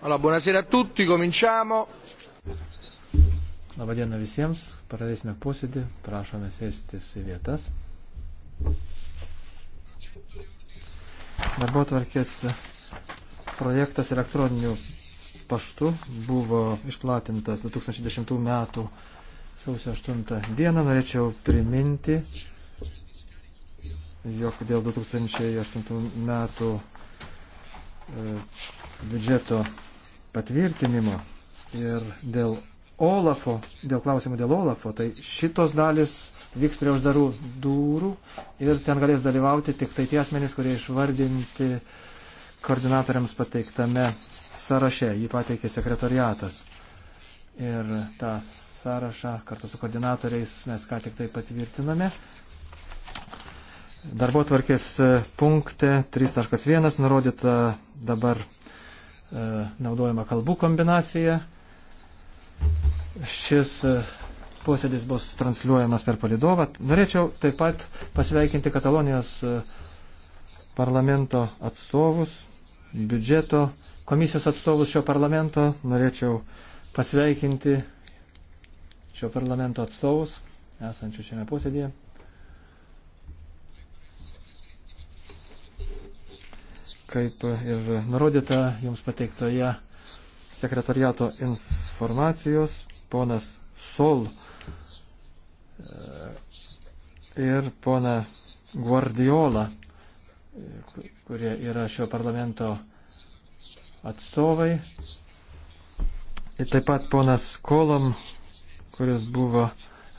Allora, buonasera a tutti, cominciamo. Labadiena visiems, pradėsime posėdį, prašome sėstis į vietas. Darbo tvarkės projektas elektroniniu paštu buvo išplatintas 2010 m. sausio 8 d. Norėčiau priminti, jog dėl 2008 m. E, biudžeto patvirtinimo ir dėl Olafo, dėl klausimų dėl Olafo, tai šitos dalis vyks prie uždarų durų ir ten galės dalyvauti tik tai tie asmenys, kurie išvardinti koordinatoriams pateiktame sąraše. Jį pateikė sekretariatas. Ir tą sąrašą kartu su koordinatoriais mes ką tik tai patvirtiname. Darbo tvarkės e, punkte 3.1 nurodyta dabar E, naudojama kalbų kombinacija. Šis e, posėdis bus transliuojamas per palidovą. Norėčiau taip pat pasveikinti Katalonijos e, parlamento atstovus, biudžeto komisijos atstovus šio parlamento. Norėčiau pasveikinti šio parlamento atstovus esančių šiame posėdėje. kaip ir nurodyta jums pateiktoje sekretariato informacijos, ponas Sol e, ir pona Guardiola, e, kurie yra šio parlamento atstovai. Ir taip pat ponas Kolom, kuris buvo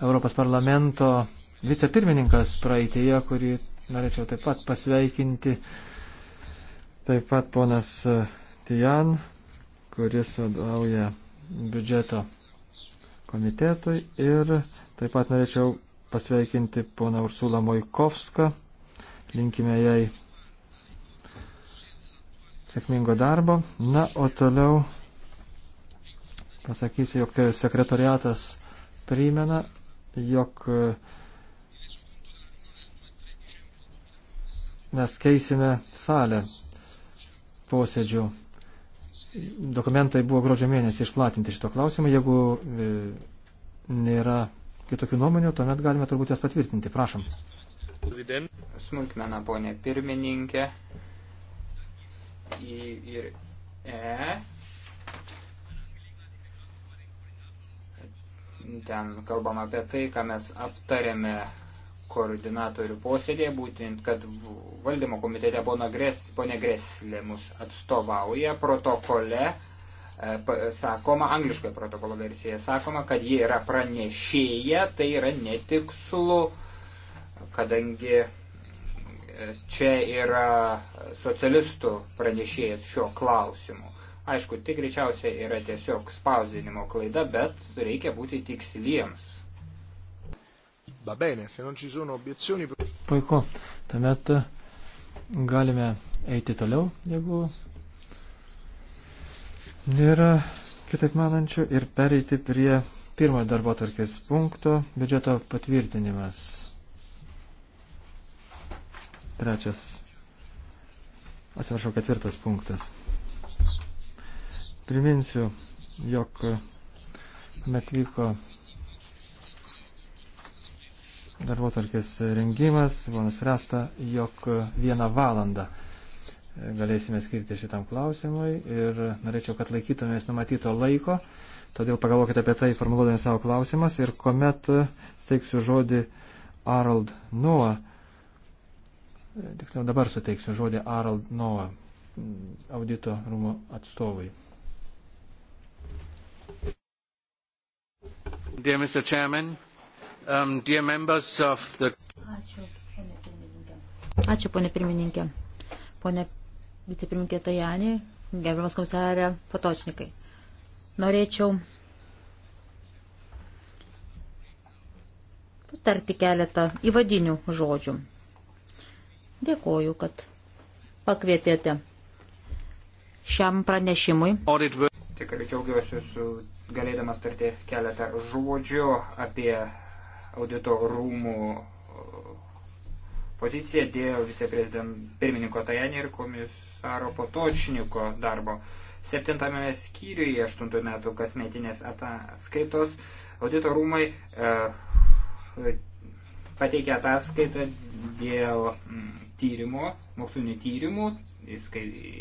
Europos parlamento vicepirmininkas praeitėje, kurį norėčiau taip pat pasveikinti Taip pat ponas e, Tijan, kuris vadovauja biudžeto komitetui. Ir taip pat norėčiau pasveikinti poną Ursulą Mojkovską. Linkime jai sėkmingo darbo. Na, o toliau pasakysiu, jog sekretoriatas primena, jog e, mes keisime salę posėdžių. Dokumentai buvo gruodžio mėnesį išplatinti šito klausimu. Jeigu e, nėra kitokių nuomonių, tuomet galime turbūt jas patvirtinti. Prašom. Smulkmena ponė pirmininkė. I ir E. Ten kalbam apie tai, ką mes aptarėme koordinatorių posėdėje, būtent, kad valdymo komitete ponė Greslė mus atstovauja protokole, e, sakoma, angliškoje protokolo versijoje sakoma, kad jie yra pranešėja, tai yra netikslu, kadangi e, čia yra socialistų pranešėjas šio klausimu. Aišku, tai greičiausiai yra tiesiog spausdinimo klaida, bet reikia būti tiksliems Va bene, se non ci sono obiezioni. Puiku. Tuomet e, galime eiti toliau, jeigu nėra kitaip manančių ir pereiti prie pirmojo darbo tarkės punkto - biudžeto patvirtinimas. Trečias. Atsiprašau, ketvirtas punktas. Priminsiu, jog met vyko darbo tarkės rengimas, buvo nuspręsta, jog vieną valandą galėsime skirti šitam klausimui ir norėčiau, kad laikytumės numatyto laiko, todėl pagalvokite apie tai, formuluodami savo klausimas ir kuomet steiksiu žodį Arald Noa, tiksliau dabar suteiksiu žodį Arald Noa, audito rūmų atstovui. Dear Mr. Chairman, Um, the... Ačiū, ponė pirmininkė. Ačiū, ponė pirmininkė. Ponė vicepirmininkė Tajani, gerbiamas komisarė Patočnikai. Norėčiau tarti keletą įvadinių žodžių. Dėkoju, kad pakvietėte šiam pranešimui. Tikrai džiaugiuosi su galėdamas tarti keletą žodžių apie audito rūmų e, poziciją dėl vicepirmininko Tajanį ir komisaro Potočniko darbo. Septintame skyriuje, aštuntų metų kasmetinės ataskaitos, audito rūmai e, pateikė ataskaitą dėl tyrimo, mokslinio tyrimų,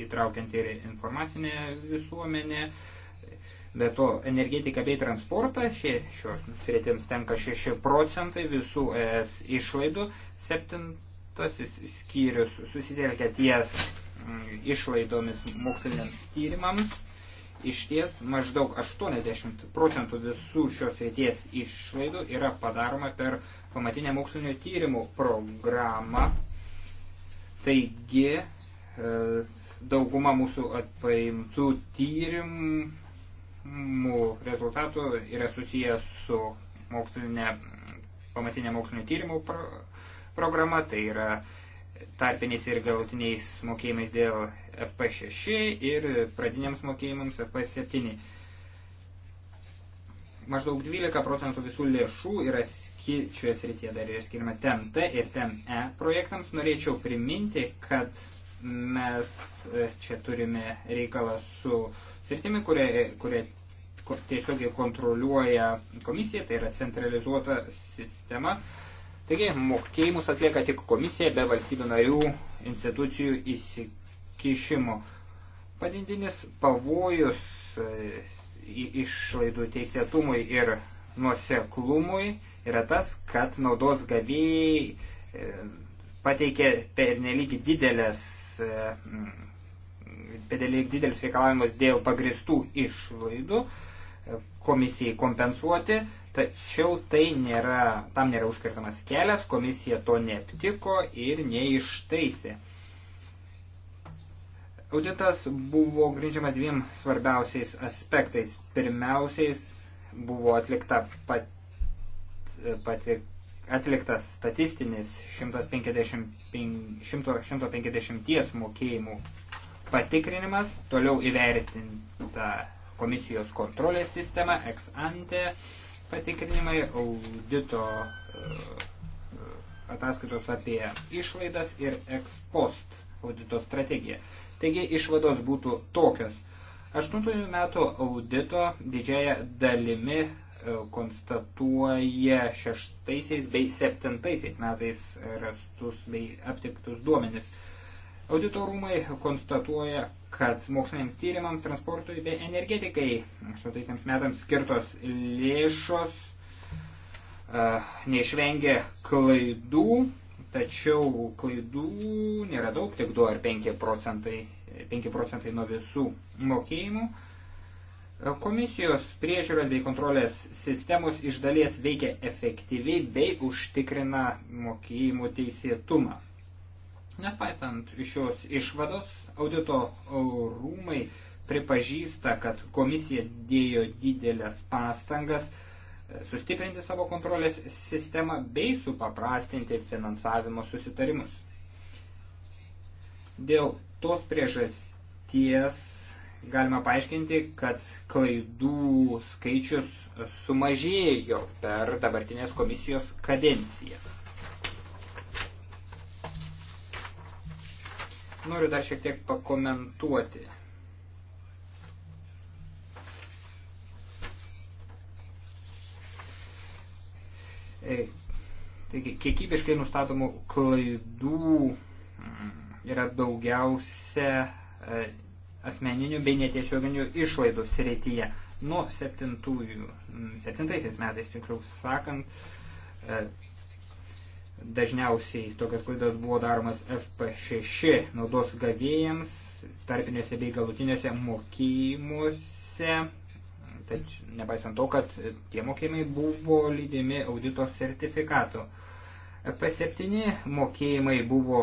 įtraukiant ir informacinę visuomenę, e, Be to, energetika bei transportas, šie, šios sritims tenka 6 procentai visų ES išlaidų, septintasis skyrius susitelkia ties mm, išlaidomis moksliniams tyrimams. Iš ties maždaug 80 procentų visų šios ryties išlaidų yra padaroma per pamatinę mokslinio tyrimų programą. Taigi e, dauguma mūsų atpaimtų tyrimų tyrimų rezultatų yra susijęs su mokslinė, pamatinė mokslinio tyrimų pro, programa, tai yra tarpiniais ir galutiniais mokėjimais dėl FP6 ir pradiniams mokėjimams FP7. Maždaug 12 procentų visų lėšų yra šioje srityje dar yra skirima TNT ir TNE projektams. Norėčiau priminti, kad mes e, čia turime reikalą su sritimi, kurie, kurie tiesiogiai kontroliuoja komisija, tai yra centralizuota sistema. Taigi, mokėjimus atlieka tik komisija be valstybių narių institucijų įsikišimo. Pagrindinis pavojus e, išlaidų teisėtumui ir nuoseklumui yra tas, kad naudos gavėjai e, pateikė pernelyg didelės e, pernelyg didelius reikalavimus dėl pagristų išlaidų komisijai kompensuoti, tačiau tai nėra, tam nėra užkirtamas kelias, komisija to neaptiko ir neištaisė. Auditas buvo grindžiama dviem svarbiausiais aspektais. Pirmiausiais buvo atlikta pat, pati, atliktas statistinis 150, 100, 150 mokėjimų patikrinimas, toliau įvertinta komisijos kontrolės sistema, ex ante patikrinimai, audito e, e, ataskaitos apie išlaidas ir ex post audito strategija. Taigi išvados būtų tokios. Aštuntųjų metų audito didžiaja dalimi e, konstatuoja šeštaisiais bei septintaisiais metais rastus bei aptiktus duomenis. Auditorumai konstatuoja, kad moksliniams tyrimams, transportui bei energetikai 8 metams skirtos lėšos uh, neišvengė klaidų, tačiau klaidų nėra daug, tik 2 ar 5 procentai, 5 procentai nuo visų mokėjimų. E, komisijos priežiūros bei kontrolės sistemos iš dalies veikia efektyviai bei užtikrina mokėjimų teisėtumą. Nespaitant šios išvados, audito rūmai pripažįsta, kad komisija dėjo didelės pastangas e, sustiprinti savo kontrolės sistemą bei supaprastinti finansavimo susitarimus. Dėl tos priežasties galima paaiškinti, kad klaidų skaičius sumažėjo per dabartinės komisijos kadenciją. Noriu dar šiek tiek pakomentuoti. E, taigi, kiekybiškai nustatomų klaidų mm, yra daugiausia e, asmeninių bei netiesioginių išlaidų srityje. Nuo septintųjų, septintaisiais metais, tiksliau sakant, e, Dažniausiai tokias klaidas buvo daromas FP6 naudos gavėjams, tarpinėse bei galutinėse mokymuose. Tačiau nepaisant to, kad tie mokėjimai buvo lydimi audito sertifikatų. FP7 mokėjimai buvo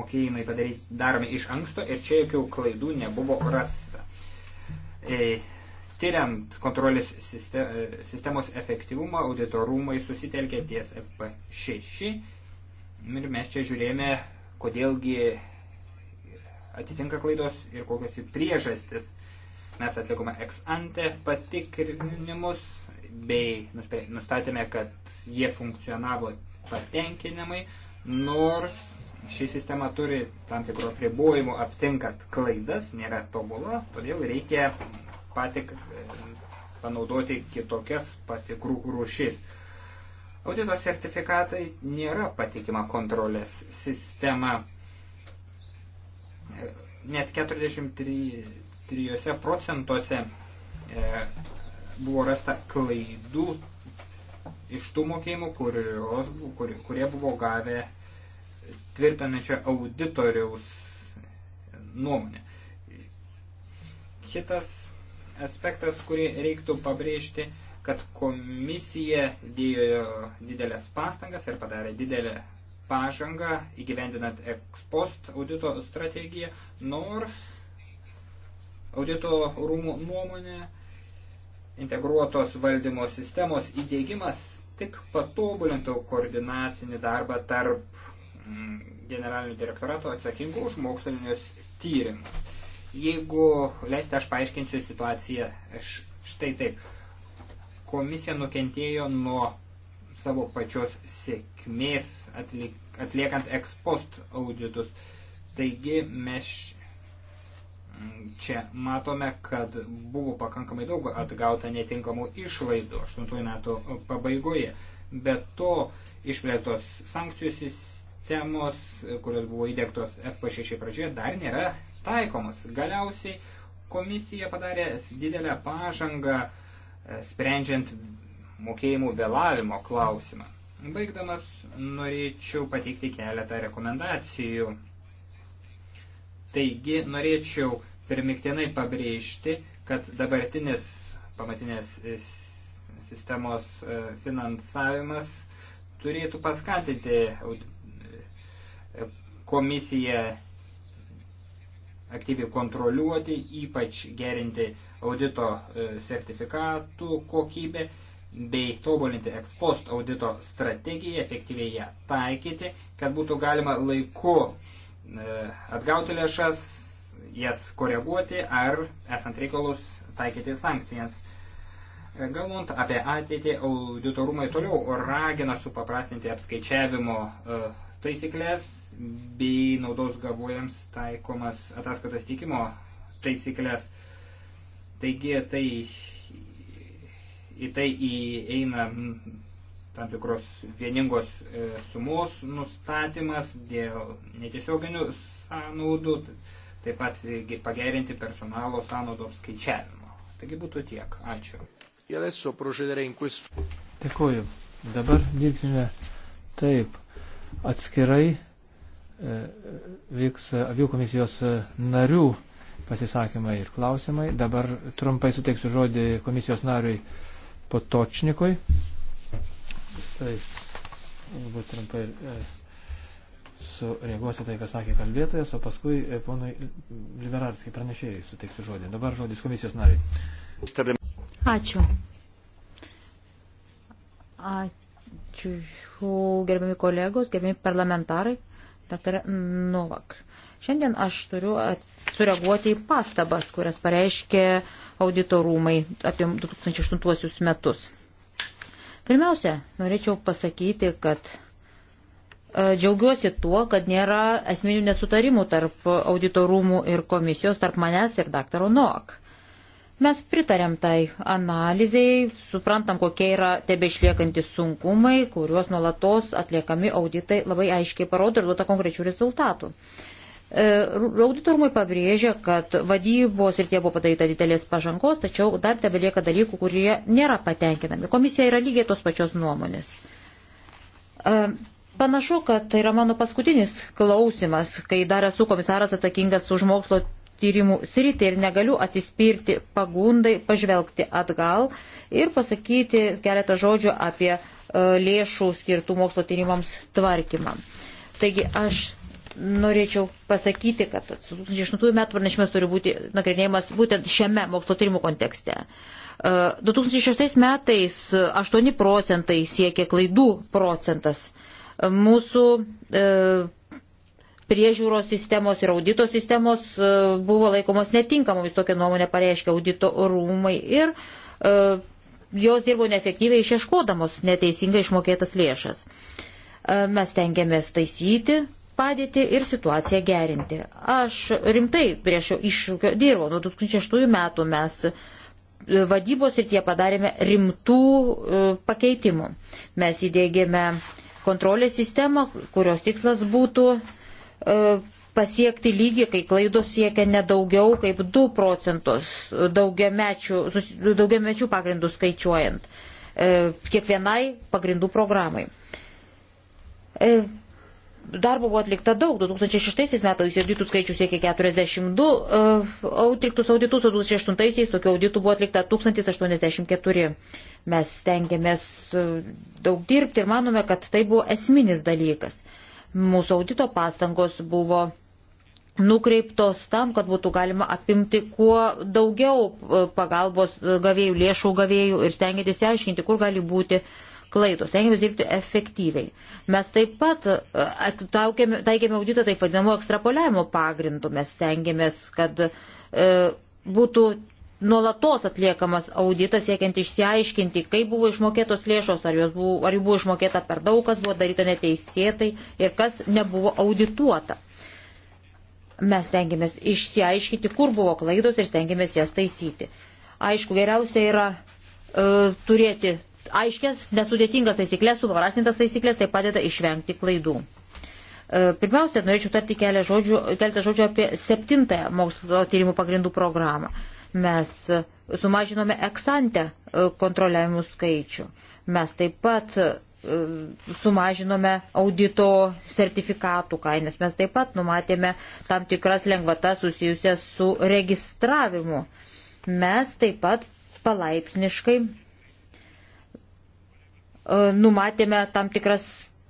mokėjimai padaryti daromi iš anksto ir čia jokių klaidų nebuvo rasta. E, Tyriant kontrolės sistemos efektyvumą, auditorumai susitelkė ties FP6 ir mes čia žiūrėjome, kodėlgi atitinka klaidos ir kokios priežastis. Mes atlikome ex ante patikrinimus bei nustatėme, kad jie funkcionavo patenkinamai, nors ši sistema turi tam tikro pribojimų aptinkat klaidas, nėra tobula, todėl reikia patik, panaudoti kitokias patikrų rūšis. Audito sertifikatai nėra patikima kontrolės sistema. Net 43 procentuose e, buvo rasta klaidų iš tų mokėjimų, kurios, kur, kurie buvo gavę tvirtinančio auditoriaus nuomonę. Kitas aspektas, kurį reiktų pabrėžti, kad komisija dėjo didelės pastangas ir padarė didelę pažangą įgyvendinant ekspost audito strategiją, nors audito rūmų nuomonė integruotos valdymo sistemos įdėgymas tik patobulintų koordinacinį darbą tarp mm, generalinių direktorato atsakingų už mokslinius tyrimus. Jeigu leisite, aš paaiškinsiu situaciją štai taip. Komisija nukentėjo nuo savo pačios sėkmės atlik, atliekant ekspost auditus. Taigi mes čia matome, kad buvo pakankamai daug atgauta netinkamų išlaidų 8 metų pabaigoje. Be to išplėtos sankcijų sistemos, kurios buvo įdėktos FP6 pradžioje, dar nėra taikomus. Galiausiai komisija padarė didelę pažangą e, sprendžiant mokėjimų vėlavimo klausimą. Baigdamas norėčiau pateikti keletą rekomendacijų. Taigi norėčiau pirmiktinai pabrėžti, kad dabartinis pamatinės e, sistemos e, finansavimas turėtų paskatinti komisiją aktyviai kontroliuoti, ypač gerinti audito e, sertifikatų kokybę bei tobulinti ekspost audito strategiją, efektyviai ją taikyti, kad būtų galima laiku e, atgauti lėšas, jas koreguoti ar, esant reikalus, taikyti sankcijas. E, Galvant apie ateitį, auditorumai toliau ragina supaprastinti apskaičiavimo taisyklės bei naudos gavojams taikomas ataskaitos teikimo taisyklės. Taigi tai, į tai įeina tam tikros vieningos e, sumos nustatymas dėl netiesioginių sąnaudų, taip pat pagerinti personalo sąnaudų apskaičiavimo. Taigi būtų tiek. Ačiū. Dėkuoju. Dabar dirbsime taip atskirai vyks abiejų komisijos narių pasisakymai ir klausimai. Dabar trumpai suteiksiu žodį komisijos nariui Potočnikui. Jisai galbūt trumpai e, sureaguosiu tai, ką sakė kalbėtojas, o paskui e, ponui Liberarskiai pranešėjai suteiksiu žodį. Dabar žodis komisijos nariui. Ačiū. Ačiū, gerbiami kolegos, gerbiami parlamentarai dr. Novak. Šiandien aš turiu sureaguoti į pastabas, kurias pareiškė auditorumai apie 2008 metus. Pirmiausia, norėčiau pasakyti, kad e, džiaugiuosi tuo, kad nėra esminių nesutarimų tarp auditorumų ir komisijos, tarp manęs ir dr. Novak. Mes pritarėm tai analizai, suprantam, kokie yra tebe išliekantis sunkumai, kuriuos nuolatos atliekami auditai labai aiškiai parodo ir duota konkrečių rezultatų. E, auditorumai pabrėžia, kad vadybos ir tie buvo padaryta didelės pažangos, tačiau dar tebe lieka dalykų, kurie nėra patenkinami. Komisija yra lygiai tos pačios nuomonės. E, panašu, kad tai yra mano paskutinis klausimas, kai dar esu komisaras atsakingas už mokslo tyrimų sritį ir negaliu atsispirti pagundai pažvelgti atgal ir pasakyti keletą žodžių apie e, lėšų skirtų mokslo tyrimams tvarkymą. Taigi aš norėčiau pasakyti, kad 2008 metų pranešimas turi būti nagrinėjimas būtent šiame mokslo tyrimų kontekste. 2006 e, metais 8 procentai siekia klaidų procentas. Mūsų e, priežiūros sistemos ir audito sistemos e, buvo laikomos netinkamomis, tokią nuomonę pareiškia audito rūmai ir e, jos dirbo neefektyviai išieškodamos neteisingai išmokėtas lėšas. E, mes tengiamės taisyti padėtį ir situaciją gerinti. Aš rimtai prie šio iššūkio dirbau. Nuo 2006 metų mes vadybos ir tie padarėme rimtų pakeitimų. Mes įdėgėme kontrolės sistemą, kurios tikslas būtų E, pasiekti lygį, kai klaidos siekia nedaugiau kaip 2 procentus daugiamečių, daugiamečių pagrindų skaičiuojant e, kiekvienai pagrindų programai. E, darbo buvo atlikta daug, 2006 metais auditų skaičius siekia 42 atliktus auditus, o 2008 tokių auditų buvo atlikta 1084. Mes stengiamės daug dirbti ir manome, kad tai buvo esminis dalykas. Mūsų audito pastangos buvo nukreiptos tam, kad būtų galima apimti kuo daugiau e, pagalbos e, gavėjų, lėšų gavėjų ir stengiantis įsiaiškinti, kur gali būti klaidos, stengiamės dirbti efektyviai. Mes taip pat e, taukėme, taikėme auditą taip vadinamo ekstrapoliavimo pagrindu, mes stengiamės, kad e, būtų nuolatos atliekamas auditas, siekiant išsiaiškinti, kaip buvo išmokėtos lėšos, ar, buvo, ar jų buvo išmokėta per daug, kas buvo daryta neteisėtai ir kas nebuvo audituota. Mes tengiamės išsiaiškinti, kur buvo klaidos ir tengiamės jas taisyti. Aišku, geriausia yra e, turėti aiškės, nesudėtingas taisyklės, supaprastintas taisyklės, tai padeda išvengti klaidų. E, pirmiausia, norėčiau tarti keletą žodžių, keletą žodžių apie septintąją mokslo tyrimų pagrindų programą. E, Mes sumažinome eksantę e, kontroliavimų skaičių. Mes taip pat e, sumažinome audito sertifikatų kainas. Mes taip pat numatėme tam tikras lengvatas susijusias su registravimu. Mes taip pat palaipsniškai e, numatėme tam tikras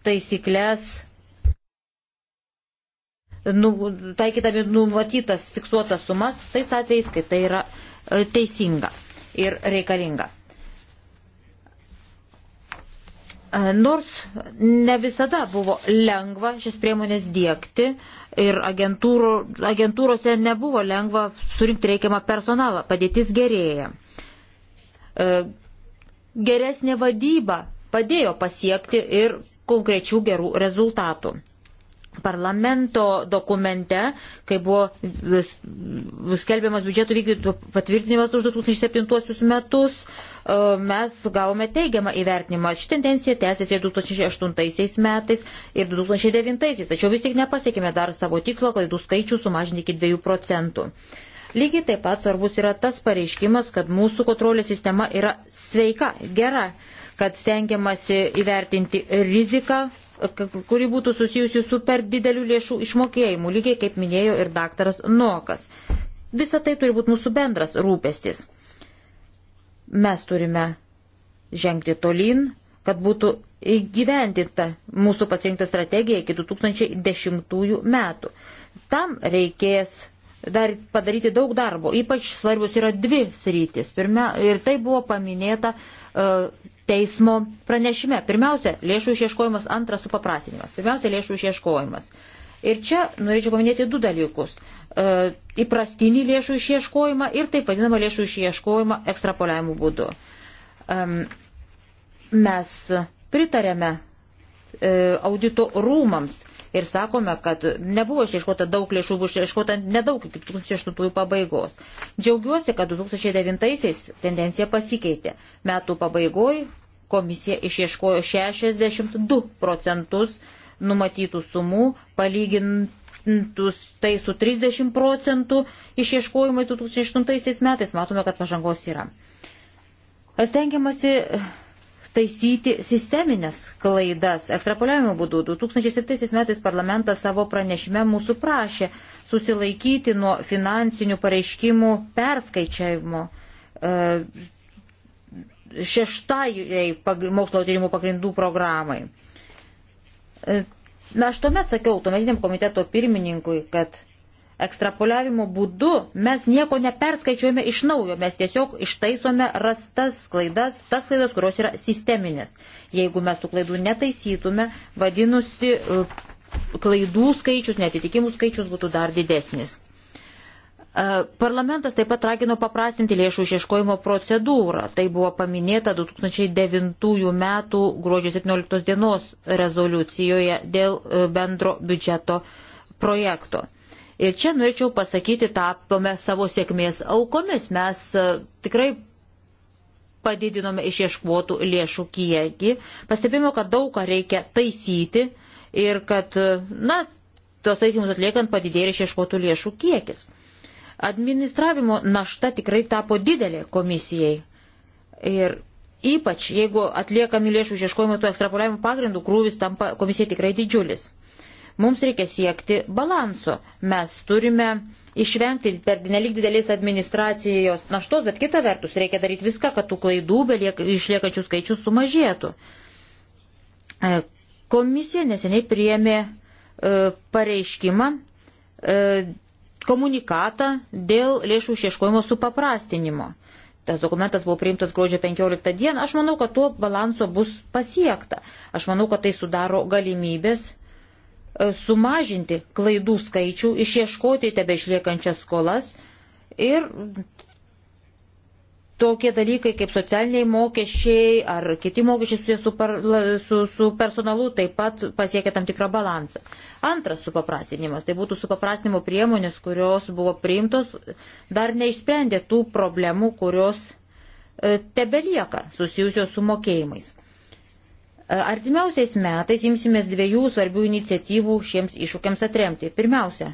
taisyklės nu, taikydami numatytas fiksuotas sumas, tais atvejais, kai tai yra e, teisinga ir reikalinga. E, nors ne visada buvo lengva šias priemonės dėkti ir agentūro, agentūrose nebuvo lengva surinkti reikiamą personalą, padėtis gerėja. E, geresnė vadyba padėjo pasiekti ir konkrečių gerų rezultatų parlamento dokumente, kai buvo skelbiamas biudžeto vykdytų patvirtinimas už 2007 metus, e, mes gavome teigiamą įvertinimą. Ši tendencija tęsiasi ir 2008 metais, ir 2009, tačiau vis tik nepasiekime dar savo tikslo, klaidų skaičių sumažinti iki 2 procentų. Lygiai taip pat svarbus yra tas pareiškimas, kad mūsų kontrolės sistema yra sveika, gera, kad stengiamasi įvertinti riziką, kuri būtų susijusi su per dideliu lėšų išmokėjimu, lygiai kaip minėjo ir daktaras Nokas. Visa tai turi būti mūsų bendras rūpestis. Mes turime žengti tolyn, kad būtų įgyvendinta mūsų pasirinkta strategija iki 2010 metų. Tam reikės dar padaryti daug darbo. Ypač svarbus yra dvi sritis. Pirmia, ir tai buvo paminėta uh, teismo pranešime. Pirmiausia, lėšų išieškojimas, antras supaprasinimas. Pirmiausia, lėšų išieškojimas. Ir čia norėčiau paminėti du dalykus. E, įprastinį lėšų išieškojimą ir taip vadinamą lėšų išieškojimą ekstrapoliavimų būdu. E, mes pritarėme e, audito rūmams, ir sakome, kad nebuvo išieškota daug lėšų, buvo išieškota nedaug iki 2008 pabaigos. Džiaugiuosi, kad 2009-aisiais tendencija pasikeitė. Metų pabaigoj komisija išieškojo 62 procentus numatytų sumų, palygintus tai su 30 procentų išieškojimai 2008 metais, matome, kad pažangos yra. Stengiamasi taisyti sisteminės klaidas. Ekstrapoliavimo būdu 2007 metais parlamentas savo pranešime mūsų prašė susilaikyti nuo finansinių pareiškimų perskaičiavimo. E, šeštajai mokslo tyrimų pagrindų programai. Na, e, aš tuomet sakiau tuometiniam komiteto pirmininkui, kad ekstrapoliavimo būdu mes nieko neperskaičiuojame iš naujo, mes tiesiog ištaisome rastas klaidas, tas klaidas, kurios yra sisteminės. Jeigu mes tų klaidų netaisytume, vadinusi, e, klaidų skaičius, netitikimų skaičius būtų dar didesnis. E, parlamentas taip pat ragino paprastinti lėšų išieškojimo procedūrą. Tai buvo paminėta 2009 m. gruodžio 17 d. rezoliucijoje dėl e, bendro biudžeto projekto. Ir čia norėčiau pasakyti, tapome savo sėkmės aukomis. Mes e, tikrai padidinome išieškuotų lėšų kiekį, pastebėjome, kad daug ką reikia taisyti ir kad, e, na, tos taisymus atliekant padidėjo išieškuotų lėšų kiekis. Administravimo našta tikrai tapo didelė komisijai. Ir ypač, jeigu atliekami lėšų išieškojimo tų ekstrapoliavimo pagrindų, krūvis tampa komisijai tikrai didžiulis. Mums reikia siekti balanso. Mes turime išvengti per nelik didelės administracijos naštos, bet kita vertus reikia daryti viską, kad tų klaidų beliek, išliekačių skaičių sumažėtų. E, komisija neseniai priėmė e, pareiškimą e, komunikatą dėl lėšų išieškojimo supaprastinimo. Tas dokumentas buvo priimtas gruodžio 15 dieną. Aš manau, kad tuo balanso bus pasiekta. Aš manau, kad tai sudaro galimybės E, sumažinti klaidų skaičių, išieškoti tebe išliekančias skolas ir tokie dalykai kaip socialiniai mokesčiai ar kiti mokesčiai su, par, su, su personalu taip pat pasiekia tam tikrą balansą. Antras supaprastinimas, tai būtų supaprastinimo priemonės, kurios buvo priimtos, dar neišsprendė tų problemų, kurios e, tebelieka susijusios su mokėjimais. E, artimiausiais metais imsimės dviejų svarbių iniciatyvų šiems iššūkiams atremti. Pirmiausia,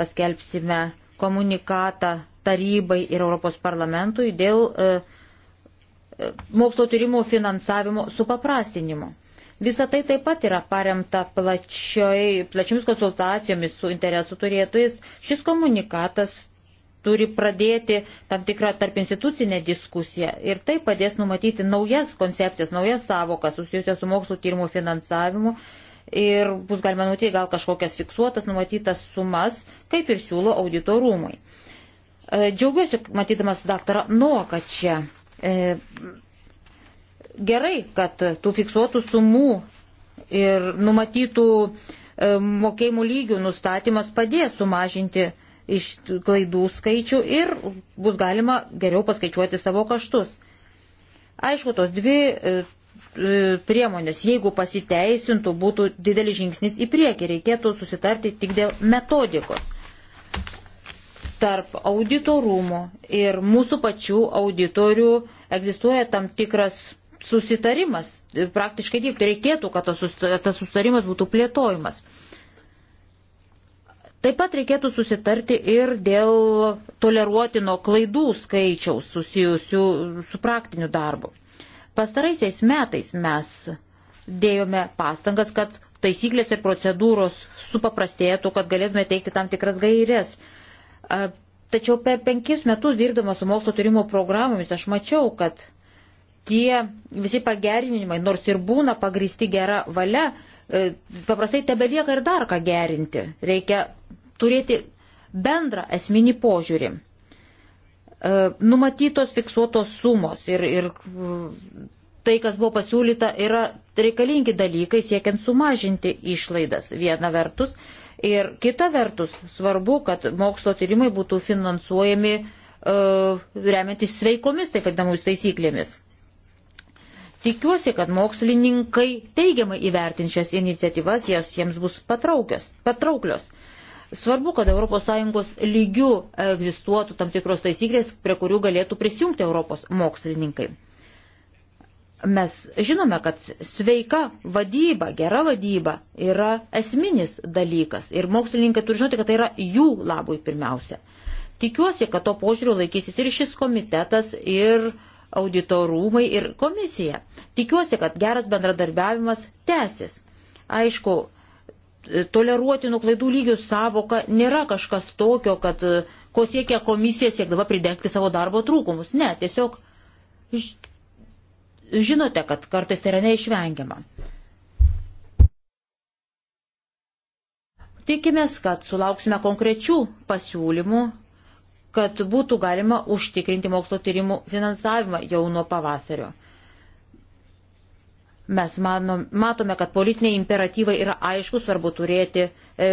paskelbsime komunikatą tarybai ir Europos parlamentui dėl e, e mokslo tyrimų finansavimo supaprastinimo. Visa tai taip pat yra paremta plačioj, plačiomis konsultacijomis su interesų turėtojais. Šis komunikatas turi pradėti tam tikrą tarp institucinę diskusiją ir tai padės numatyti naujas koncepcijas, naujas savokas susijusias su mokslo tyrimų finansavimu ir bus galima numatyti gal kažkokias fiksuotas, numatytas sumas, kaip ir siūlo auditorumai. E, džiaugiuosi, matydamas daktarą Noką čia. E, gerai, kad tų fiksuotų sumų ir numatytų e, mokėjimų lygių nustatymas padės sumažinti iš klaidų skaičių ir bus galima geriau paskaičiuoti savo kaštus. Aišku, tos dvi e, e, priemonės, jeigu pasiteisintų, būtų didelis žingsnis į priekį, reikėtų susitarti tik dėl metodikos tarp auditorumų ir mūsų pačių auditorių egzistuoja tam tikras susitarimas. E, praktiškai taip reikėtų, kad tas susitarimas būtų plėtojimas. Taip pat reikėtų susitarti ir dėl toleruotino klaidų skaičiaus susijusių su praktiniu darbu. Pastaraisiais metais mes dėjome pastangas, kad taisyklės ir procedūros supaprastėtų, kad galėtume teikti tam tikras gairias. Tačiau per penkis metus dirbdama su mokslo tyrimo programomis aš mačiau, kad tie visi pagerinimai, nors ir būna pagristi gera valia, E, paprastai tebelieka ir dar ką gerinti. Reikia turėti bendrą esminį požiūrį. E, numatytos fiksuotos sumos ir, ir tai, kas buvo pasiūlyta, yra reikalingi dalykai siekiant sumažinti išlaidas viena vertus. Ir kita vertus svarbu, kad mokslo tyrimai būtų finansuojami uh, remiantis sveikomis, tai vadinamus taisyklėmis. Tikiuosi, kad mokslininkai teigiamai įvertin šias iniciatyvas, jas jiems bus patrauklios. Svarbu, kad ES lygių egzistuotų tam tikros taisyklės, prie kurių galėtų prisijungti Europos mokslininkai. Mes žinome, kad sveika vadyba, gera vadyba yra esminis dalykas ir mokslininkai turi žinoti, kad tai yra jų labui pirmiausia. Tikiuosi, kad to požiūriu laikysis ir šis komitetas, ir uh, auditorumai ir komisija. Tikiuosi, kad geras bendradarbiavimas tęsis. Aišku, toleruotinų klaidų lygių savoka nėra kažkas tokio, kad e, ko siekia komisija siekdama pridengti savo darbo trūkumus. Ne, tiesiog žinote, kad kartais tai yra neišvengiama. Tikimės, kad sulauksime konkrečių pasiūlymų kad būtų galima užtikrinti mokslo tyrimų finansavimą jau nuo pavasario. Mes manom, matome, kad politiniai imperatyvai yra aišku, svarbu turėti e,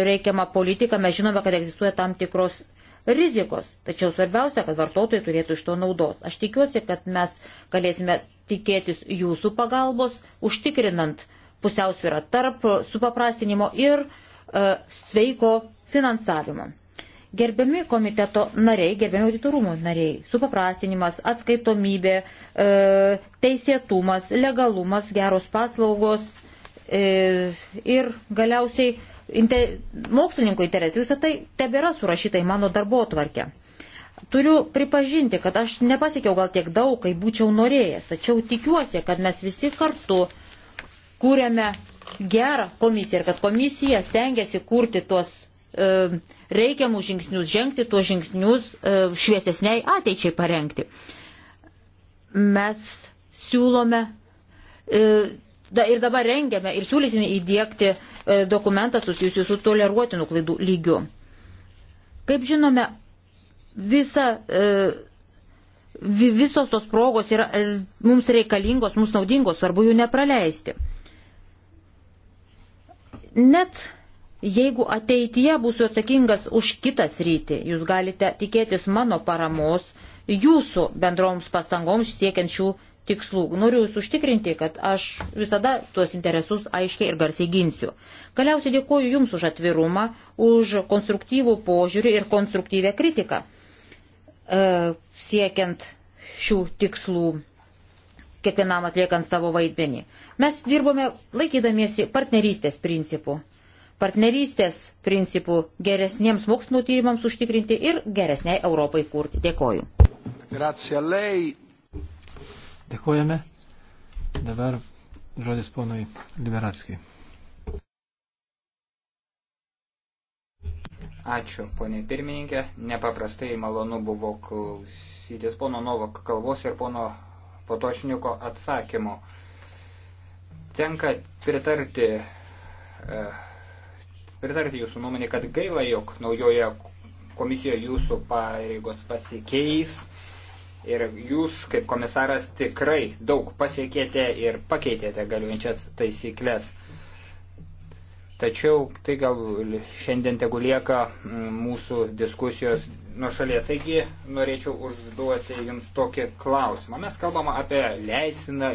reikiamą politiką, mes žinome, kad egzistuoja tam tikros rizikos, tačiau svarbiausia, kad vartotojai turėtų iš to naudos. Aš tikiuosi, kad mes galėsime tikėtis jūsų pagalbos, užtikrinant pusiausvyrą tarp supaprastinimo ir e, sveiko finansavimo. Gerbiami komiteto nariai, gerbiami auditorumų nariai, supaprastinimas, atskaitomybė, e, teisėtumas, legalumas, geros paslaugos e, ir galiausiai inte, mokslininkų interesai, visą tai tebėra surašyta į mano darbo tvarkę. Turiu pripažinti, kad aš nepasiekiau gal tiek daug, kai būčiau norėjęs, tačiau tikiuosi, kad mes visi kartu kūrėme gerą komisiją ir kad komisija stengiasi kurti tuos e, reikiamus žingsnius žengti, tuos žingsnius e, šviesesniai ateičiai parengti. Mes siūlome e, ir dabar rengiame ir siūlysime įdėkti e, dokumentą susijusiu su toleruotinų klaidų lygiu. Kaip žinome, visa visos tos progos yra mums reikalingos, mums naudingos, svarbu jų nepraleisti. Net Jeigu ateityje būsiu atsakingas už kitą sritį, jūs galite tikėtis mano paramos jūsų bendroms pastangoms siekiant šių tikslų. Noriu jūs užtikrinti, kad aš visada tuos interesus aiškiai ir garsiai ginsiu. Galiausiai dėkoju Jums už atvirumą, už konstruktyvų požiūrį ir konstruktyvę kritiką e, siekiant šių tikslų kiekvienam atliekant savo vaidmenį. Mes dirbome laikydamiesi partnerystės principų partnerystės principų geresniems mokslinų tyrimams užtikrinti ir geresniai Europai kurti. Dėkoju. Dėkojame. Dabar žodis ponui Liberatskijui. Ačiū, ponė pirmininkė. Nepaprastai malonu buvo klausytis pono Novak kalbos ir pono Potošniuko atsakymų. Tenka pritarti e, pritarti jūsų nuomonė, kad gaila, jog naujoje komisijoje jūsų pareigos pasikeis ir jūs kaip komisaras tikrai daug pasiekėte ir pakeitėte galiuojančias taisyklės. Tačiau tai gal šiandien tegu lieka mm, mūsų diskusijos nuo šalia. Taigi norėčiau užduoti Jums tokį klausimą. Mes kalbam apie leisiną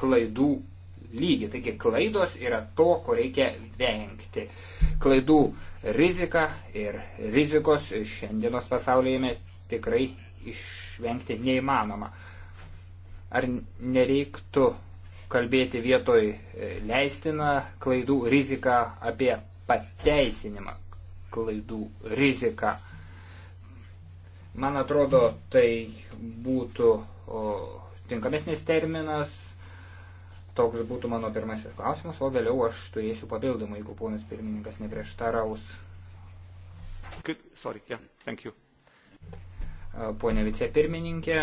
klaidų lygį. Taigi klaidos yra to, ko reikia vengti. Klaidų rizika ir rizikos šiandienos pasaulyje tikrai išvengti neįmanoma. Ar nereiktų kalbėti vietoj e, leistiną klaidų riziką apie pateisinimą klaidų riziką? Man atrodo, tai būtų o, tinkamesnis terminas Toks būtų mano pirmasis klausimas, o vėliau aš turėsiu papildomą, jeigu ponas pirmininkas neprieštaraus. Good. Sorry, yeah, thank you. Pone vicepirmininkė,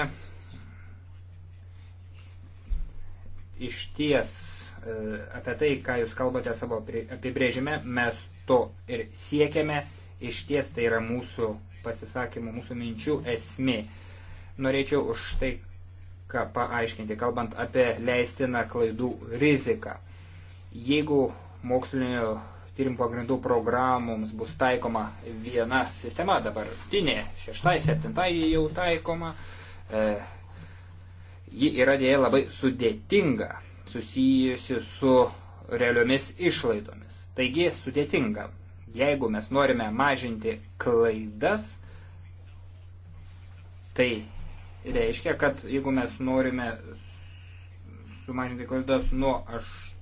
iš ties e, apie tai, ką jūs kalbate savo apibrėžime, mes to ir siekiame, iš ties tai yra mūsų pasisakymų, mūsų minčių esmė. Norėčiau už tai ką paaiškinti, kalbant apie leistiną klaidų riziką. Jeigu mokslinio tyrimų pagrindų programoms bus taikoma viena sistema, dabartinė, šeštai, septintai jau taikoma, e, ji yra dėja labai sudėtinga, susijusi su realiomis išlaidomis. Taigi sudėtinga. Jeigu mes norime mažinti klaidas, tai reiškia, kad jeigu mes norime sumažinti klaidas nuo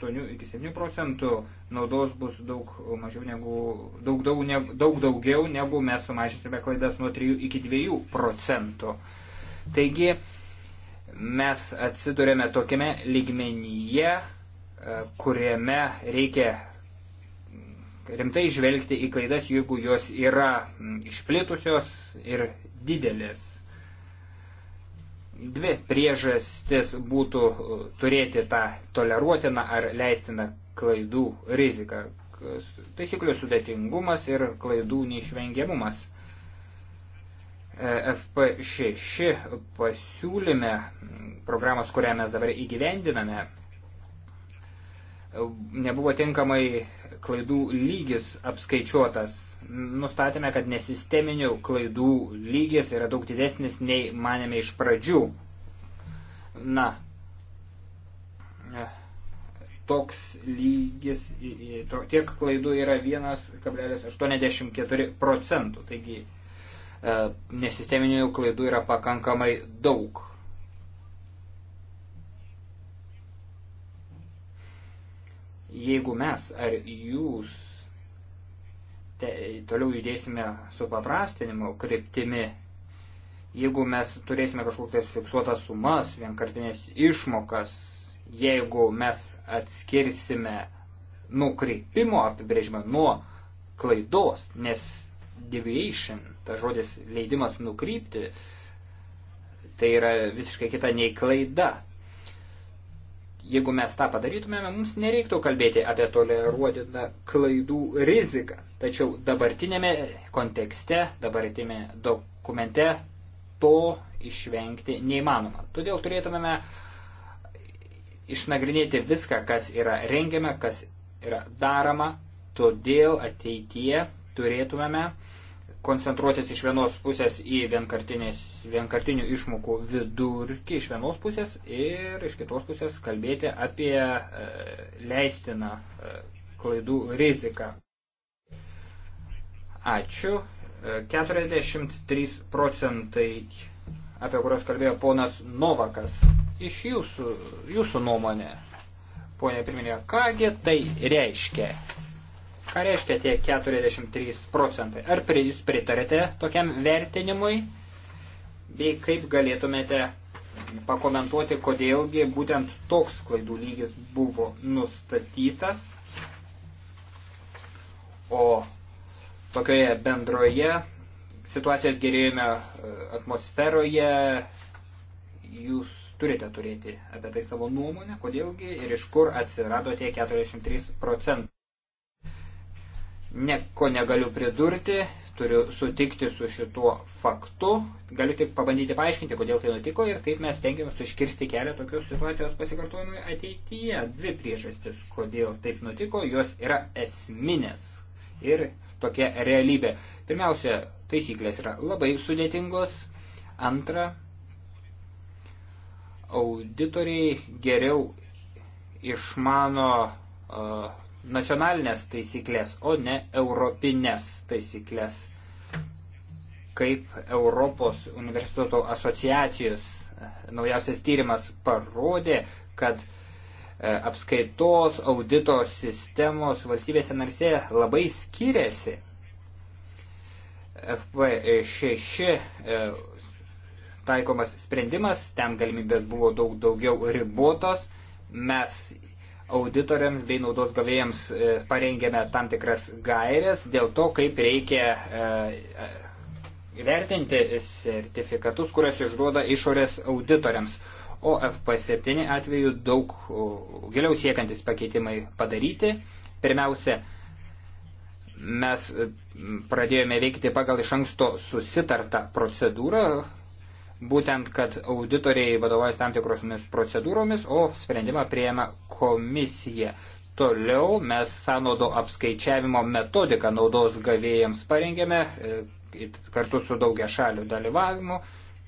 8 iki 7 procentų, naudos bus daug, mažiau negu, daug, daug, ne, daug daugiau, negu mes sumažinsime klaidas nuo 3 iki 2 procentų. Taigi mes atsidurėme tokiame lygmenyje, e, kuriame reikia rimtai žvelgti į klaidas, jeigu jos yra išplitusios ir didelės. Dvi priežastis būtų uh, turėti tą toleruotiną ar leistiną klaidų riziką. Taisyklių sudėtingumas ir klaidų neišvengiamumas. E, FP6 pasiūlyme, programos, kurią mes dabar įgyvendiname, nebuvo tinkamai klaidų lygis apskaičiuotas nustatėme, kad nesisteminių klaidų lygis yra daug didesnis nei manėme iš pradžių. Na, toks lygis, tiek klaidų yra 1,84 procentų, taigi e, nesisteminių klaidų yra pakankamai daug. Jeigu mes ar jūs te, toliau judėsime su paprastinimo kryptimi. Jeigu mes turėsime kažkokias fiksuotas sumas, vienkartinės išmokas, jeigu mes atskirsime nukreipimo apibrėžimą nuo klaidos, nes deviation, ta žodis leidimas nukrypti, tai yra visiškai kita nei klaida. Jeigu mes tą padarytumėme, mums nereiktų kalbėti apie toleruotiną klaidų riziką. Tačiau dabartinėme kontekste, dabartinėme dokumente to išvengti neįmanoma. Todėl turėtumėme išnagrinėti viską, kas yra rengiama, kas yra daroma. Todėl ateityje turėtumėme uh, koncentruotis iš vienos pusės į vienkartinių išmokų vidurkį iš vienos pusės ir iš kitos pusės kalbėti apie e, leistiną e, klaidų riziką. Ačiū. 43 e, procentai, apie kurios kalbėjo ponas Novakas, iš jūsų, jūsų nuomonė, ponė pirminė, kągi tai reiškia? Ką reiškia tie 43 procentai? Ar jūs pritarėte tokiam vertinimui? Bei kaip galėtumėte pakomentuoti, kodėlgi būtent toks klaidų lygis buvo nustatytas, o tokioje bendroje situacijos gerėjime e, atmosferoje jūs turite turėti apie tai savo nuomonę, kodėlgi ir iš kur atsirado tie 43 procentai. Nieko negaliu pridurti, turiu sutikti su šituo faktu, galiu tik pabandyti paaiškinti, kodėl tai nutiko ir kaip mes tenkiamės užkirsti kelią tokios situacijos pasikartojimui ateityje. Dvi priežastis, kodėl taip nutiko, jos yra esminės ir tokia realybė. Pirmiausia, taisyklės yra labai sudėtingos. Antra, auditoriai geriau išmano uh, nacionalinės taisyklės, o ne europinės taisyklės, kaip Europos universiteto asociacijos e, naujausias tyrimas parodė, kad e, apskaitos audito sistemos valstybėse narsėje labai skiriasi. FP6 e, taikomas sprendimas, ten galimybės buvo daug daugiau ribotos, mes auditoriams bei naudos gavėjams e, parengėme tam tikras gairės dėl to, kaip reikia e, e, vertinti sertifikatus, kurias išduoda išorės auditoriams. O FP7 atveju daug giliau siekantis pakeitimai padaryti. Pirmiausia, mes pradėjome veikti pagal iš anksto susitartą procedūrą, būtent, kad auditoriai vadovaujasi tam tikrosomis procedūromis, o sprendimą prieima komisija. Toliau mes sąnaudo apskaičiavimo metodiką naudos gavėjams parengėme e, kartu su daugia šalių dalyvavimu.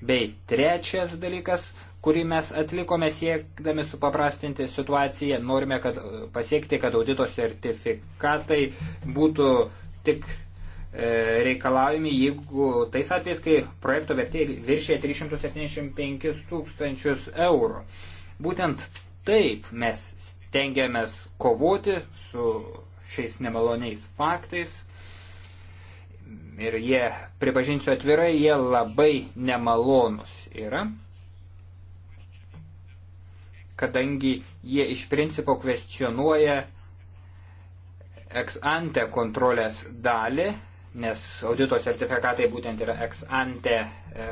Bei trečias dalykas, kurį mes atlikome siekdami supaprastinti situaciją, norime kad, pasiekti, kad audito sertifikatai būtų tik E, reikalavimai, jeigu tais atvejais, kai projekto vertė viršė 375 tūkstančius eurų. Būtent taip mes stengiamės kovoti su šiais nemaloniais faktais. Ir jie, pripažinsiu atvirai, jie labai nemalonus yra, kadangi jie iš principo kvestionuoja ex ante kontrolės dalį nes audito sertifikatai būtent yra ex ante e,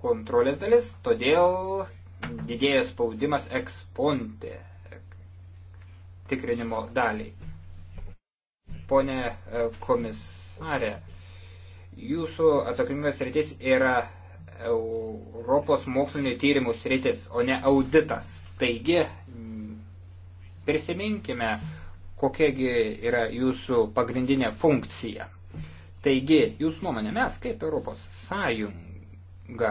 kontrolės dalis, todėl didėja spaudimas ex ponte e, tikrinimo daliai. Pone e, komisarė, jūsų atsakomybės rytis yra Europos mokslinio tyrimų sritis, o ne auditas. Taigi, prisiminkime, kokiagi yra jūsų pagrindinė funkcija. Taigi, jūs nuomonė, mes kaip Europos sąjunga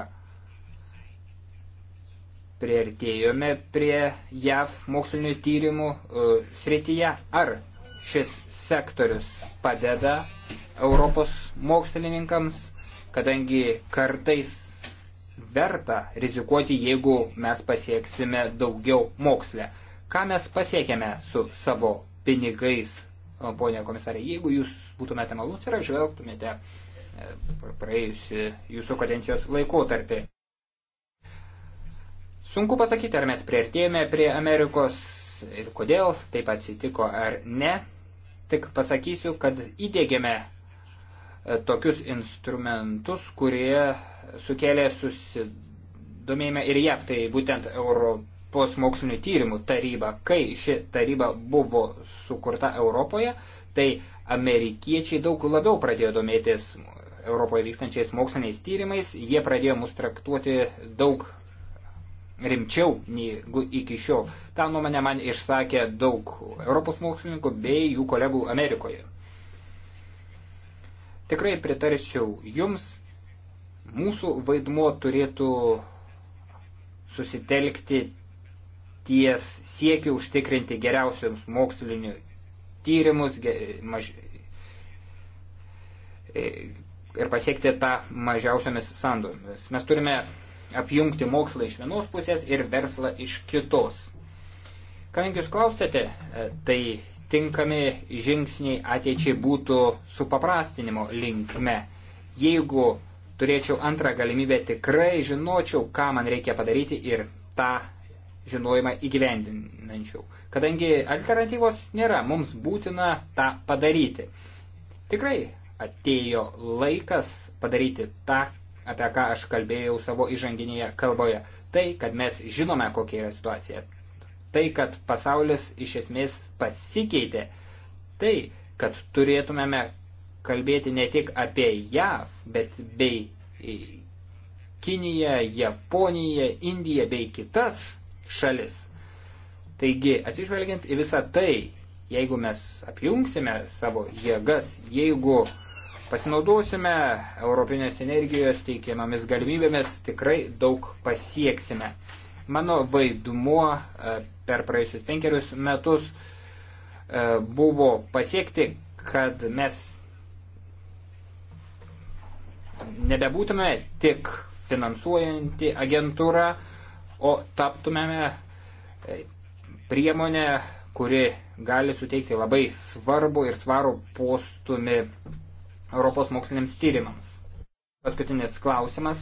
priartėjome prie JAV mokslinio tyrimų uh, srityje, ar šis sektorius padeda Europos mokslininkams, kadangi kartais verta rizikuoti, jeigu mes pasieksime daugiau mokslę. Ką mes pasiekėme su savo pinigais ponė komisarė, jeigu jūs būtumėte malus ir apžvelgtumėte e, praėjusi jūsų kadencijos laikotarpį. Sunku pasakyti, ar mes prieartėjome prie Amerikos ir kodėl taip atsitiko ar ne. Tik pasakysiu, kad įdėgėme e, tokius instrumentus, kurie sukėlė susidomėjimą ir jav, tai būtent euro Europos mokslinio tyrimų taryba. Kai ši taryba buvo sukurta Europoje, tai amerikiečiai daug labiau pradėjo domėtis Europoje vykstančiais moksliniais tyrimais, jie pradėjo mus traktuoti daug rimčiau nei iki šiol. Ta nuomonė man išsakė daug Europos mokslininkų bei jų kolegų Amerikoje. Tikrai pritarčiau jums, mūsų vaidmuo turėtų susitelkti ties siekiu užtikrinti geriausiams mokslinių tyrimus ge, maž, e, ir pasiekti tą mažiausiamis sandomis. Mes turime apjungti mokslą iš vienos pusės ir verslą iš kitos. Kadangi jūs klausėte, e, tai tinkami žingsniai ateičiai būtų supaprastinimo linkme. Jeigu turėčiau antrą galimybę, tikrai žinočiau, ką man reikia padaryti ir tą žinojimą įgyvendinančių. Kadangi alternatyvos nėra, mums būtina tą padaryti. Tikrai atėjo laikas padaryti tą, apie ką aš kalbėjau savo įžanginėje kalboje. Tai, kad mes žinome, kokia yra situacija. Tai, kad pasaulis iš esmės pasikeitė. Tai, kad turėtumėme kalbėti ne tik apie JAV, bet bei Kiniją, Japoniją, Indiją bei kitas šalis. Taigi, atsižvelgiant į visą tai, jeigu mes apjungsime savo jėgas, jeigu pasinaudosime Europinės energijos teikiamomis galimybėmis, tikrai daug pasieksime. Mano vaidmuo e, per praėjusius penkerius metus e, buvo pasiekti, kad mes nebebūtume tik finansuojanti agentūra, o taptumėme e, priemonę, kuri gali suteikti labai svarbu ir svarų postumį Europos moksliniams tyrimams. Paskutinis klausimas.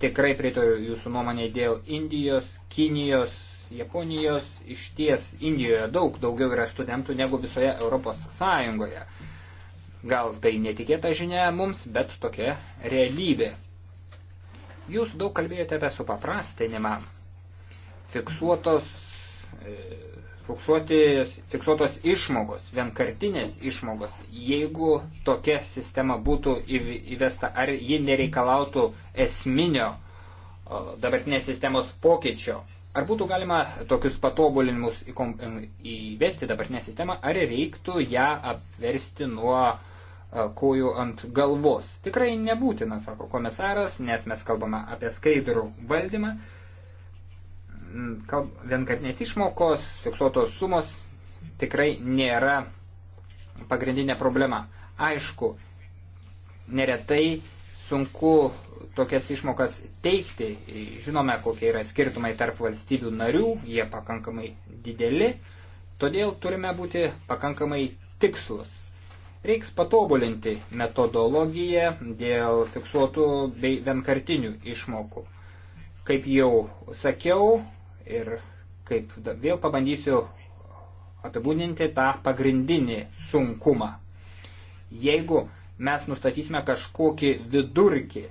Tikrai pritariu jūsų nuomonė dėl Indijos, Kinijos, Japonijos. Iš ties Indijoje daug daugiau yra studentų negu visoje Europos Sąjungoje. Gal tai netikėta žinia mums, bet tokia realybė. Jūs daug kalbėjote apie supaprastinimą fiksuotos, e, fiksuotis, fiksuotos išmokos, vienkartinės išmokos, jeigu tokia sistema būtų įvesta, ar ji nereikalautų esminio dabartinės sistemos pokyčio. Ar būtų galima tokius patobulinimus įvesti dabartinę sistemą, ar reiktų ją apversti nuo e, kojų ant galvos? Tikrai nebūtina, sako komisaras, nes mes kalbame apie skaidrų valdymą vienkartinės išmokos, fiksuotos sumos tikrai nėra pagrindinė problema. Aišku, neretai sunku tokias išmokas teikti. Žinome, kokie yra skirtumai tarp valstybių narių, jie pakankamai dideli, todėl turime būti pakankamai tikslus. Reiks patobulinti metodologiją dėl fiksuotų bei vienkartinių išmokų. Kaip jau sakiau, ir kaip vėl pabandysiu apibūdinti tą pagrindinį sunkumą. Jeigu mes nustatysime kažkokį vidurkį,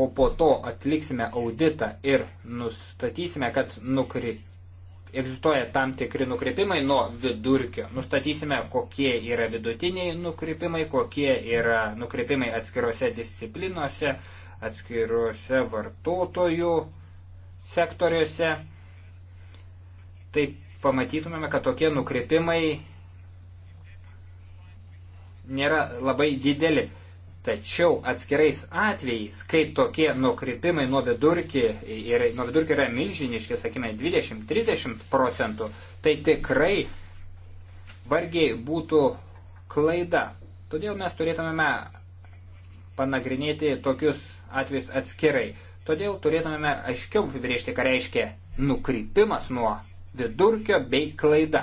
o po to atliksime auditą ir nustatysime, kad nukri... egzistuoja tam tikri nukreipimai nuo vidurkio, nustatysime, kokie yra vidutiniai nukreipimai, kokie yra nukreipimai atskirose disciplinuose, atskiruose vartotojų sektoriuose, tai pamatytumėme, kad tokie nukreipimai nėra labai dideli. Tačiau atskirais atvejais, kai tokie nukreipimai nuo vidurkį, ir, nuo vidurkį yra milžiniški, sakime, 20-30 procentų, tai tikrai vargiai būtų klaida. Todėl mes turėtumėme panagrinėti tokius atvejus atskirai. Todėl turėtumėme aiškiau apibriežti, ką reiškia nukrypimas nuo vidurkio bei klaida.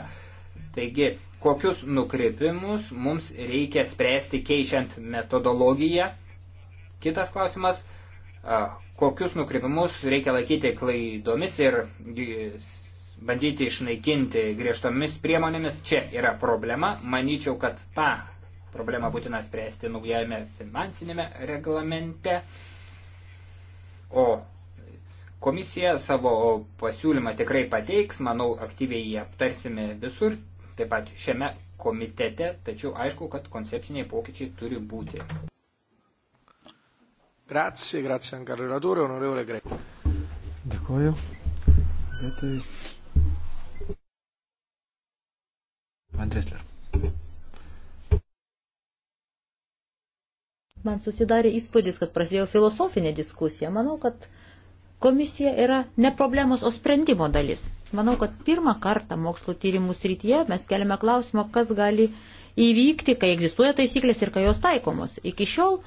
Taigi, kokius nukrypimus mums reikia spręsti keičiant metodologiją. Kitas klausimas, kokius nukrypimus reikia laikyti klaidomis ir bandyti išnaikinti griežtomis priemonėmis. Čia yra problema. Manyčiau, kad tą problemą būtina spręsti naujame finansinėme reglamente. O komisija savo pasiūlymą tikrai pateiks, manau, aktyviai jį aptarsime visur, taip pat šiame komitete, tačiau aišku, kad koncepciniai pokyčiai turi būti. Grazie, grazie anche al relatore, onorevole Greco. Dėkuoju. Vietoj. Andresler. Man susidarė įspūdis, kad prasidėjo filosofinė diskusija. Manau, kad komisija yra ne problemos, o sprendimo dalis. Manau, kad pirmą kartą mokslo tyrimų srityje mes keliame klausimą, kas gali įvykti, kai egzistuoja taisyklės ir kai jos taikomos. Iki šiol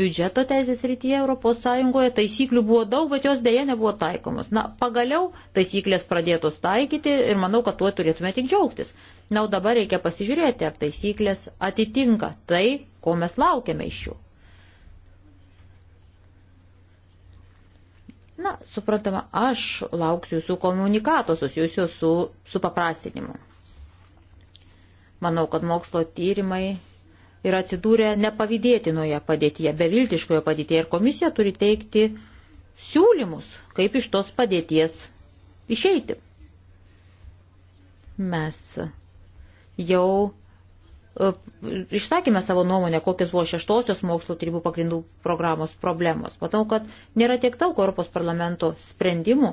biudžeto teisės rytyje ES taisyklių buvo daug, bet jos dėja nebuvo taikomos. Na, pagaliau taisyklės pradėtos taikyti ir manau, kad tuo turėtume tik džiaugtis. Na, o dabar reikia pasižiūrėti, ar taisyklės atitinka tai, ko mes laukiame iš jų. Na, suprantama, aš lauksiu jūsų komunikato susijusio su, su paprastinimu. Manau, kad mokslo tyrimai yra atsidūrę nepavydėtinoje padėtyje, beviltiškoje padėtyje ir komisija turi teikti siūlymus, kaip iš tos padėties išeiti. Mes jau E, išsakėme savo nuomonę, kokios buvo šeštosios mokslo tarybų pagrindų programos problemos. Matau, kad nėra tiek daug Europos parlamento sprendimų,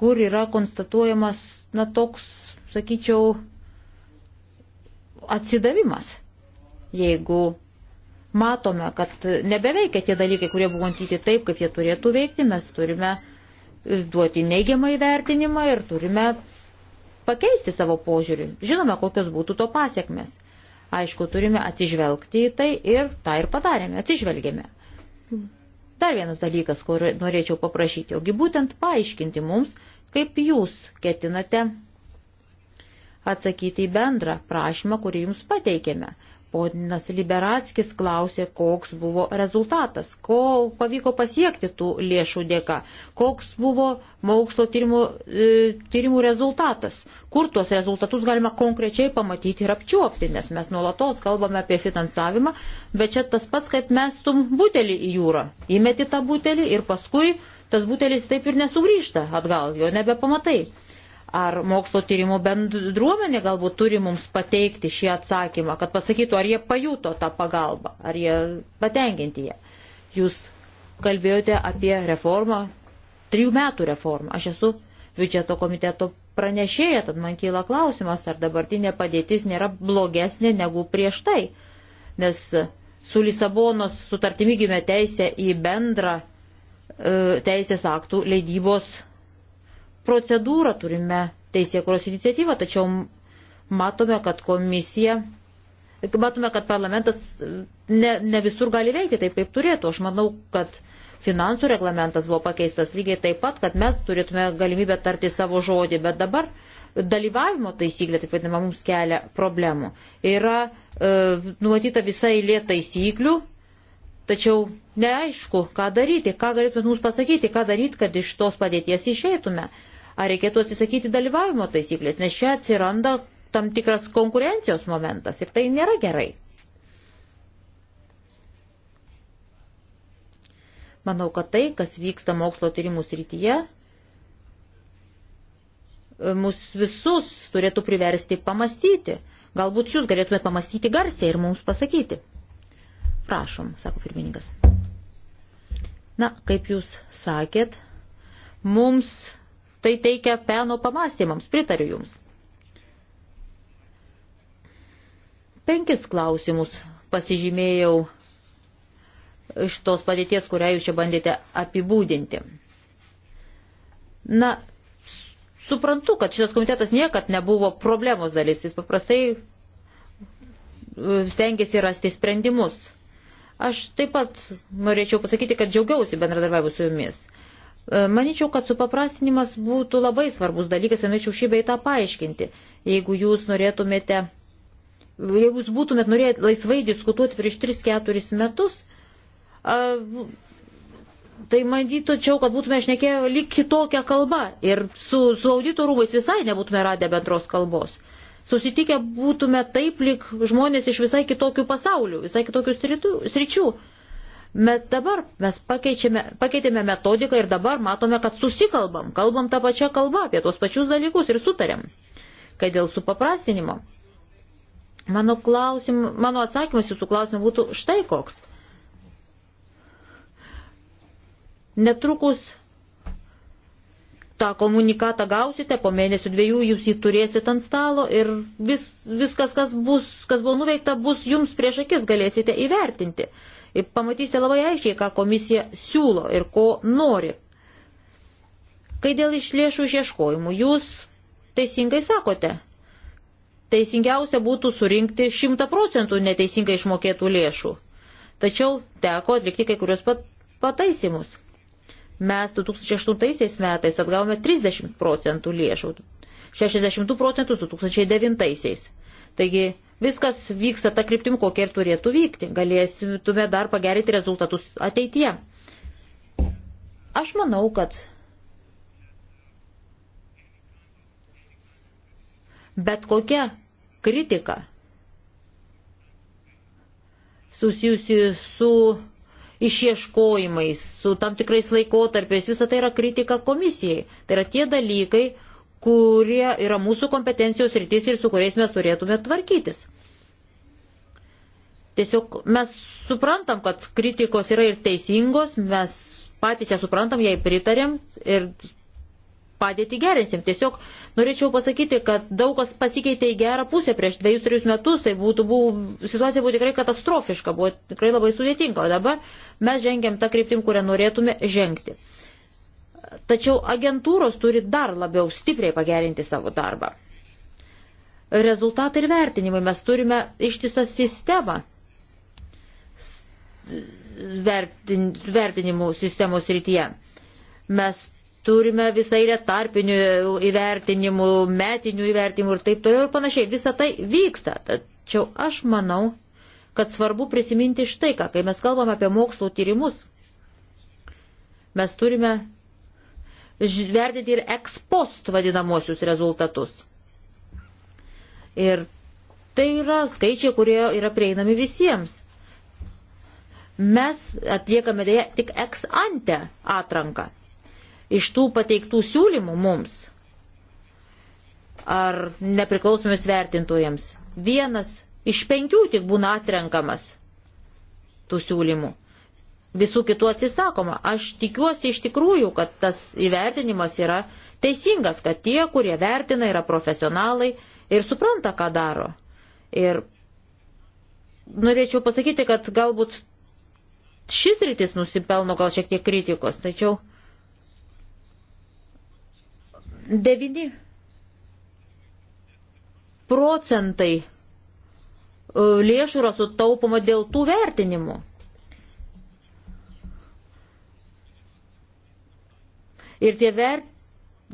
kur yra konstatuojamas, na, toks, sakyčiau, atsidavimas. Jeigu matome, kad nebeveikia tie dalykai, kurie buvo antyti taip, kaip jie turėtų veikti, mes turime duoti neigiamą įvertinimą ir turime pakeisti savo požiūrį. Žinome, kokios būtų to pasiekmes. Aišku, turime atsižvelgti į tai ir tą ir padarėme, atsižvelgėme. Dar vienas dalykas, kur norėčiau paprašyti, ogi būtent paaiškinti mums, kaip jūs ketinate atsakyti į bendrą prašymą, kurį jums pateikėme. Podinas Liberatskis klausė, koks buvo rezultatas, ko pavyko pasiekti tų lėšų dėka, koks buvo mokslo tyrimų, e, tyrimų rezultatas, kur tuos rezultatus galima konkrečiai pamatyti ir apčiuopti, nes mes nuolatos kalbame apie finansavimą, bet čia tas pats, kaip mes stum butelį į jūrą, įmeti tą butelį ir paskui tas butelis taip ir nesugrįžta atgal, jo nebepamatai. Ar mokslo tyrimų bendruomenė galbūt turi mums pateikti šį atsakymą, kad pasakytų, ar jie pajuto tą pagalbą, ar jie patenkinti ją. Jūs kalbėjote apie reformą, trijų metų reformą. Aš esu biudžeto komiteto pranešėja, tad man kyla klausimas, ar dabartinė padėtis nėra blogesnė negu prieš tai. Nes su Lisabonos sutartimi gimė teisė į bendrą e, teisės aktų leidybos procedūrą, turime teisėkuros iniciatyvą, tačiau matome, kad komisija, matome, kad parlamentas ne, ne visur gali veikti taip, kaip turėtų. Aš manau, kad finansų reglamentas buvo pakeistas lygiai taip pat, kad mes turėtume galimybę tarti savo žodį, bet dabar dalyvavimo taisyklė, taip vadinama, mums kelia problemų. Yra e, numatyta visa eilė taisyklių, tačiau neaišku, ką daryti, ką galėtumėt mums pasakyti, ką daryti, kad iš tos padėties išeitume. E, Ar reikėtų atsisakyti dalyvavimo taisyklės, nes čia atsiranda tam tikras konkurencijos momentas ir tai nėra gerai. Manau, kad tai, kas vyksta mokslo tyrimų srityje, mus visus turėtų priversti pamastyti. Galbūt jūs galėtumėt pamastyti garsiai ir mums pasakyti. Prašom, sako pirmininkas. Na, kaip jūs sakėt, mums Tai teikia peno pamastymams, pritariu Jums. Penkis klausimus pasižymėjau iš tos padėties, kurią Jūs čia bandėte apibūdinti. Na, suprantu, kad šitas komitetas niekad nebuvo problemos dalis, jis paprastai e, stengiasi rasti sprendimus. Aš taip pat norėčiau pasakyti, kad džiaugiausi bendradarbiavimu su jumis. E, Maničiau, kad supaprastinimas būtų labai svarbus dalykas ir norėčiau šį beitą paaiškinti. Jeigu jūs norėtumėte, jeigu jūs būtumėt norėję laisvai diskutuoti prieš 3-4 metus, e, tai manytočiau, kad būtume šnekėję lyg kitokią kalbą ir su, su audito rūmais visai nebūtume radę bendros kalbos. Susitikę būtume taip, lyg žmonės iš visai kitokių pasaulių, visai kitokių sričių. Bet dabar mes pakeitėme metodiką ir dabar matome, kad susikalbam, kalbam tą pačią kalbą apie tos pačius dalykus ir sutarėm. Kai dėl supaprastinimo. Mano, klausim, mano atsakymas jūsų klausimą būtų štai koks. Netrukus tą komunikatą gausite, po mėnesių dviejų jūs jį turėsite ant stalo ir vis, viskas, kas, bus, kas buvo nuveikta, bus jums prieš akis galėsite įvertinti pamatysite labai aiškiai, ką komisija siūlo ir ko nori. Kai dėl išlėšų išieškojimų jūs teisingai sakote, teisingiausia būtų surinkti 100 procentų neteisingai išmokėtų lėšų. Tačiau teko atlikti kai kurios pat, pataisimus. Mes 2008 metais atgavome 30 procentų lėšų, 62 procentus 2009. Taigi Viskas vyksta tą kryptim, kokia ir turėtų vykti. Galėsime dar pagerinti rezultatus ateitie. Aš manau, kad bet kokia kritika susijusi su išieškojimais, su tam tikrais laikotarpiais, visa tai yra kritika komisijai. Tai yra tie dalykai, kurie yra mūsų kompetencijos rytis ir su kuriais mes turėtume tvarkytis. Tiesiog mes suprantam, kad kritikos yra ir teisingos, mes patys ją suprantam, jai pritarėm ir padėti gerinsim. Tiesiog norėčiau pasakyti, kad daug kas pasikeitė į gerą pusę prieš dviejus, trijus metus, tai būtų, buvo, situacija buvo tikrai katastrofiška, buvo tikrai labai sudėtinga, o dabar mes žengėm tą kryptim, kurią norėtume žengti. Tačiau agentūros turi dar labiau stipriai pagerinti savo darbą. Rezultatai ir vertinimai. Mes turime ištisą sistemą, vertin, vertinimų sistemos rytyje. Mes turime visą eilę tarpinių įvertinimų, metinių įvertinimų ir taip toliau ir panašiai. Visa tai vyksta. Tačiau aš manau, kad svarbu prisiminti štai ką, kai mes kalbame apie mokslo tyrimus. Mes turime vertinti ir ekspost vadinamosius rezultatus. Ir tai yra skaičiai, kurie yra prieinami visiems. Mes atliekame dėja tik ex ante atranką. Iš tų pateiktų siūlymų mums ar nepriklausomis vertintojams vienas iš penkių tik būna atrenkamas tų siūlymų. Visų kitų atsisakoma. Aš tikiuosi iš tikrųjų, kad tas įvertinimas yra teisingas, kad tie, kurie vertina, yra profesionalai ir supranta, ką daro. Ir norėčiau pasakyti, kad galbūt šis rytis nusipelno gal šiek tiek kritikos, tačiau devini procentai e, lėšų yra sutaupoma dėl tų vertinimų. Ir, vert,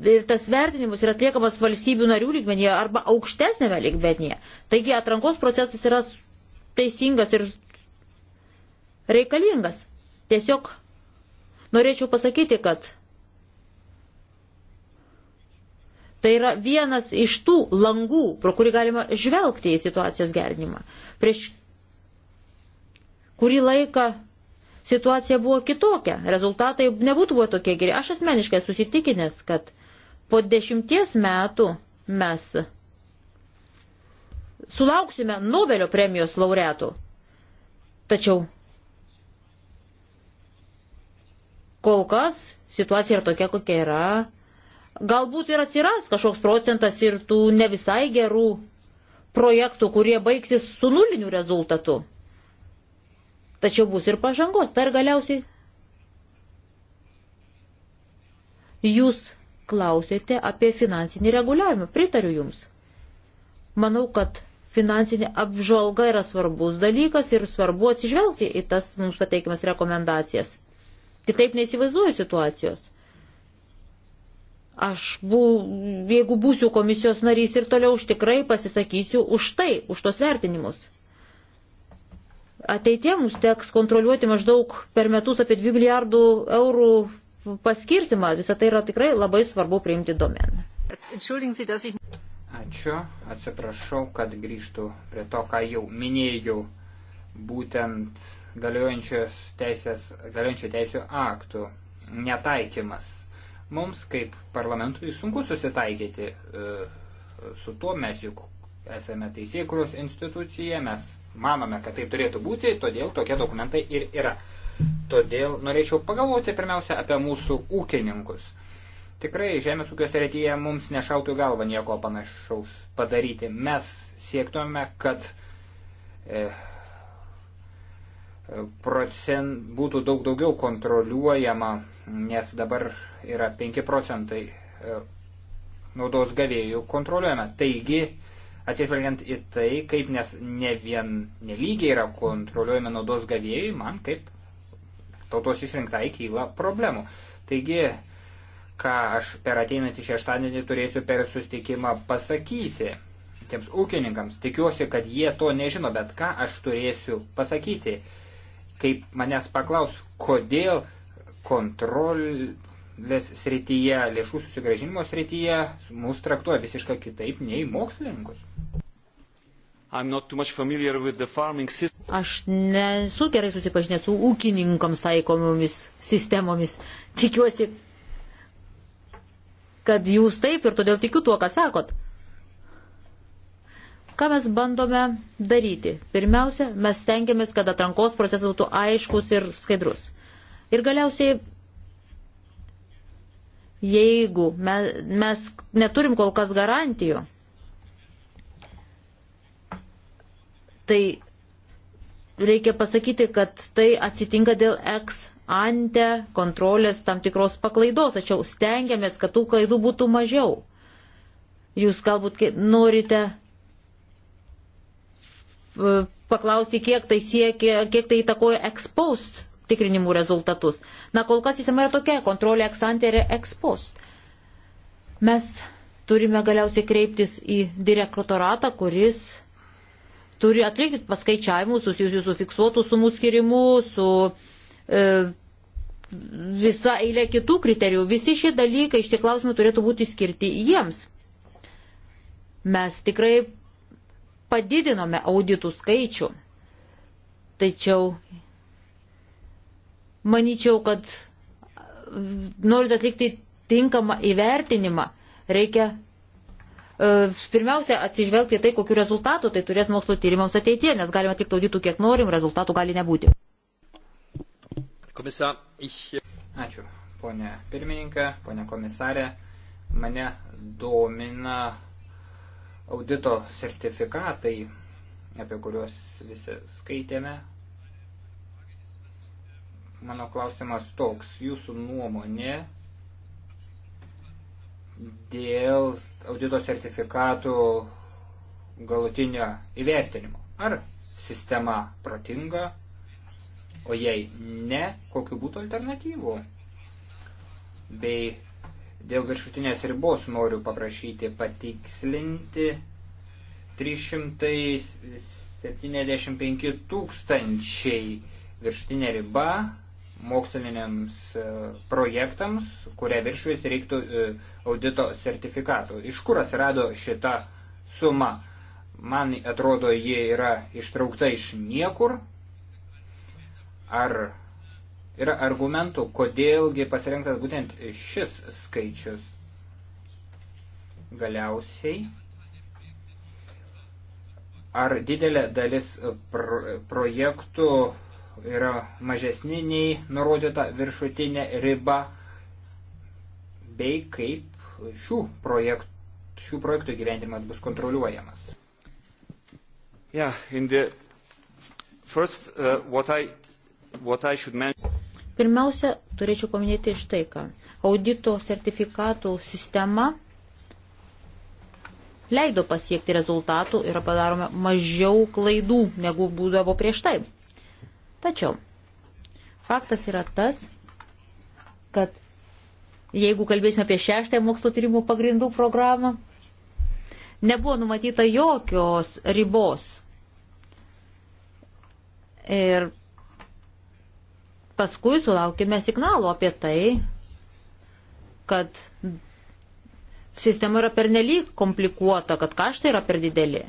ir tas vertinimus yra atliekamas valstybių narių lygmenyje arba aukštesnėme lygmenyje. Taigi atrankos procesas yra teisingas ir reikalingas. Tiesiog norėčiau pasakyti, kad tai yra vienas iš tų langų, pro kurį galima žvelgti į situacijos gerinimą. Prieš kurį laiką situacija buvo kitokia, rezultatai nebūtų buvo tokie geri. Aš asmeniškai susitikinęs, kad po dešimties metų mes sulauksime Nobelio premijos laureatų. Tačiau Kol kas situacija yra tokia, kokia yra. Galbūt ir atsiras kažkoks procentas ir tų ne visai gerų projektų, kurie baigsis su nuliniu rezultatu. Tačiau bus ir pažangos. Dar galiausiai jūs klausėte apie finansinį reguliavimą. Pritariu jums. Manau, kad finansinė apžvalga yra svarbus dalykas ir svarbu atsižvelgti į tas mums pateikimas rekomendacijas. Kitaip neįsivaizduoju situacijos. Aš, bu, jeigu būsiu komisijos narys ir toliau, aš tikrai pasisakysiu už tai, už tos vertinimus. Ateitie mums teks kontroliuoti maždaug per metus apie 2 milijardų eurų paskirtimą. Visą tai yra tikrai labai svarbu priimti domeną. Ačiū, atsiprašau, kad grįžtų prie to, ką jau minėjau, būtent galiojančių teisų aktų netaikymas. Mums kaip parlamentui sunku susitaikyti e, su tuo, mes juk esame teisėkuros institucija, mes manome, kad taip turėtų būti, todėl tokie dokumentai ir yra. Todėl norėčiau pagalvoti pirmiausia apie mūsų ūkininkus. Tikrai žemės ūkio srityje mums nešautų galva nieko panašaus padaryti. Mes siektume, kad e, procent, būtų daug daugiau kontroliuojama, nes dabar yra 5 procentai e, naudos gavėjų kontroliuojama. Taigi, atsižvelgiant į tai, kaip nes ne vien nelygiai yra kontroliuojami naudos gavėjai, man kaip tautos išrinktai kyla problemų. Taigi, ką aš per ateinantį šeštadienį turėsiu per sustikimą pasakyti tiems ūkininkams, tikiuosi, kad jie to nežino, bet ką aš turėsiu pasakyti kaip manęs paklaus, kodėl kontrolės srityje, lėšų susigražinimo srityje mus traktuoja visiškai kitaip nei mokslininkus. Aš nesu gerai susipažinęs su ūkininkams taikomomis sistemomis. Tikiuosi, kad jūs taip ir todėl tikiu tuo, ką sakot. Ką mes bandome daryti? Pirmiausia, mes stengiamės, kad atrankos procesas būtų aiškus ir skaidrus. Ir galiausiai, jeigu mes, mes neturim kol kas garantijų, tai reikia pasakyti, kad tai atsitinka dėl eks ante kontrolės tam tikros paklaidos, tačiau stengiamės, kad tų klaidų būtų mažiau. Jūs galbūt norite paklausti, kiek tai siekia, kiek tai įtakoja ekspost tikrinimų rezultatus. Na, kol kas sistema yra tokia, kontrolė eksantė ir ekspost. Mes turime galiausiai kreiptis į direktoratą, kuris turi atlikti paskaičiavimus susijusius su fiksuotų sumų skirimu, su e, visa eilė kitų kriterijų. Visi šie dalykai iš tie klausimai turėtų būti skirti jiems. Mes tikrai padidinome auditų skaičių. Tačiau manyčiau, kad norint atlikti tinkamą įvertinimą, reikia e, pirmiausia atsižvelgti tai, kokiu rezultatu tai turės mokslo tyrimams ateitie, nes galima tik auditų kiek norim, rezultatų gali nebūti. Komisar, ich... Ačiū, ponė pirmininkė, ponė komisarė. Mane domina Audito sertifikatai, apie kuriuos visi skaitėme. Mano klausimas toks, jūsų nuomonė dėl audito sertifikatų galutinio įvertinimo. Ar sistema protinga, o jei ne, kokiu būtų alternatyvų? Bei Dėl viršutinės ribos noriu paprašyti patikslinti 375 tūkstančiai viršutinė riba moksliniams e, projektams, kuria viršuvis reiktų e, audito sertifikatų. Iš kur atsirado šita suma? Man atrodo, ji yra ištraukta iš niekur. Ar yra argumentų, kodėlgi pasirinktas būtent šis skaičius. Galiausiai, ar didelė dalis pro projektų yra mažesni nei nurodyta viršutinė riba, bei kaip šių projektų, šių projektų gyvendimas bus kontroliuojamas. Yeah, in the first, uh, what I, what I should mention. Pirmiausia, turėčiau paminėti iš tai, ką audito sertifikatų sistema leido pasiekti rezultatų ir padarome mažiau klaidų, negu būdavo prieš tai. Tačiau faktas yra tas, kad jeigu kalbėsime apie šeštąją mokslo tyrimų pagrindų programą, nebuvo numatyta jokios ribos. Ir Paskui sulaukime signalų apie tai, kad sistema yra pernelyg komplikuota, kad kaštai yra per dideli.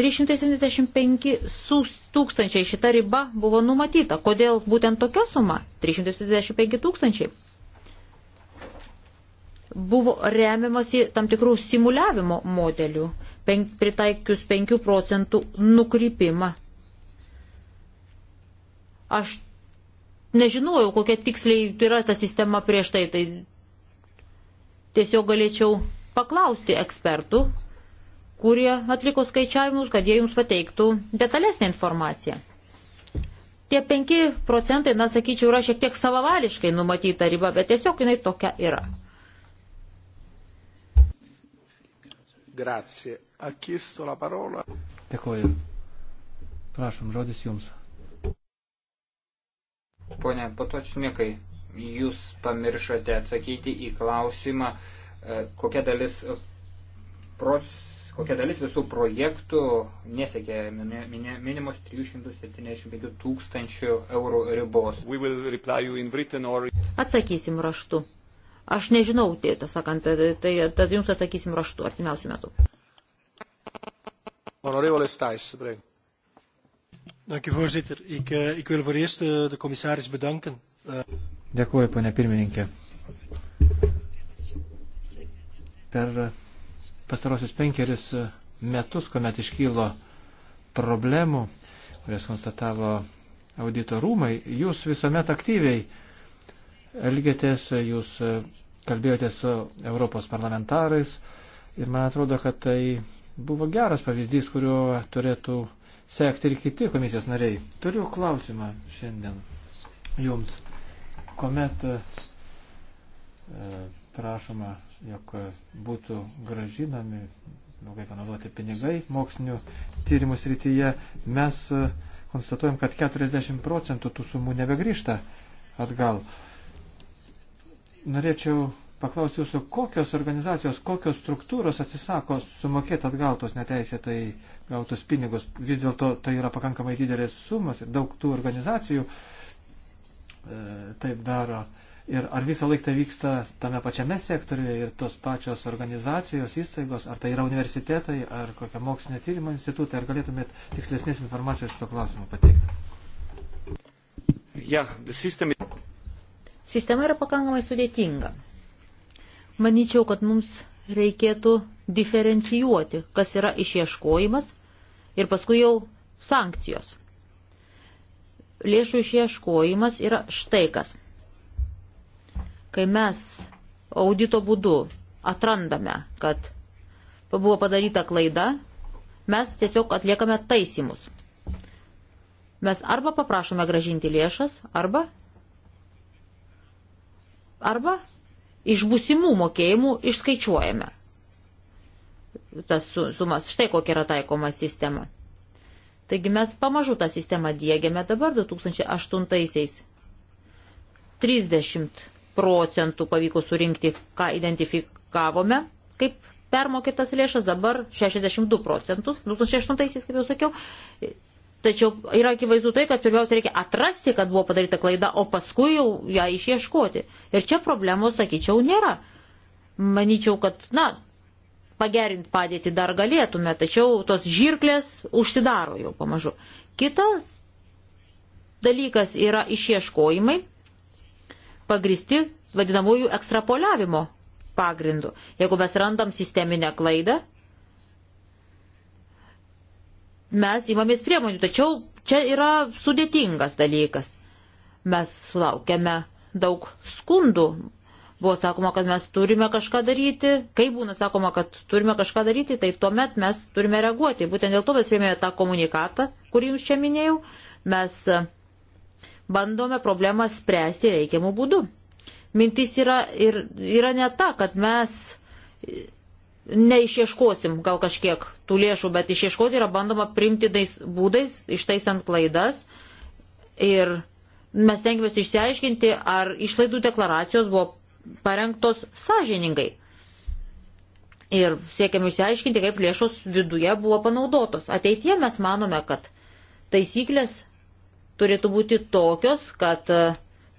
375 tūkstančiai šita riba buvo numatyta. Kodėl būtent tokia suma? 375 tūkstančiai. Buvo remiamasi tam tikrų simuliavimo modelių, pen, pritaikius 5 procentų nukrypimą. Aš nežinojau, kokia tiksliai yra ta sistema prieš tai. Tai tiesiog galėčiau paklausti ekspertų, kurie atliko skaičiavimus, kad jie jums pateiktų detalesnę informaciją. Tie 5 procentai, na, sakyčiau, yra šiek tiek savavališkai numatyta riba, bet tiesiog jinai tokia yra. Grazie. Ha chiesto la parola. Dėkuoju. Prašom, žodis jums. Pone Patočnikai, jūs pamiršote atsakyti į klausimą, e, kokia dalis, e, pros, kokia dalis visų projektų nesiekė minimus 375 tūkstančių eurų ribos. Or... Atsakysim raštu. Aš nežinau, tiesą sakant, tai, tai tad jums atsakysim raštu artimiausių metų. Onorevole Stais, prego. Dank u voorzitter. Ik, uh, ik wil voor eerst uh, de commissaris bedanken. Uh... Eh, Dėkuoju, ponia pirmininkė. Per pastarosius penkeris metus, kuomet iškylo problemų, kurias konstatavo audito rūmai, jūs visuomet aktyviai elgėtės, jūs kalbėjote su Europos parlamentarais ir man atrodo, kad tai buvo geras pavyzdys, kuriuo turėtų sekti ir kiti komisijos nariai. Turiu klausimą šiandien jums. Komet e, prašoma, jog būtų gražinami, blogai panaudoti pinigai mokslinių tyrimų srityje, mes e, konstatuojam, kad 40 procentų tų sumų nebegrįžta atgal. Norėčiau paklausti jūsų, kokios organizacijos, kokios struktūros atsisako sumokėti atgal tos neteisėtai gautus pinigus. Vis dėlto tai yra pakankamai didelės sumas ir daug tų organizacijų e, taip daro. Ir ar visą laiką tai vyksta tame pačiame sektoriuje ir tos pačios organizacijos, įstaigos, ar tai yra universitetai, ar kokia mokslinė tyrimo institutai, ar galėtumėt tikslesnės informacijos šito klausimu pateikti? Ja, system... Sistema yra pakankamai sudėtinga. Manyčiau, kad mums reikėtų diferencijuoti, kas yra išieškojimas ir paskui jau sankcijos. Lėšų išieškojimas yra štai kas. Kai mes audito būdu atrandame, kad buvo padaryta klaida, mes tiesiog atliekame taisymus. Mes arba paprašome gražinti lėšas, arba, arba iš būsimų mokėjimų išskaičiuojame tas sumas. Štai kokia yra taikoma sistema. Taigi mes pamažu tą sistemą dėgiame dabar 2008-aisiais. 30 procentų pavyko surinkti, ką identifikavome kaip permokėtas lėšas, dabar 62 procentus, 2008-aisiais, kaip jau sakiau. Tačiau yra akivaizdu tai, kad pirmiausia reikia atrasti, kad buvo padaryta klaida, o paskui jau ją išieškoti. Ir čia problemos, sakyčiau, nėra. Manyčiau, kad, na, pagerinti padėtį dar galėtume, tačiau tos žirklės užsidaro jau pamažu. Kitas dalykas yra išieškojimai pagristi vadinamųjų ekstrapoliavimo pagrindų. Jeigu mes randam sisteminę klaidą, mes įmamės priemonių, tačiau čia yra sudėtingas dalykas. Mes sulaukėme daug skundų buvo sakoma, kad mes turime kažką daryti, kai būna sakoma, kad turime kažką daryti, tai tuomet mes turime reaguoti. Būtent dėl to mes rėmėme tą komunikatą, kurį jums čia minėjau. Mes e, bandome problemą spręsti reikiamų būdų. Mintis yra, ir, yra ne ta, kad mes e, neišieškosim gal kažkiek tų lėšų, bet išieškoti yra bandoma primtinais būdais, ištaisant klaidas. Ir mes tengiamės išsiaiškinti, ar išlaidų deklaracijos buvo parengtos sąžiningai. Ir siekiam išsiaiškinti, kaip lėšos viduje buvo panaudotos. Ateitie mes manome, kad taisyklės turėtų būti tokios, kad e,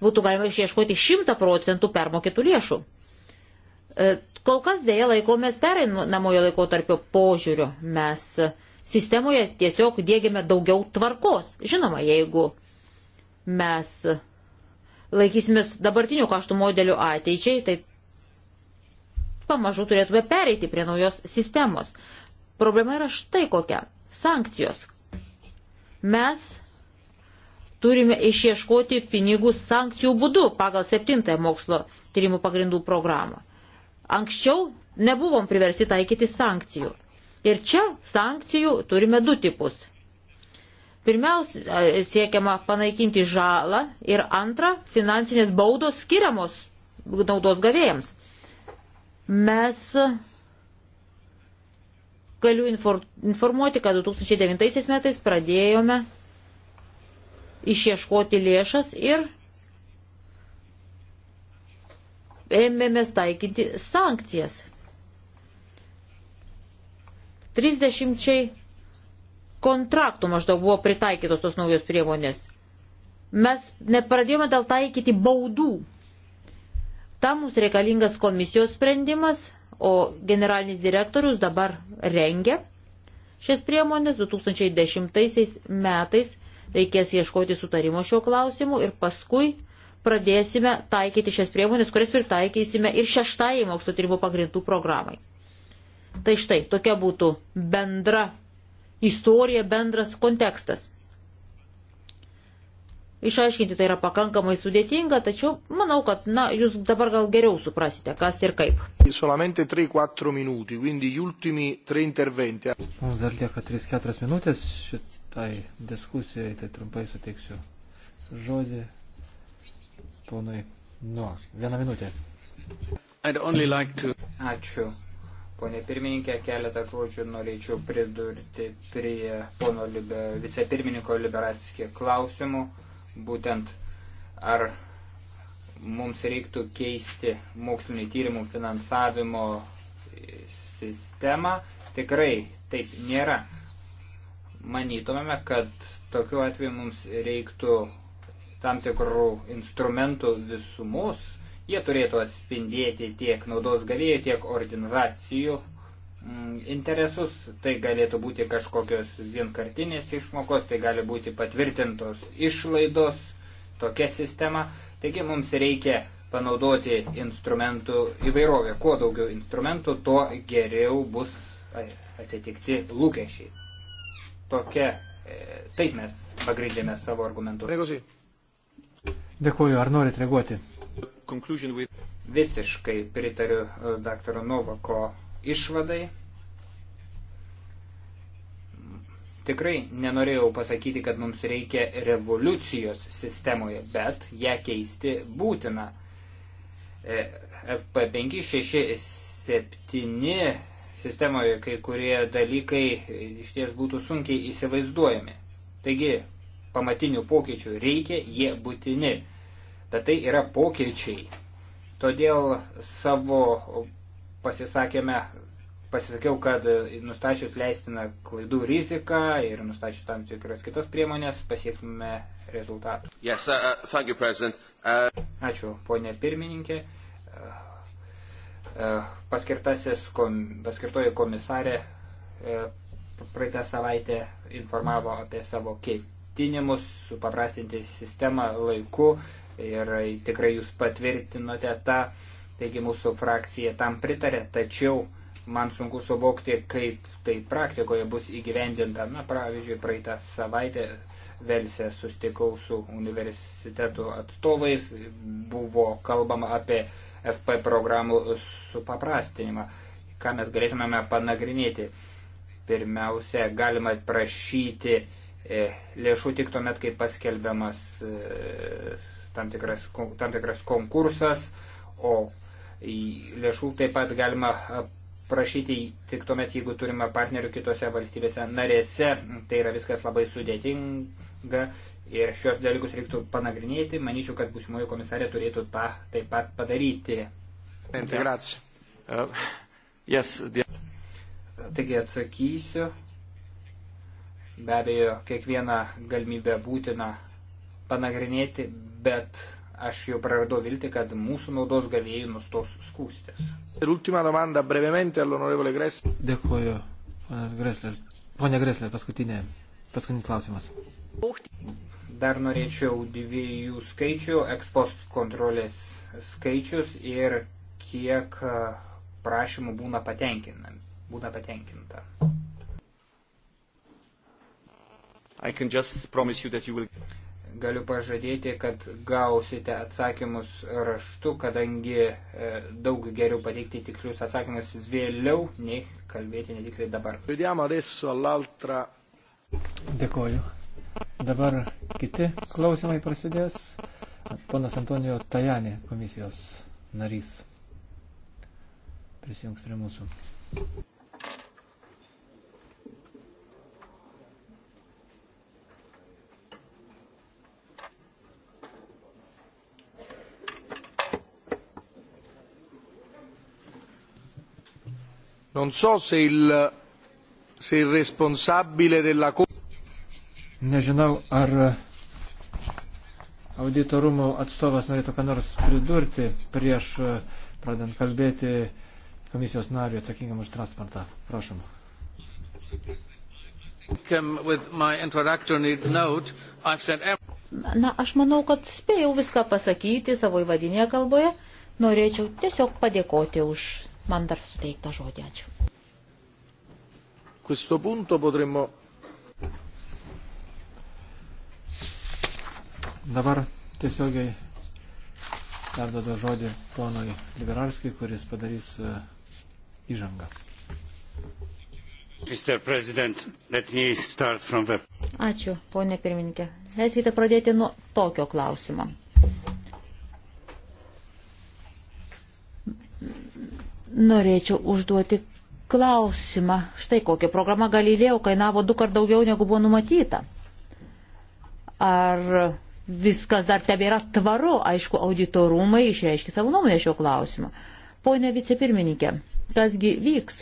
būtų galima išieškoti 100 procentų permokėtų lėšų. E, kol kas dėja laikomės pereinamojo laikotarpio požiūrio. Mes e, sistemoje tiesiog dėgiame daugiau tvarkos. Žinoma, jeigu mes laikysimės dabartinių kaštų modelių ateičiai, tai pamažu turėtume pereiti prie naujos sistemos. Problema yra štai kokia - sankcijos. Mes turime išieškoti pinigus sankcijų būdu pagal septintąją mokslo tyrimų pagrindų programą. Anksčiau nebuvom priversti taikyti sankcijų. Ir čia sankcijų turime du tipus. Pirmiausia, e, siekiama panaikinti žalą ir antra, finansinės baudos skiriamos naudos gavėjams. Mes galiu informuoti, kad 2009 metais pradėjome išieškoti lėšas ir ėmėmės taikinti sankcijas. 30 kontraktų maždaug buvo pritaikytos tos naujos priemonės. Mes nepradėjome dėl taikyti baudų. Tam mums reikalingas komisijos sprendimas, o generalinis direktorius dabar rengia šias priemonės 2010 metais. Reikės ieškoti sutarimo šio klausimu ir paskui pradėsime taikyti šias priemonės, kurias pritaikysime ir šeštajai mokslo tyrimo pagrindų programai. Tai štai tokia būtų bendra istorija, bendras kontekstas. Išaiškinti tai yra pakankamai sudėtinga, tačiau manau, kad na, jūs dabar gal geriau suprasite, kas ir kaip. Solamente 3-4 minutį, quindi gli ultimi 3 interventi. Mums dar lieka 3-4 minutės šitai diskusijai, tai trumpai suteiksiu žodį ponui. Nu, vieną minutę. Like to... Ačiū ponė pirmininkė, keletą žodžių norėčiau pridurti prie pono libe, vicepirmininko liberatskį klausimų, būtent ar mums reiktų keisti mokslinį tyrimų finansavimo sistemą. Tikrai taip nėra. Manytumėme, kad tokiu atveju mums reiktų tam tikrų instrumentų visumos Jie turėtų atspindėti tiek naudos gavėjų, tiek organizacijų mm, interesus. Tai galėtų būti kažkokios vienkartinės išmokos, tai gali būti patvirtintos išlaidos, tokia sistema. Taigi mums reikia panaudoti instrumentų įvairovę. Kuo daugiau instrumentų, tuo geriau bus atitikti lūkesčiai. Tokia, e, taip mes pagrindėme savo argumentus. Dėkuoju, ar norit reaguoti? Visiškai pritariu e, dr. Novako išvadai. Tikrai nenorėjau pasakyti, kad mums reikia revoliucijos sistemoje, bet ją keisti būtina. FP5, 6, 7 sistemoje kai kurie dalykai iš ties būtų sunkiai įsivaizduojami. Taigi, pamatinių pokyčių reikia, jie būtini bet tai yra pokyčiai. Todėl savo pasisakėme, pasisakiau, kad nustačius leistiną klaidų riziką ir nustačius tam tikras kitas priemonės pasieksime rezultatų. Yes, uh, uh, you, uh... Ačiū, ponė pirmininkė. Uh, uh, paskirtasis kom, paskirtoji komisarė uh, praeitą savaitę informavo apie savo ketinimus supaprastinti sistemą laiku. Uh, ir tikrai jūs patvirtinote tą, taigi mūsų frakcija tam pritarė, tačiau man sunku suvokti, kaip tai praktikoje bus įgyvendinta. Na, pavyzdžiui, praeitą savaitę Velsė sustikau su universiteto atstovais, buvo kalbama apie FP programų supaprastinimą, ką mes galėtumėme panagrinėti. Pirmiausia, galima prašyti e, lėšų tik tuomet, kai paskelbiamas e, tam tikras, tam tikras konkursas, o lėšų taip pat galima prašyti tik tuomet, jeigu turime partnerių kitose valstybėse narėse. Tai yra viskas labai sudėtinga ir šios dalykus reiktų panagrinėti. Manyčiau, kad būsimoji komisarė turėtų tą taip pat padaryti. Integracija. Uh, yes, the... Taigi atsakysiu. Be abejo, kiekvieną galimybę būtina panagrinėti, bet aš jau praradau viltį, kad mūsų naudos gavėjai nustos skūstis. Ir ultima domanda brevemente all'onorevole Gressler. Dėkuoju, ponas Gressler. Pone Gressler, paskutinė, paskutinis klausimas. Dar norėčiau dviejų skaičių, ekspost kontrolės skaičius ir kiek e, prašymų būna patenkinami. Būna patenkinta. I can just promise you that you will galiu pažadėti, kad gausite atsakymus raštu, kadangi e, daug geriau pateikti tikslius atsakymus vėliau, nei kalbėti netiksliai dabar. Dėkoju. Dabar kiti klausimai prasidės. Ponas Antonijo Tajanė, komisijos narys, prisijungs prie mūsų. Non so se il, se il responsabile della Nežinau, ar auditorumų atstovas norėtų ką nors pridurti prieš e, pradant kalbėti komisijos nariu atsakingam už transportą. Prašom. Na, aš manau, kad spėjau viską pasakyti savo įvadinėje kalboje. Norėčiau tiesiog padėkoti už man dar suteiktą žodį. Ačiū. Questo punto potremmo. Dabar tiesiogiai perdodu žodį ponui Liberalskiai, kuris padarys e, įžangą. Ačiū, ponė pirmininkė. Leiskite pradėti nuo tokio klausimo. Norėčiau užduoti klausimą. Štai kokia programa Galilėjo kainavo du kart daugiau negu buvo numatyta. Ar viskas dar tebėra tvaru? Aišku, auditorumai išreiškia savo nuomonę šio klausimu. Pone vicepirmininkė, kasgi vyks?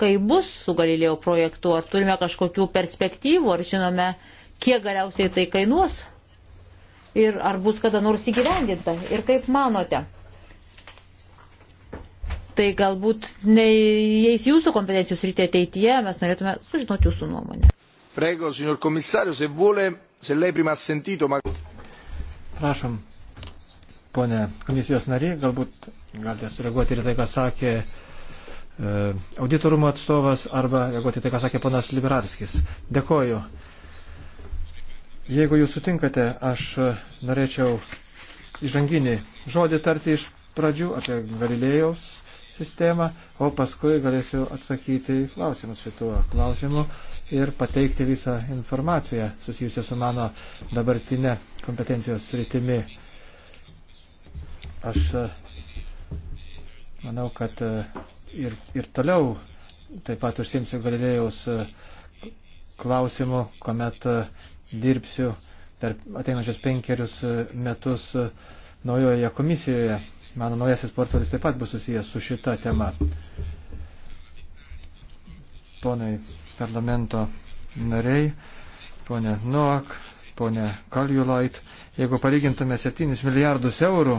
Kai bus su Galilėjo projektu, ar turime kažkokių perspektyvų, ar žinome, kiek galiausiai tai kainuos? Ir ar bus kada nors įgyvendinta? Ir kaip manote? tai galbūt neįeis jūsų kompetencijų srityje ateityje, mes norėtume sužinoti jūsų nuomonę. Prego, signor komisario, se vuole, se lei prima sentito, ma... Prašom, ponė komisijos nariai, galbūt galite sureaguoti ir tai, ką sakė e, auditorumo atstovas, arba reaguoti tai, ką sakė ponas Liberarskis. Dėkoju. Jeigu jūs sutinkate, aš norėčiau įžanginį žodį tarti iš pradžių apie Galilėjaus sistemą, o paskui galėsiu atsakyti į klausimus šituo klausimu ir pateikti visą informaciją susijusią su mano dabartinė kompetencijos rytimi. Aš e, manau, kad e, ir, ir toliau taip pat užsimsiu Galilėjaus e, klausimu, kuomet dirbsiu per ateinančius penkerius metus naujoje komisijoje Mano naujasis portfelis taip pat bus susijęs su šita tema. Ponai parlamento nariai, ponė Noak, ponė Kaljulait, jeigu palygintume 7 milijardus eurų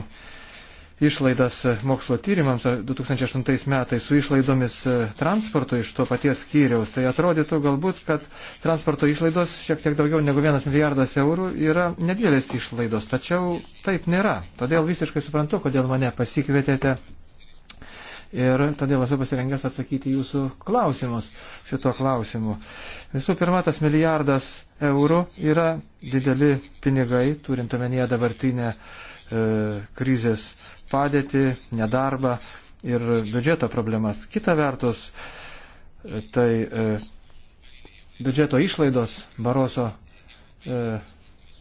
išlaidas e, mokslo tyrimams 2008 metais su išlaidomis e, transporto iš to paties skyriaus, tai atrodytų galbūt, kad transporto išlaidos šiek tiek daugiau negu vienas milijardas eurų yra nedidelės išlaidos, tačiau taip nėra. Todėl visiškai suprantu, kodėl mane pasikvietėte. Ir todėl esu pasirengęs atsakyti jūsų klausimus šito klausimu. Visų pirma, tas milijardas eurų yra dideli pinigai, turint omenyje dabartinę e, krizės padėtį, nedarbą ir biudžeto problemas. Kita vertus, e, tai e, biudžeto išlaidos Baroso e,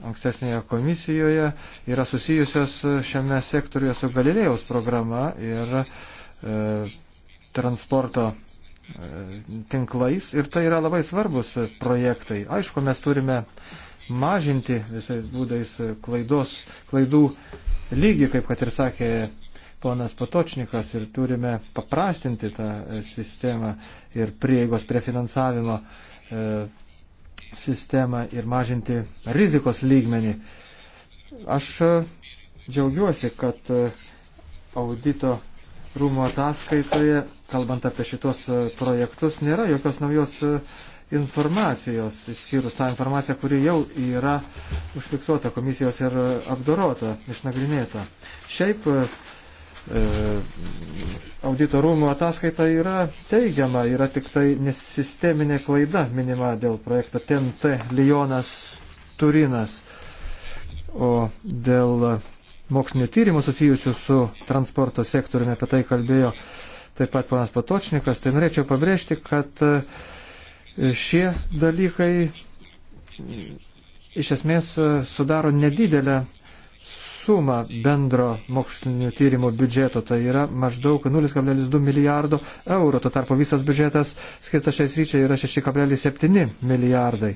ankstesnėje komisijoje yra susijusios e, šiame sektoriuje su Galilėjaus programa ir e, transporto e, tinklais ir tai yra labai svarbus projektai. Aišku, mes turime e, mažinti visais būdais klaidos, klaidų lygį, kaip kad ir sakė ponas Patočnikas, ir turime paprastinti tą e, sistemą ir prieigos prie finansavimo e, sistemą ir mažinti rizikos lygmenį. Aš e, džiaugiuosi, kad e, audito rūmų ataskaitoje, kalbant apie šitos projektus, nėra jokios naujos informacijos, išskyrus tą informaciją, kuri jau yra užfiksuota komisijos ir apdorota, išnagrinėta. Šiaip e, audito rūmų ataskaita yra teigiama, yra tik tai nesisteminė klaida minima dėl projekto TNT Lionas Turinas, o dėl mokslinio tyrimų susijusių su transporto sektoriumi apie tai kalbėjo taip pat panas Patočnikas, tai norėčiau pabrėžti, kad e, Šie dalykai iš esmės e, sudaro nedidelę sumą bendro mokslinio tyrimo biudžeto, tai yra maždaug 0,2 milijardo eurų, tuo tarpu visas biudžetas skirtas šiais ryčiai yra 6,7 milijardai.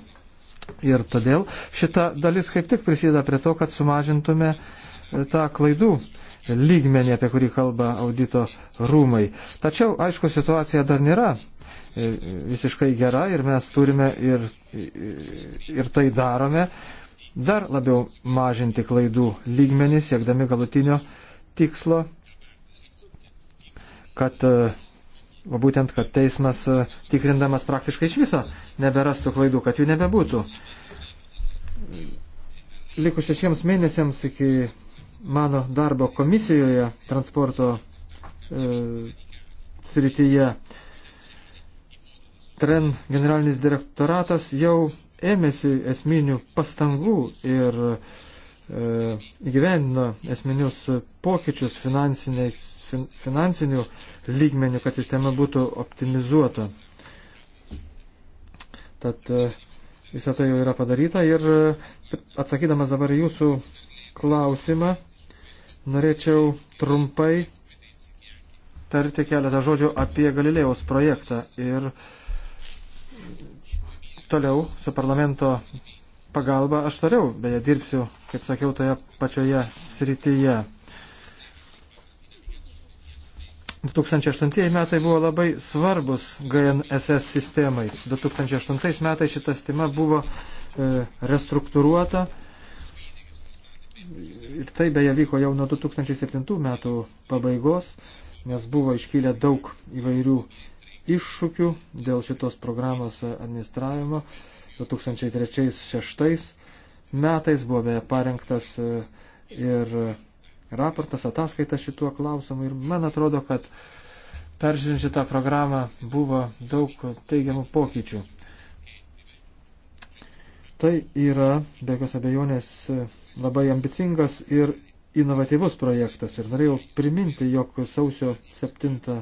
Ir todėl šita dalis kaip tik prisideda prie to, kad sumažintume e, tą klaidų lygmenį, apie kurį kalba audito rūmai. Tačiau, aišku, situacija dar nėra E, visiškai gera ir mes turime ir, ir tai darome dar labiau mažinti klaidų lygmenį, siekdami galutinio tikslo, kad e, būtent, kad teismas e, tikrindamas praktiškai iš viso neberastų klaidų, kad jų nebebūtų. Likus šešiems mėnesiams iki mano darbo komisijoje transporto e, srityje e, TREN generalinis direktoratas jau ėmėsi esminių pastangų ir e, įgyvendino e, esminius pokyčius fin, finansinių lygmenių, kad sistema būtų optimizuota. Tad e, visą tai jau yra padaryta ir e, atsakydamas dabar jūsų klausimą, norėčiau trumpai tarti keletą žodžių apie Galilėjos projektą ir uh, toliau su parlamento pagalba aš toliau, beje, dirbsiu, kaip sakiau, toje pačioje srityje. 2008 metai buvo labai svarbus GNSS sistemai. 2008 metais šita sistema buvo e, restruktūruota. Ir tai beje vyko jau nuo 2007 metų pabaigos, nes buvo iškylę daug įvairių iššūkių dėl šitos programos administravimo. 2003-2006 metais buvo beje parengtas e, ir raportas, ataskaita šituo klausimu ir man atrodo, kad peržiūrint šitą programą buvo daug teigiamų pokyčių. Tai yra, be jokios abejonės, labai ambicingas ir inovatyvus projektas. Ir norėjau priminti, jog sausio 7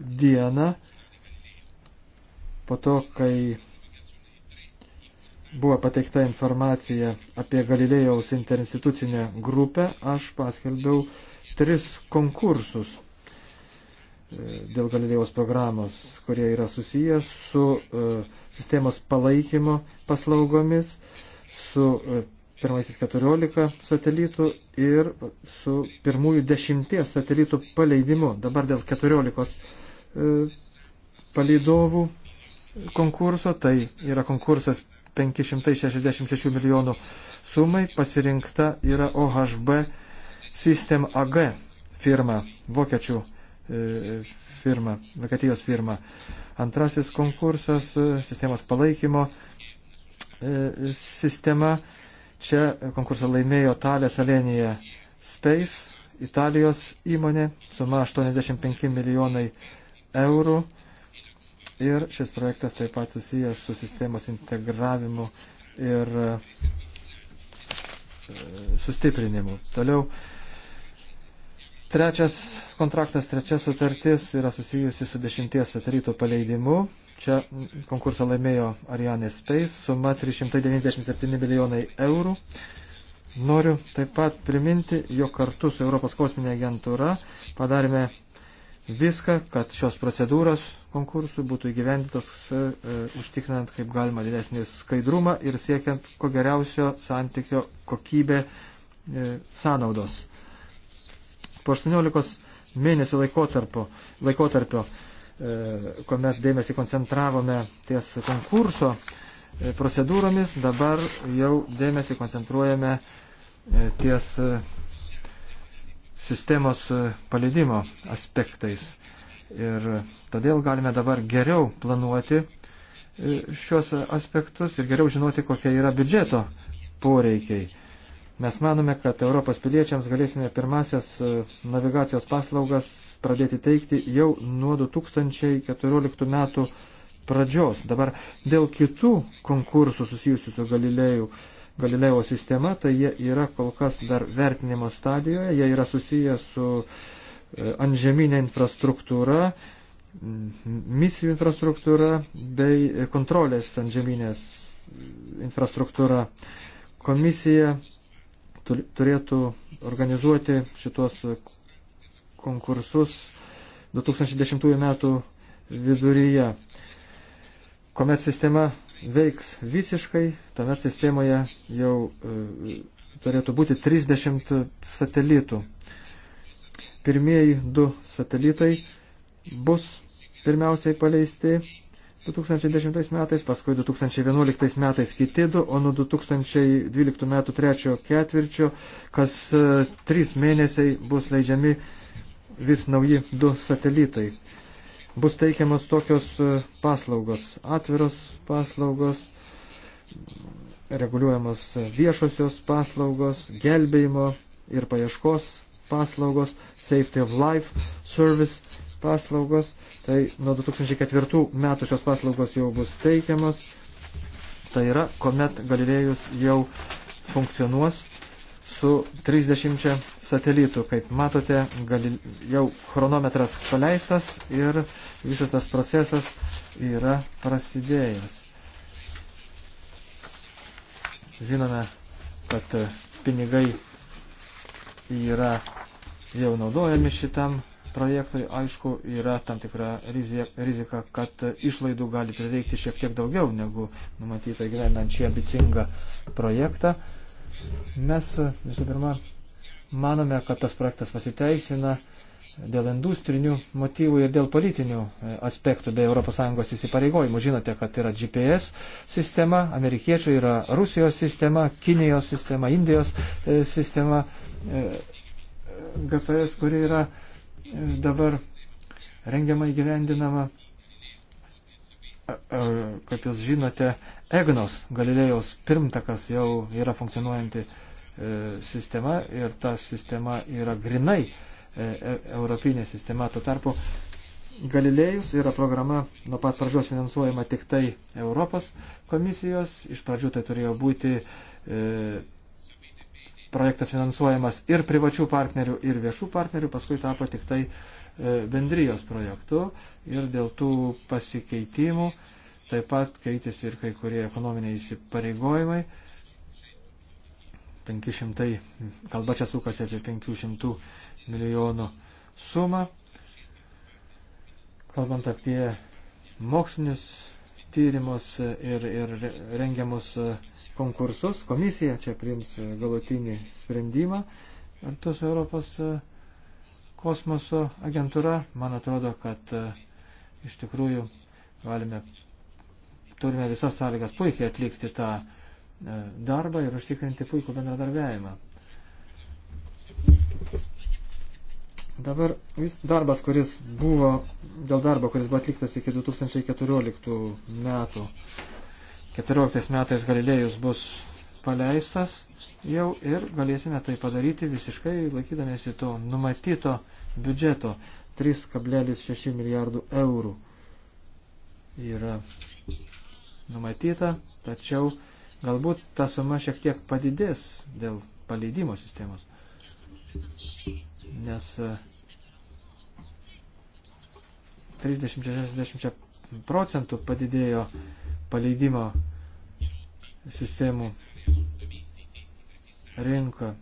dieną po to, kai buvo pateikta informacija apie Galilėjaus interinstitucinę grupę, aš paskelbiau tris konkursus e, dėl Galilėjaus programos, kurie yra susijęs su e, sistemos palaikymo paslaugomis, su e, pirmaisiais 14 satelitų ir su pirmųjų dešimties satelitų paleidimu. Dabar dėl 14 palydovų konkurso, tai yra konkursas 566 milijonų sumai, pasirinkta yra OHB System AG firma, vokiečių e, firma, Vokietijos firma. Antrasis konkursas, e, sistemos palaikymo e, sistema. Čia konkursą laimėjo Talės Alenija Space, Italijos įmonė, suma 85 milijonai eurų Ir šis projektas taip pat susijęs su sistemos integravimu ir e, sustiprinimu. Toliau, trečias kontraktas, trečia sutartis yra susijusi su dešimties satelito paleidimu. Čia konkursą laimėjo Ariane Space, suma 397 milijonai eurų. Noriu taip pat priminti, jog kartu su Europos kosminė agentūra padarėme viską, kad šios procedūros konkursų būtų įgyvendintos e, e, užtikrinant kaip galima didesnį skaidrumą ir siekiant ko geriausio santykio kokybė e, sąnaudos. Po 18 mėnesių laikotarpio, laikotarpio e, kuomet dėmesį koncentravome ties konkurso e, procedūromis, dabar jau dėmesį koncentruojame e, ties. E, sistemos e, paleidimo aspektais. Ir todėl galime dabar geriau planuoti e, šios aspektus ir geriau žinoti, kokie yra biudžeto poreikiai. Mes manome, kad Europos piliečiams galėsime pirmasias e, navigacijos paslaugas pradėti teikti jau nuo 2014 metų pradžios. Dabar dėl kitų konkursų susijusių su Galilėjų Galileo sistema, tai jie yra kol kas dar vertinimo stadijoje, jie yra susiję su e, antžeminė infrastruktūra, misijų infrastruktūra bei kontrolės antžeminės e, infrastruktūra. Komisija turėtų organizuoti šitos konkursus 2010 metų viduryje, kuomet sistema veiks visiškai, tuomet sistemoje jau e, turėtų būti 30 satelitų. Pirmieji du satelitai bus pirmiausiai paleisti 2010 metais, paskui 2011 metais kiti du, o nuo 2012 metų trečio ketvirčio kas e, trys mėnesiai bus leidžiami vis nauji du satelitai bus teikiamas tokios e, paslaugos, atviros paslaugos, reguliuojamos viešosios paslaugos, gelbėjimo ir paieškos paslaugos, Safety of Life Service paslaugos. Tai nuo 2004 metų šios paslaugos jau bus teikiamas. Tai yra, kuomet Galilėjus jau funkcionuos su 30 satelitų. Kaip matote, gali, jau chronometras paleistas ir visas tas procesas yra prasidėjęs. Žinome, kad pinigai yra jau naudojami šitam projektui. Aišku, yra tam tikra rizika, kad išlaidų gali prireikti šiek tiek daugiau negu numatyta gyvenant šį ambicingą projektą. Mes visų pirma Manome, kad tas projektas pasiteisina dėl industrinių motyvų ir dėl politinių e, aspektų bei ES įsipareigojimų. Žinote, kad yra GPS sistema, amerikiečių yra Rusijos sistema, Kinijos sistema, Indijos e, sistema, e, GPS, kuri yra dabar rengiamai gyvendinama. Kaip jūs žinote, EGNOS, Galilėjos pirmtakas, jau yra funkcionuojanti E, sistema ir ta sistema yra grinai e, e, europinė sistema. Tuo tarpu Galilėjus yra programa nuo pat pradžios finansuojama tik tai Europos komisijos. Iš pradžių tai turėjo būti projektas finansuojamas ir privačių partnerių, ir viešų partnerių, paskui tapo tik tai bendrijos projektu ir dėl tų pasikeitimų taip pat keitėsi ir kai kurie ekonominiai įsipareigojimai. 500, kalba čia sukasi apie 500 milijonų sumą. Kalbant apie mokslinius tyrimus ir, ir rengiamus konkursus, komisija čia priims galutinį sprendimą. Ar tos Europos kosmoso agentūra, man atrodo, kad e, iš tikrųjų galime, turime visas sąlygas puikiai atlikti tą E, darbą ir užtikrinti puikų bendradarbiavimą. Dabar vis darbas, kuris buvo, dėl darbo, kuris buvo atliktas iki 2014 metų, 14 metais Galilėjus bus paleistas jau ir galėsime tai padaryti visiškai laikydamėsi to numatyto biudžeto 3,6 milijardų eurų yra numatyta, tačiau Galbūt ta suma šiek tiek padidės dėl paleidimo sistemos. Nes 30-60 e, procentų padidėjo paleidimo sistemų rinka.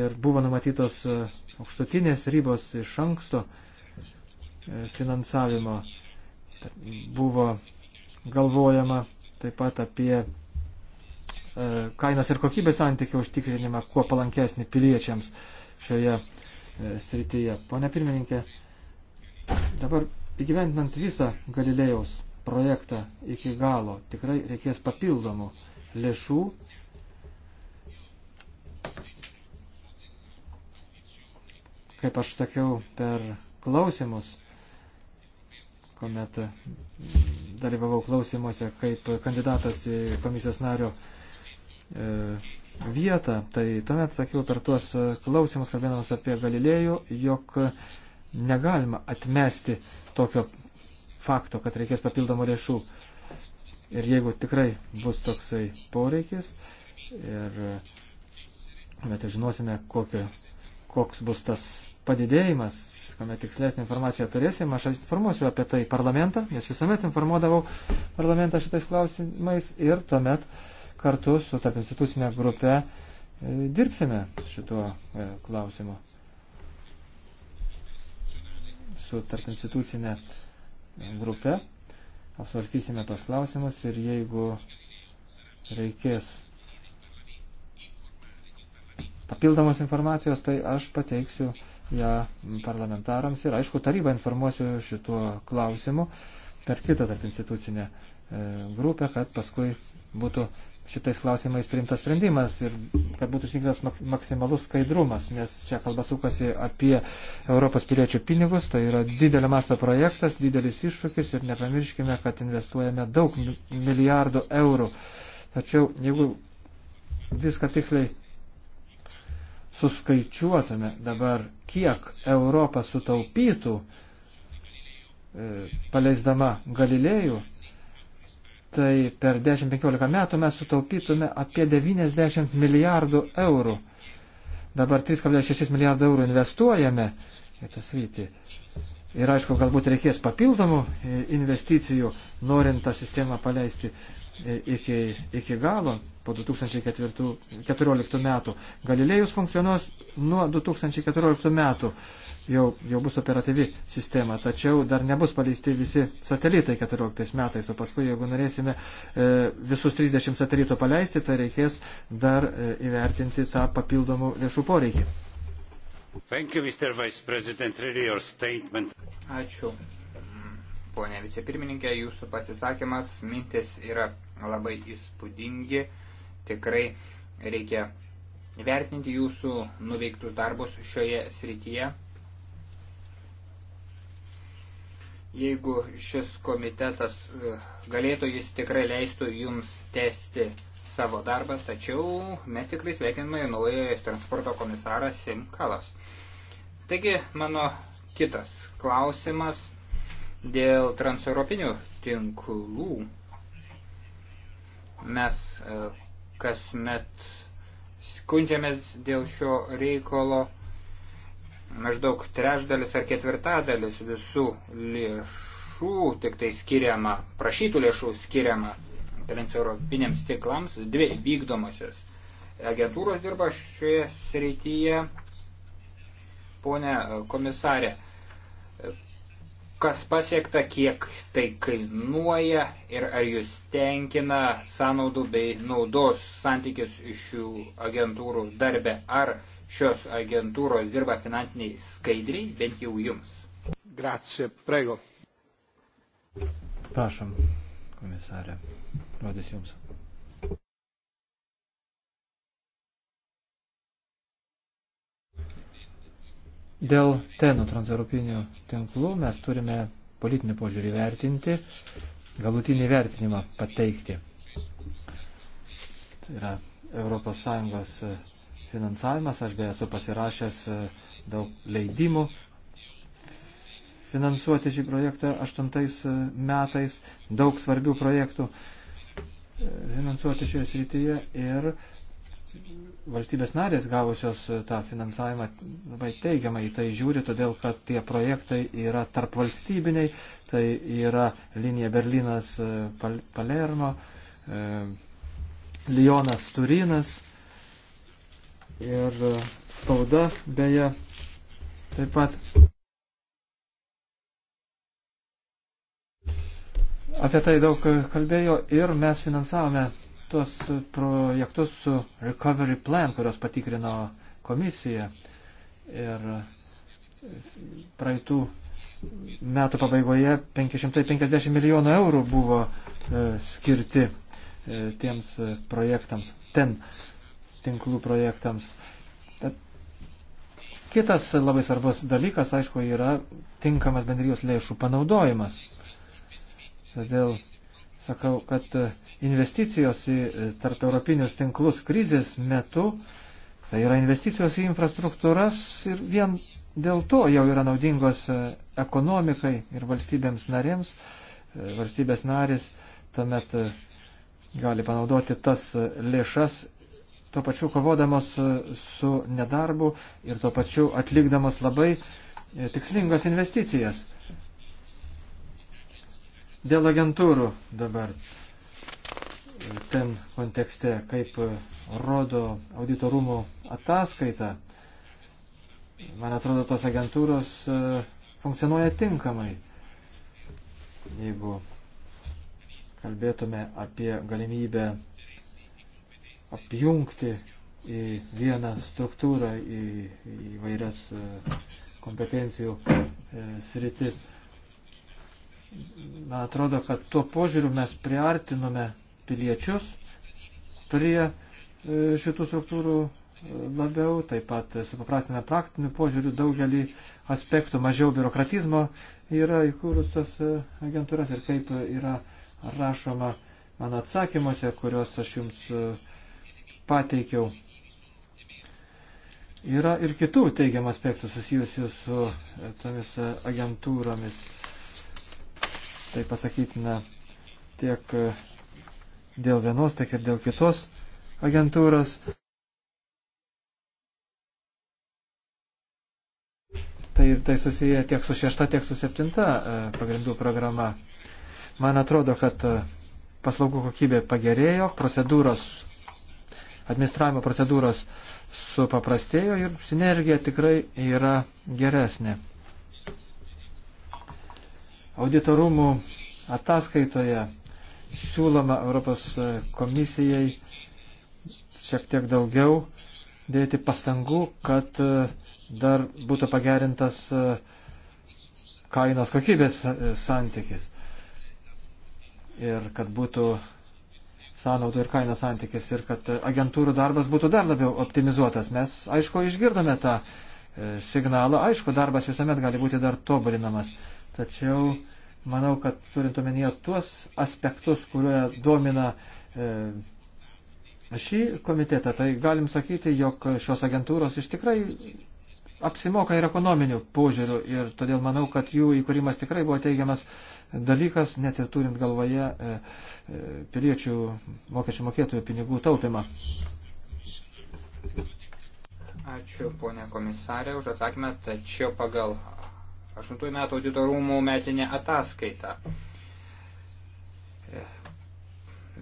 Ir buvo numatytos e, aukštutinės ribos iš anksto e, finansavimo. Buvo galvojama taip pat apie E, kainos ir kokybės santykių užtikrinimą kuo palankesnį piliečiams šioje e, srityje. Pone pirmininkė, dabar įgyvendinant visą Galilėjaus projektą iki galo tikrai reikės papildomų lėšų. Kaip aš sakiau per klausimus, kuomet dalyvavau klausimuose kaip kandidatas į komisijos nario E, vietą, tai tuomet sakiau per tuos klausimus, kalbėdamas apie Galilėjų, jog negalima atmesti tokio fakto, kad reikės papildomų lėšų. Ir jeigu tikrai bus toksai poreikis, ir bet žinosime, kokio, koks bus tas padidėjimas, kuomet tikslesnį informaciją turėsim, aš informuosiu apie tai parlamentą, nes visuomet informuodavau parlamentą šitais klausimais ir tuomet uh, kartu su tarp institucinė grupė e, dirbsime šituo e, klausimu. Su tarp institucinė e, grupė apsvarstysime tos klausimus ir jeigu reikės papildomos informacijos, tai aš pateiksiu ją parlamentarams ir aišku tarybą informuosiu šituo klausimu per kitą tarp institucinę grupę, kad paskui būtų šitais klausimais priimtas sprendimas ir kad būtų užtikrintas maksimalus skaidrumas, nes čia kalba sukasi apie Europos piliečių pinigus, tai yra didelio masto projektas, didelis iššūkis ir nepamirškime, kad investuojame daug milijardų eurų. Tačiau jeigu viską tiksliai suskaičiuotume dabar, kiek Europą sutaupytų, e, paleisdama Galilėjų tai per 10-15 metų mes sutaupytume apie 90 milijardų eurų. Dabar 3,6 milijardų eurų investuojame į tą sritį. Ir aišku, galbūt reikės papildomų e, investicijų, norint tą sistemą paleisti e, iki, iki galo po 2014 metų. Galilėjus funkcionuos nuo 2014 metų jau, jau bus operatyvi sistema, tačiau dar nebus paleisti visi satelitai 14 metais, o paskui, jeigu norėsime e, visus 30 satelitų paleisti, tai reikės dar e, įvertinti tą papildomų lėšų poreikį. Thank you, Mr. Vice President, really your statement. Ačiū. Pone vicepirmininkė, jūsų pasisakymas, mintis yra labai įspūdingi. Tikrai reikia vertinti jūsų nuveiktus darbus šioje srityje. Jeigu šis komitetas e, galėtų, jis tikrai leistų jums tęsti savo darbą, tačiau mes tikrai sveikiname naujojo transporto komisaras Simkalas. Taigi, mano kitas klausimas dėl transeuropinių tinklų. Mes e, kasmet skundžiamės dėl šio reikalo maždaug trešdalis ar ketvirtadalis visų lėšų tik tai skiriama, prašytų lėšų skiriama transeuropiniams tiklams, dvi vykdomosios agentūros dirba šioje srityje. Pone komisarė, kas pasiekta, kiek tai kainuoja ir ar jūs tenkina sąnaudų bei naudos santykis iš šių agentūrų darbe, ar šios agentūros dirba finansiniai skaidriai, bent jau jums. Grazie, prego. Prašom, komisarė. Rodys jums. Dėl tenų transeuropinių tinklų mes turime politinį požiūrį vertinti, galutinį vertinimą pateikti. Tai yra ES finansavimas, aš beje esu pasirašęs e, daug leidimų finansuoti šį projektą aštuntais e, metais, daug svarbių projektų e, finansuoti šioje srityje ir valstybės narės gavusios tą finansavimą labai teigiamai tai žiūri, todėl kad tie projektai yra tarp valstybiniai, tai yra linija Berlinas Palermo, Lionas Turinas ir e, spauda beje taip pat. Apie tai daug kalbėjo ir mes finansavome tuos projektus su Recovery Plan, kurios patikrino komisija. Ir e, praeitų metų pabaigoje 550 milijonų eurų buvo e, skirti tiems projektams ten tinklų projektams. Tad kitas labai svarbus dalykas, aišku, yra tinkamas bendrijos lėšų panaudojimas. Todėl sakau, kad investicijos į tarp europinius tinklus krizės metu, tai yra investicijos į infrastruktūras ir vien dėl to jau yra naudingos ekonomikai ir valstybėms narėms. Valstybės narės tuomet gali panaudoti tas lėšas tuo pačiu kovodamos su nedarbu ir tuo pačiu atlikdamos labai e, tikslingas investicijas. Dėl agentūrų dabar e, ten kontekste, kaip rodo auditorumo ataskaita, man atrodo, tos agentūros e, funkcionuoja tinkamai. Jeigu kalbėtume apie galimybę apjungti į vieną struktūrą, į, į vairias e, kompetencijų e, sritis. Man atrodo, kad tuo požiūriu mes priartinome piliečius prie e, šitų struktūrų labiau, taip pat supaprastiname praktinių požiūrių daugelį aspektų, mažiau biurokratizmo yra įkūrus tas agentūras ir kaip yra rašoma mano atsakymuose, kuriuos aš jums uh, pateikiau. Yra ir kitų teigiamų aspektų susijusių su e, tomis e, agentūromis. Tai pasakytina tiek e, dėl vienos, tiek ir dėl kitos agentūros. Tai ir tai susiję tiek su šešta, tiek su septinta pagrindų programa. Man atrodo, kad paslaugų kokybė pagerėjo, procedūros administravimo procedūros supaprastėjo ir sinergija tikrai yra geresnė. Auditorumų ataskaitoje siūloma Europos komisijai šiek tiek daugiau dėti pastangų, kad e, dar būtų pagerintas e, kainos kokybės e, santykis ir kad būtų sąnaudų ir kainos santykis ir kad agentūrų darbas būtų dar labiau optimizuotas. Mes, aišku, išgirdome tą e, signalą, aišku, darbas visuomet gali būti dar tobulinamas, tačiau manau, kad turint omenyje tuos aspektus, kurie domina e, šį komitetą, tai galim sakyti, jog šios agentūros iš tikrai apsimoka ir ekonominių požiūrių ir todėl manau, kad jų įkūrimas tikrai buvo teigiamas dalykas, net ir turint galvoje e, e, piliečių mokesčių mokėtojų pinigų taupimą. Ačiū, ponė komisarė, už atsakymą, tačiau pagal 8 metų auditorumų metinė ataskaita e,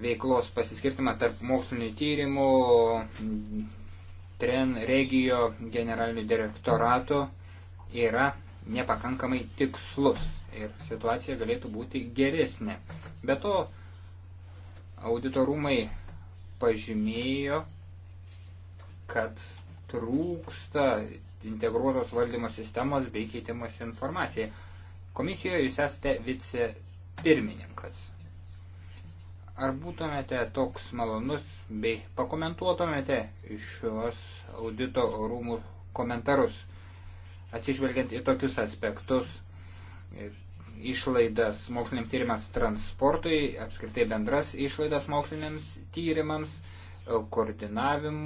veiklos pasiskirtimas tarp mokslinių tyrimų, TREN regijo generalinių direktoratų yra nepakankamai tikslus ir situacija galėtų būti geresnė. Be to, auditorumai pažymėjo, kad trūksta integruotos valdymo sistemos bei keitimas informacija. Komisijoje jūs esate vicepirmininkas. Ar būtumėte toks malonus bei pakomentuotumėte šios audito rūmų komentarus, atsižvelgiant į tokius aspektus, e, išlaidas moksliniams tyrimams transportui, apskritai bendras išlaidas moksliniams tyrimams, e, koordinavim,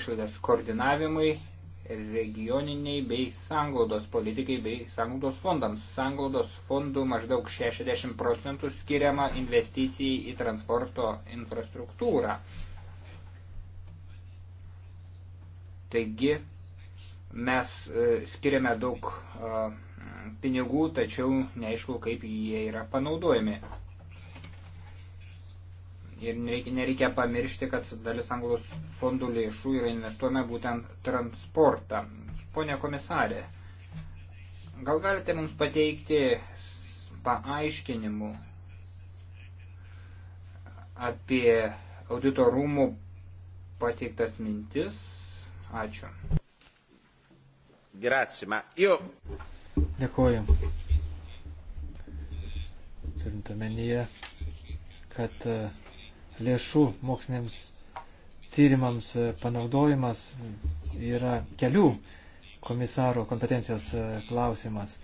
išlaidas koordinavimui, regioniniai bei sanglaudos politikai bei sanglaudos fondams. Sanglaudos fondų maždaug 60 procentų skiriama investicijai į transporto infrastruktūrą. Taigi mes e, skiriame daug e, pinigų, tačiau neaišku, kaip jie yra panaudojami. Ir nereikia pamiršti, kad dalis anglos fondų lėšų yra investuojama būtent transportą. Pone komisarė, gal galite mums pateikti paaiškinimų apie audito rūmų pateiktas mintis? Ačiū. Grazie, ma io... Dėkuoju. Turint omenyje, kad uh, lėšų moksliniams tyrimams e, panaudojimas yra kelių komisaro kompetencijos e, klausimas.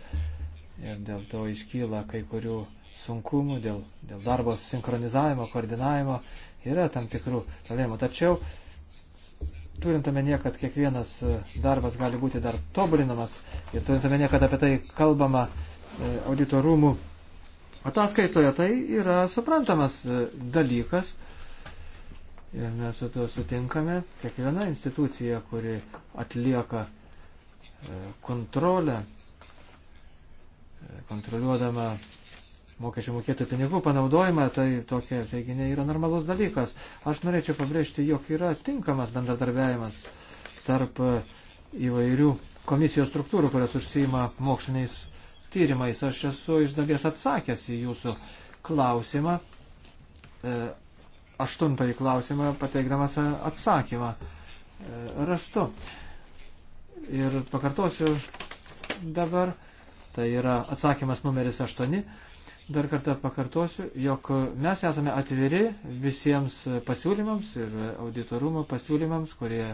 Ir dėl to iškyla kai kurių sunkumų, dėl, dėl darbo sinchronizavimo, koordinavimo yra tam tikrų problemų. Tačiau turint omenyje, kad kiekvienas e, darbas gali būti dar tobulinamas ir turint omenyje, kad apie tai kalbama audito rūmų ataskaitoje tai yra suprantamas e, dalykas ir mes su tuo sutinkame. Kiekviena institucija, kuri atlieka e, kontrolę, e, kontroliuodama mokesčių mokėtų pinigų panaudojimą, tai tokie teiginiai yra normalus dalykas. Aš norėčiau pabrėžti, jog yra tinkamas bendradarbiavimas tarp įvairių komisijos struktūrų, kurios užsima moksliniais tyrimais. Aš esu iš dalies atsakęs į jūsų klausimą, e, aštuntąjį klausimą, pateikdamas e, atsakymą e, raštu. Ir pakartosiu dabar, tai yra atsakymas numeris aštuoni. Dar kartą pakartosiu, jog mes esame atviri visiems pasiūlymams ir auditorumo pasiūlymams, kurie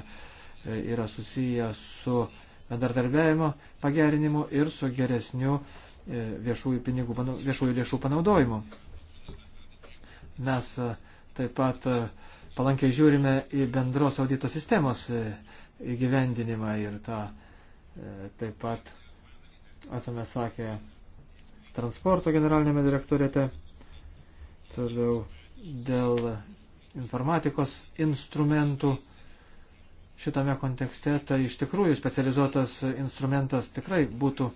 yra susiję su uh, bendradarbiavimo pagerinimu ir su geresniu e, viešųjų, pinigų, viešųjų lėšų panaudojimu. Mes e, taip pat e, palankiai žiūrime į bendros audito sistemos įgyvendinimą ir tą taip pat esame sakę transporto generalinėme direktorėte, toliau dėl informatikos instrumentų šitame kontekste, tai iš tikrųjų specializuotas instrumentas tikrai būtų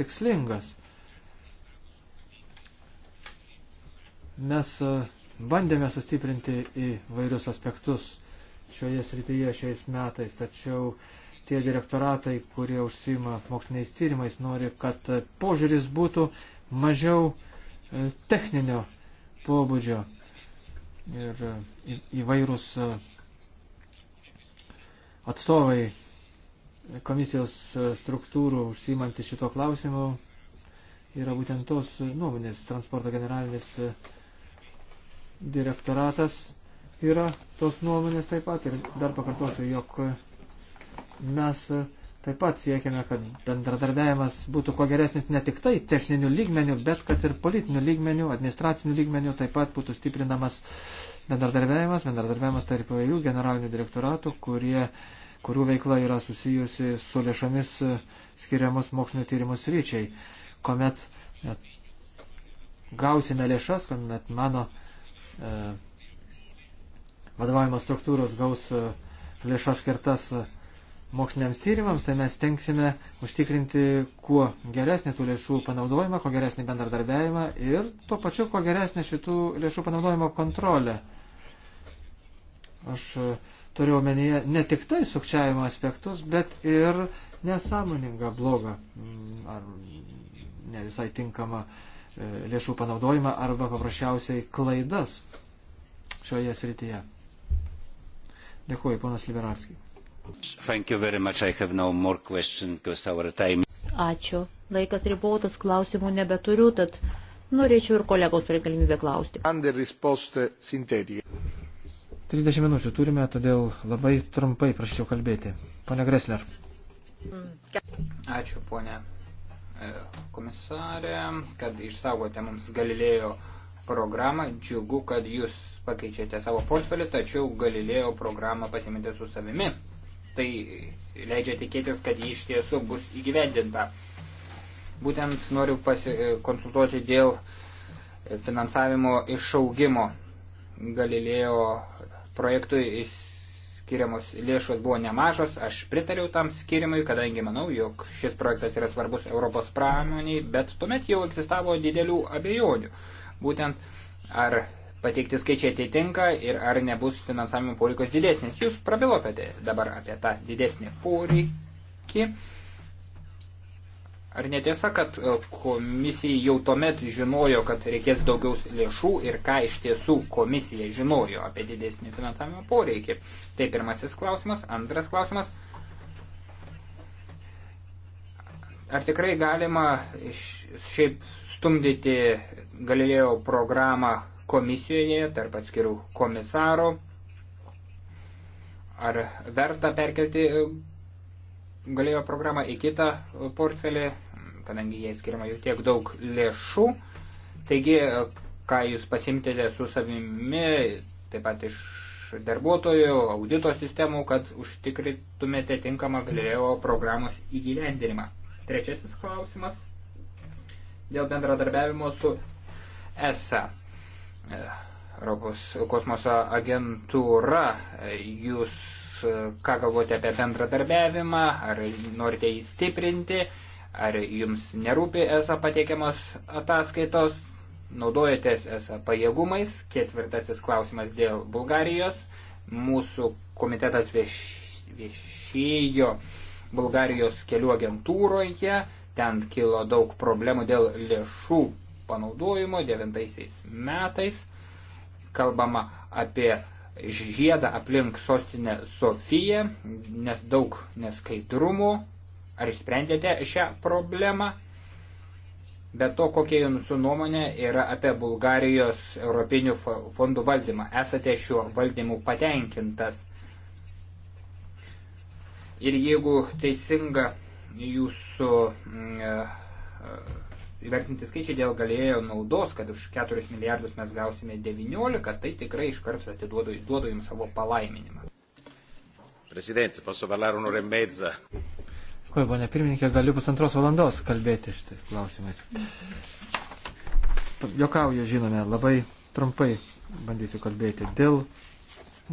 tikslingas. Mes e, bandėme sustiprinti įvairius aspektus šioje srityje šiais metais, tačiau tie direktoratai, kurie užsima moksliniais tyrimais, nori, kad požiūris būtų mažiau e, techninio pobūdžio ir e, įvairūs atstovai komisijos struktūrų užsimanti šito klausimu yra būtent tos nuomonės. Transporto generalinis direktoratas yra tos nuomonės taip pat ir dar pakartosiu, jog mes taip pat siekiame, kad bendradarbiavimas būtų kuo geresnis ne tik tai techninių lygmenių, bet kad ir politinių lygmenių, administracinių lygmenių taip pat būtų stiprinamas uh, bendradarbiavimas, bendradarbiavimas tarp įvairių generalinių direktoratų, kurie, kurių veikla yra susijusi su lėšomis e, skiriamos mokslinio tyrimų sryčiai. Komet gausime lėšas, kuomet mano e, vadovavimas struktūros gaus e, lėšas skirtas e, moksliniams tyrimams, tai mes tenksime užtikrinti kuo geresnį tų lėšų panaudojimą, kuo geresnį bendradarbiavimą ir tuo pačiu kuo geresnį šitų lėšų panaudojimo kontrolę. Aš e, turiu omenyje ne tik tai sukčiavimo aspektus, bet ir nesąmoningą blogą mm, ar ne visai tinkamą e, lėšų panaudojimą arba paprasčiausiai klaidas šioje srityje. Dėkuoju, ponas Liberarskiai. No question, time... Ačiū. Laikas ribotas, klausimų nebeturiu, tad norėčiau ir kolegos turi galimybę klausti. 30 minučių turime, todėl labai trumpai prašyčiau kalbėti. Pone Gresler. Ačiū, ponė e, komisarė, kad išsaugote mums Galilėjo programą. Džiugu, kad jūs pakeičiate savo portfelį, tačiau Galilėjo programą pasimėte su savimi. Tai leidžia tikėtis, kad ji iš tiesų bus įgyvendinta. Būtent noriu pasikonsultuoti e, dėl finansavimo išaugimo. Galilėjo projektui skiriamos lėšos buvo nemažos, aš pritariau tam skirimui, kadangi manau, jog šis projektas yra svarbus Europos pramoniai, bet tuomet jau egzistavo didelių abejonių. Būtent ar pateikti skaičiai atitinka ir ar nebus finansavimo poreikos didesnis. Jūs prabilopėte dabar apie tą didesnį poreikį. Ar netiesa, kad e, komisija jau tuomet žinojo, kad reikės daugiau lėšų ir ką iš tiesų komisija žinojo apie didesnį finansavimo poreikį? Tai pirmasis klausimas. Antras klausimas. Ar tikrai galima šiaip stumdyti Galilėjo programą komisijoje tarp atskirų komisarų? Ar verta perkelti Galilėjo programą į kitą portfelį? kadangi jai skiriama jau tiek daug lėšų. Taigi, ką jūs pasimtėte su savimi, taip pat iš darbuotojų, audito sistemų, kad užtikrintumėte tinkamą Galileo programos įgyvendinimą. Trečiasis klausimas dėl bendradarbiavimo su ESA. E, Europos kosmoso agentūra, jūs e, ką galvote apie bendradarbiavimą, ar norite jį stiprinti, Ar jums nerūpi esą pateikiamas ataskaitos? Naudojatės esą pajėgumais? Ketvirtasis klausimas dėl Bulgarijos. Mūsų komitetas vieš, viešėjo Bulgarijos kelių agentūroje. Ten kilo daug problemų dėl lėšų panaudojimo devintaisiais metais. Kalbama apie žiedą aplink sostinę Sofiją, nes daug neskaidrumų Ar išsprendėte šią problemą? Bet to, kokia jūsų nuomonė yra apie Bulgarijos europinių fondų valdymą. Esate šiuo valdymu patenkintas. Ir jeigu teisinga jūsų mm, e, e, įvertinti skaičiai dėl galėjo naudos, kad už 4 milijardus mes gausime 19, tai tikrai iš karto atiduodu duodu jums savo palaiminimą. Presidente, posso parlare un'ora e mezza? Dėkuoju, ponė pirmininkė, galiu pusantros valandos kalbėti šitais klausimais. Jokauju, žinome, labai trumpai bandysiu kalbėti. Dėl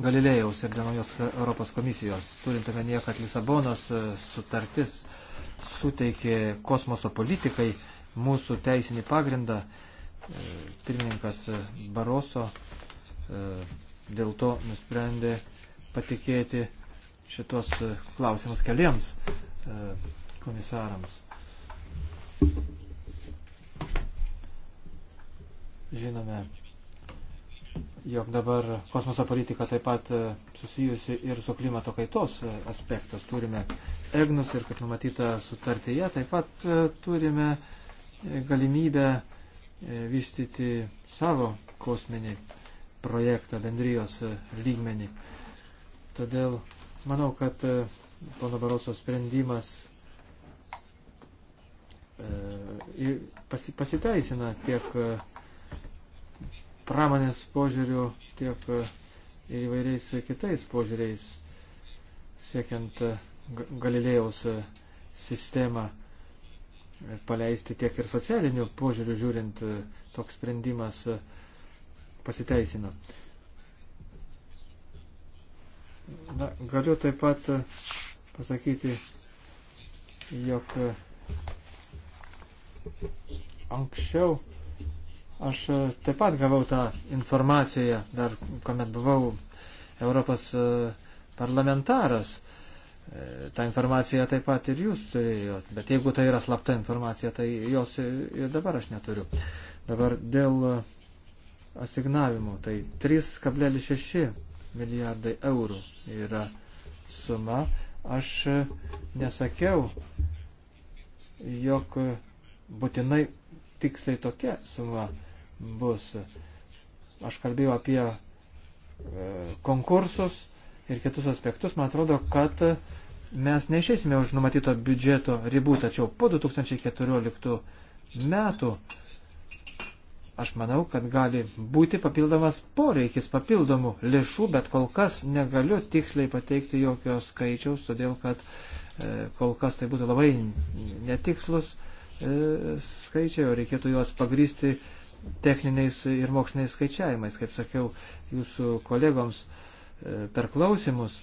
Galilėjaus ir dėl naujos Europos komisijos, turint omenyje, kad Lisabonos e, sutartis suteikė kosmoso politikai mūsų teisinį pagrindą, e, pirmininkas e, Baroso dėl to nusprendė patikėti šitos klausimus keliems E, komisarams. Žinome, jog dabar kosmoso politika taip pat e, susijusi ir su klimato kaitos e, aspektas. Turime EGNUS ir, kaip numatyta sutartyje, taip pat turime galimybę vystyti savo kosminį projektą bendrijos lygmenį. Todėl manau, kad pono Baroso sprendimas e, pasiteisina tiek e, pramonės požiūrių, tiek e, ir įvairiais kitais požiūriais siekiant Galilėjaus sistemą paleisti tiek ir socialinių požiūrių žiūrint toks sprendimas pasiteisino. Na, galiu taip pat pasakyti, jog anksčiau aš taip pat gavau tą informaciją, dar kuomet buvau Europos e, parlamentaras. E, Ta informacija taip pat ir jūs turėjot, bet jeigu tai yra slapta informacija, tai jos ir dabar aš neturiu. Dabar dėl e, asignavimų, tai 3,6 milijardai eurų yra suma Aš e, nesakiau, jog būtinai tiksliai tokia suma bus. Aš kalbėjau apie e, konkursus ir kitus aspektus. Man atrodo, kad mes neišėsime už numatyto biudžeto ribų, tačiau po 2014 metų Aš manau, kad gali būti papildomas poreikis papildomų lėšų, bet kol kas negaliu tiksliai pateikti jokios skaičiaus, todėl kad e, kol kas tai būtų labai netikslus e, skaičiai, o reikėtų juos pagrysti techniniais ir moksliniais skaičiavimais, kaip sakiau jūsų kolegoms e, per klausimus.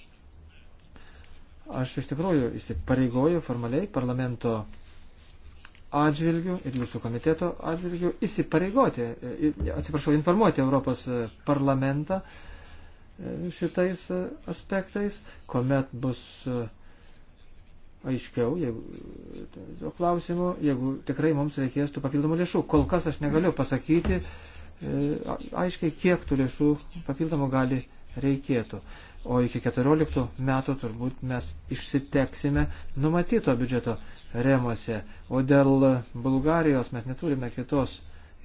Aš iš tikrųjų įsipareigoju formaliai parlamento atžvilgių ir mūsų komiteto atžvilgių įsipareigoti, e, e, atsiprašau, informuoti Europos e, parlamentą šitais aspektais, kuomet bus aiškiau, jeigu to klausimu, jeigu tikrai mums reikės tų papildomų lėšų. Kol kas aš negaliu pasakyti aiškiai, kiek tų lėšų papildomų gali reikėtų. O iki 14 metų turbūt mes išsiteksime numatyto biudžeto remose. O dėl Bulgarijos mes neturime kitos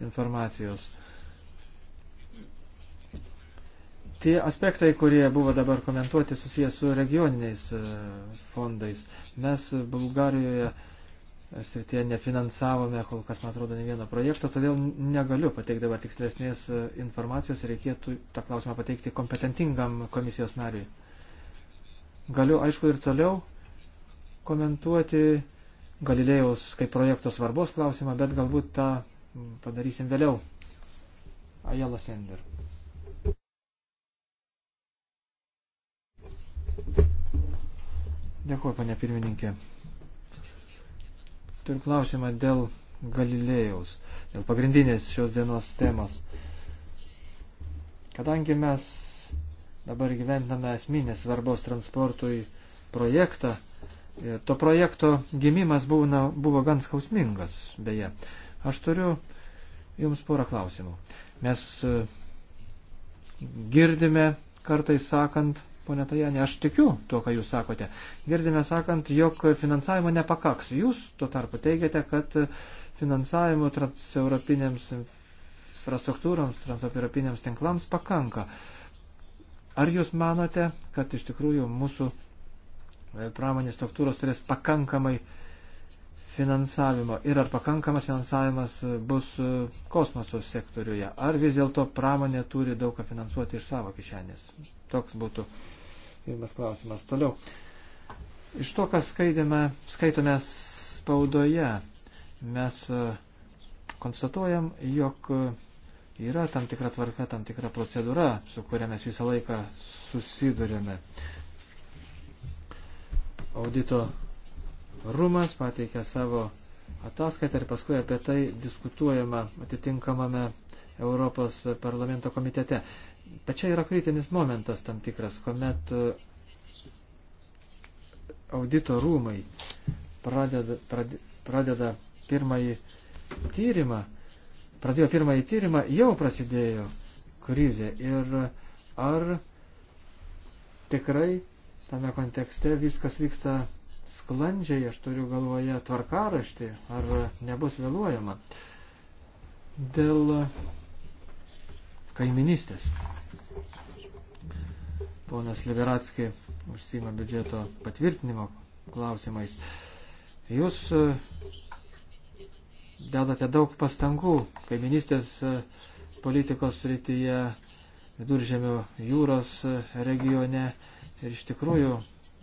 informacijos. Tie aspektai, kurie buvo dabar komentuoti susijęs su regioniniais e, fondais, mes Bulgarijoje e, srityje nefinansavome kol kas, man atrodo, ne vieno projekto, todėl negaliu pateikti dabar tikslesnės e, informacijos, reikėtų tą klausimą pateikti kompetentingam komisijos nariui. Galiu, aišku, ir toliau komentuoti Galilėjaus kaip projekto svarbos klausimą, bet galbūt tą padarysim vėliau. Ajala Sender. Dėkuoju, panė pirmininkė. Turiu klausimą dėl Galilėjaus, dėl pagrindinės šios dienos temos. Kadangi mes dabar gyventame esminės svarbos transportui projektą, E, to projekto gimimas būna, buvo gan skausmingas, beje. Aš turiu Jums porą klausimų. Mes e, girdime, kartais sakant, ponė Tajanė, aš tikiu tuo, ką Jūs sakote, girdime sakant, jog finansavimo nepakaks. Jūs tuo tarpu teigiate, kad finansavimo transeuropinėms infrastruktūroms, transeuropinėms tinklams pakanka. Ar Jūs manote, kad iš tikrųjų mūsų E, pramonės struktūros turės pakankamai finansavimo ir ar pakankamas finansavimas e, bus e, kosmoso sektoriuje, ar vis dėlto pramonė turi daug ką finansuoti iš savo kišenės. Toks būtų pirmas klausimas. Toliau. Iš to, ką skaitėme, skaitome spaudoje, mes konstatuojam, jog yra tam tikra tvarka, tam tikra procedūra, su kuria mes visą laiką susidurėme audito rūmas pateikia savo ataskaitą ir paskui apie tai diskutuojama atitinkamame Europos parlamento komitete. Bet čia yra kritinis momentas tam tikras, kuomet e, audito rūmai pradeda, prade, pradeda pirmąjį tyrimą, pradėjo pirmąjį tyrimą, jau prasidėjo krizė. Ir ar tikrai tame kontekste viskas vyksta sklandžiai, aš turiu galvoje tvarkaraštį, ar nebus vėluojama. Dėl kaiminystės. Ponas Liberatski užsima biudžeto patvirtinimo klausimais. Jūs e, dedate daug pastangų kaiminystės e, politikos srityje, viduržėmio jūros e, regione ir iš tikrųjų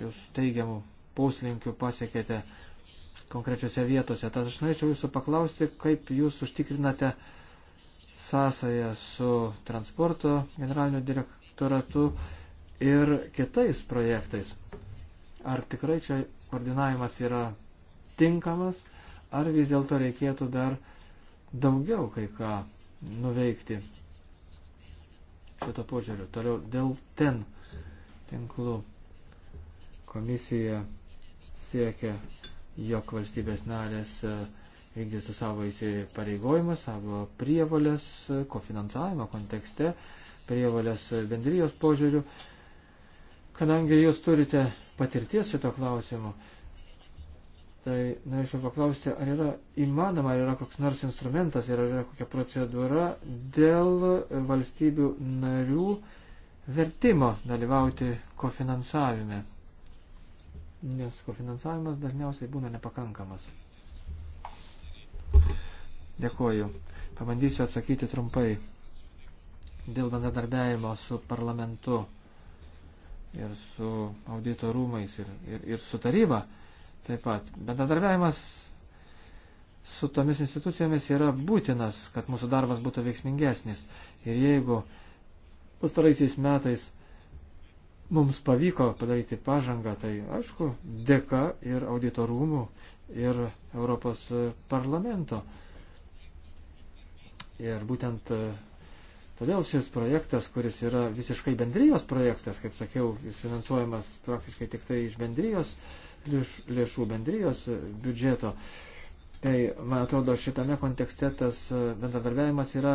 jūs teigiamų poslinkių pasiekėte konkrečiose vietose. Tad aš norėčiau jūsų paklausti, kaip jūs užtikrinate sąsąją su transporto generaliniu direktoratu ir kitais projektais. Ar tikrai čia koordinavimas yra tinkamas, ar vis dėlto reikėtų dar daugiau kai ką nuveikti šito požiūriu. Toliau dėl ten tinklų. Komisija siekia, jog valstybės narės e, vykdytų savo įsipareigojimus, savo prievalės e, kofinansavimo kontekste, prievalės bendrijos požiūrių. Kadangi jūs turite patirties šito klausimu, tai norėčiau paklausti, ar yra įmanoma, ar yra koks nors instrumentas, ar yra kokia procedūra dėl valstybių narių vertimo dalyvauti kofinansavime, nes kofinansavimas dažniausiai būna nepakankamas. Dėkuoju. Pabandysiu atsakyti trumpai dėl bendradarbiavimo su parlamentu ir su audito rūmais ir, ir, ir su taryba. Taip pat bendradarbiavimas su tomis institucijomis yra būtinas, kad mūsų darbas būtų veiksmingesnis. Ir jeigu pastaraisiais metais mums pavyko padaryti pažangą, tai aišku, dėka ir auditorumų, ir Europos parlamento. Ir būtent e, todėl šis projektas, kuris yra visiškai bendrijos projektas, kaip sakiau, jis finansuojamas praktiškai tik tai iš bendrijos lėšų, bendrijos biudžeto. Uh, Tai, man atrodo, šitame kontekste tas e, bendradarbiavimas yra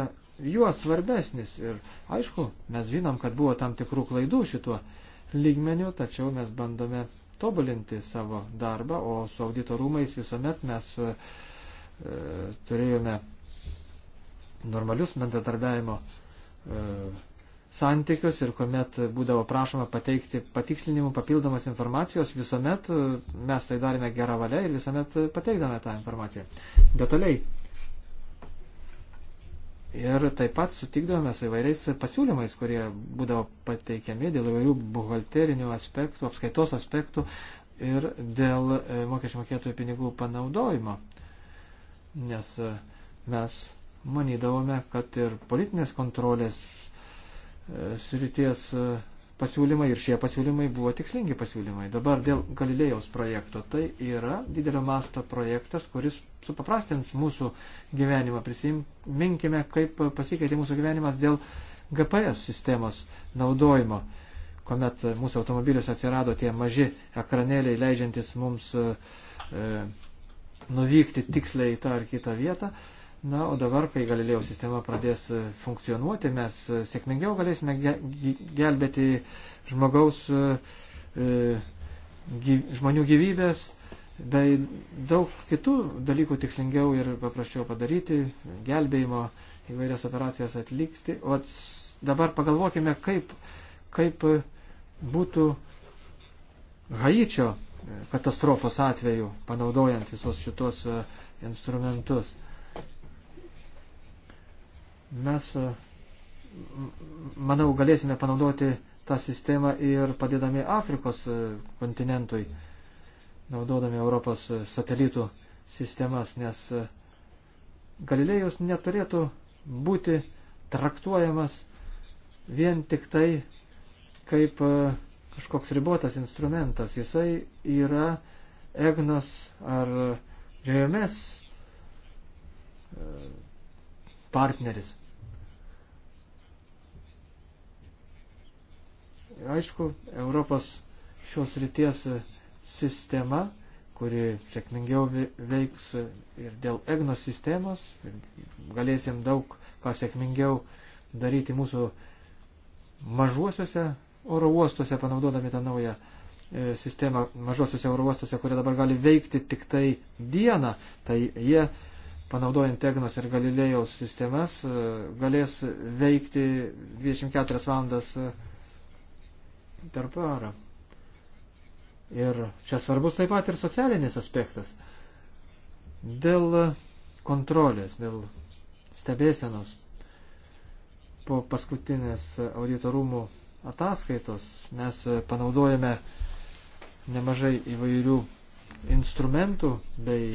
juos svarbesnis. Ir aišku, mes žinom, kad buvo tam tikrų klaidų šituo lygmeniu, tačiau mes bandome tobulinti savo darbą, o su auditorumais visuomet mes e, e, turėjome normalius bendradarbiavimo e, santykius ir kuomet būdavo prašoma pateikti patikslinimų, papildomas informacijos, visuomet e, mes tai darėme gerą valią ir visuomet pateikdame tą informaciją detaliai. Ir taip pat sutikdavome su įvairiais pasiūlymais, kurie būdavo pateikiami dėl įvairių buhalterinių aspektų, apskaitos aspektų ir dėl e, mokesčių mokėtojų pinigų panaudojimo. Nes e, mes manydavome, kad ir politinės kontrolės srities e, pasiūlymai ir šie pasiūlymai buvo tikslingi pasiūlymai. Dabar dėl Galilėjaus projekto tai yra didelio masto projektas, kuris supaprastins mūsų gyvenimą. Prisiminkime, kaip pasikeitė mūsų gyvenimas dėl GPS sistemos naudojimo, kuomet mūsų automobilius atsirado tie maži ekranėliai, leidžiantis mums e, e, nuvykti tiksliai į tą ar kitą vietą. E, Na, o dabar, kai Galilėjo sistema pradės e, funkcionuoti, mes e, sėkmingiau galėsime gelbėti žmogaus, e, žmonių gyvybės, bei daug kitų dalykų tikslingiau ir paprasčiau padaryti, gelbėjimo įvairias operacijas atlikti. O dabar pagalvokime, kaip, kaip būtų Haičio katastrofos atveju, panaudojant visus šitos instrumentus. Mes, e, manau, galėsime panaudoti tą sistemą ir padėdami Afrikos e, kontinentui, naudodami Europos e, satelitų sistemas, nes Galilėjus neturėtų būti traktuojamas vien tik tai kaip kažkoks ribotas instrumentas. Jisai yra egnos ar žemės partneris. Aišku, Europos šios ryties sistema, kuri sėkmingiau veiks ir dėl EGNO sistemos, galėsim daug ką sėkmingiau daryti mūsų mažuosiuose oro uostuose, panaudodami tą naują e, sistemą mažosiuose oro uostuose, kurie dabar gali veikti tik tai dieną, tai jie panaudojant Tegnos ir Galilėjaus sistemas, e, galės veikti 24 valandas e, per parą. Ir čia svarbus taip pat ir socialinis aspektas. Dėl kontrolės, dėl stebėsenos po paskutinės auditorumų ataskaitos mes panaudojame nemažai įvairių instrumentų bei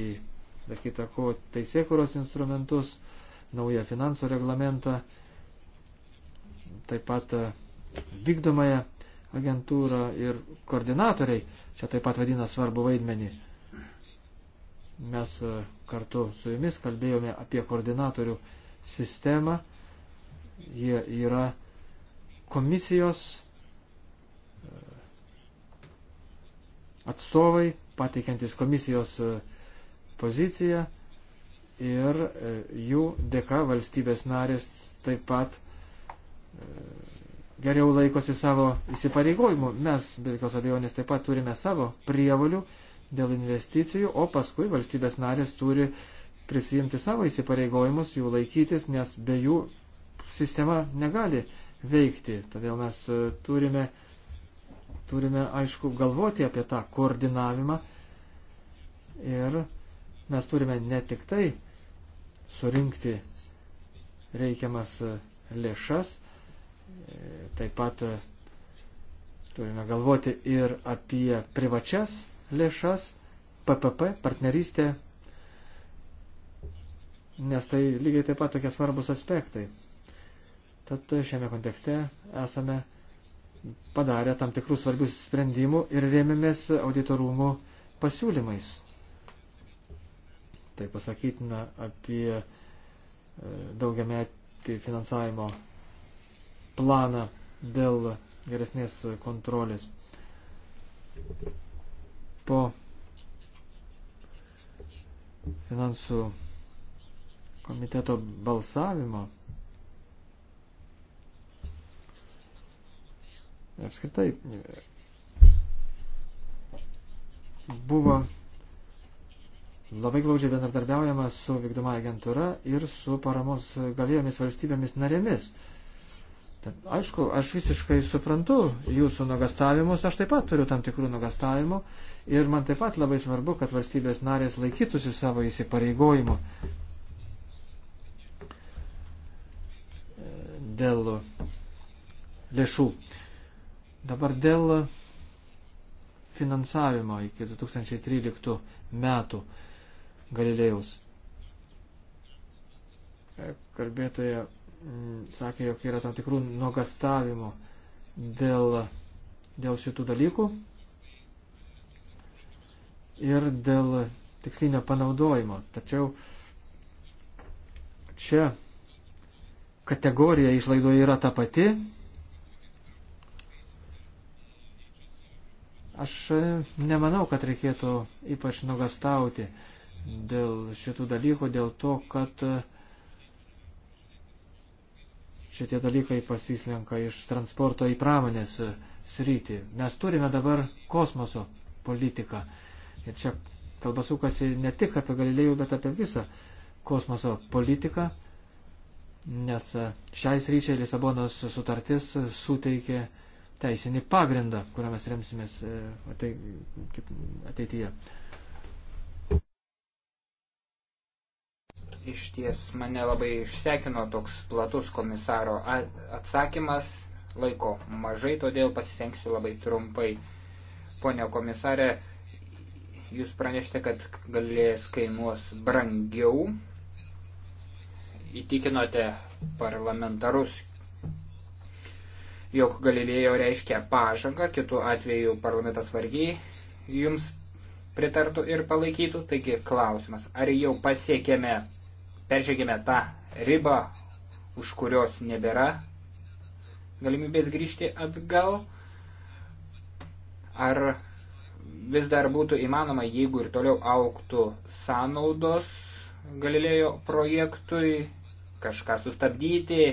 be kita ko teisėkuros instrumentus, naują finansų reglamentą, taip pat e, vykdomąją agentūrą ir koordinatoriai čia taip pat vadina svarbu vaidmenį. Mes e, kartu su jumis kalbėjome apie koordinatorių sistemą. Jie yra komisijos e, atstovai, pateikiantis komisijos uh, poziciją ir e, jų dėka valstybės narės taip pat e, geriau laikosi savo įsipareigojimų. Mes, be jokios abejonės, taip pat turime savo prievalių dėl investicijų, o paskui valstybės narės turi prisijimti savo įsipareigojimus, jų laikytis, nes be jų sistema negali veikti. Todėl mes e, turime, turime aišku, galvoti apie tą koordinavimą ir mes turime ne tik tai surinkti reikiamas lėšas, taip pat turime galvoti ir apie privačias lėšas, PPP, partnerystę, nes tai lygiai taip pat tokie svarbus aspektai. Tad šiame kontekste esame padarę tam tikrų svarbių sprendimų ir rėmėmės auditorumų pasiūlymais. Tai pasakytina apie e, daugiametį finansavimo planą dėl geresnės kontrolės. Po finansų komiteto balsavimo apskritai e, buvo labai glaudžiai bendradarbiaujama su vykdoma agentūra ir su paramos galėjomis valstybėmis narėmis. Tad, aišku, aš visiškai suprantu jūsų nugastavimus, aš taip pat turiu tam tikrų nugastavimų ir man taip pat labai svarbu, kad valstybės narės laikytųsi savo įsipareigojimų dėl lėšų. Dabar dėl finansavimo iki 2013 metų. Galilėjaus. E, kalbėtoja mm, sakė, jog yra tam tikrų nuogastavimų dėl, dėl šitų dalykų ir dėl tikslinio panaudojimo. Tačiau čia kategorija išlaidų yra ta pati. Aš e, nemanau, kad reikėtų ypač nugastauti dėl šitų dalykų, dėl to, kad šitie dalykai pasislenka iš transporto į pramonės sritį. Mes turime dabar kosmoso politiką. Ir čia kalba sukasi ne tik apie Galilėjų, bet apie visą kosmoso politiką, nes šiais ryčiai Lisabonos sutartis suteikė teisinį pagrindą, kuriuo mes remsimės e, tai, ateityje. Iš ties mane labai išsekino toks platus komisaro atsakymas. Laiko mažai, todėl pasisengsiu labai trumpai. Pone komisarė, jūs pranešite, kad galės kainuos brangiau. Įtikinote parlamentarus, jog Galilėjo reiškia pažangą, kitų atveju parlamentas vargiai jums pritartų ir palaikytų. Taigi klausimas, ar jau pasiekėme peržengėme tą ribą, už kurios nebėra galimybės grįžti atgal. Ar vis dar būtų įmanoma, jeigu ir toliau auktų sąnaudos Galilėjo projektui, kažką sustabdyti,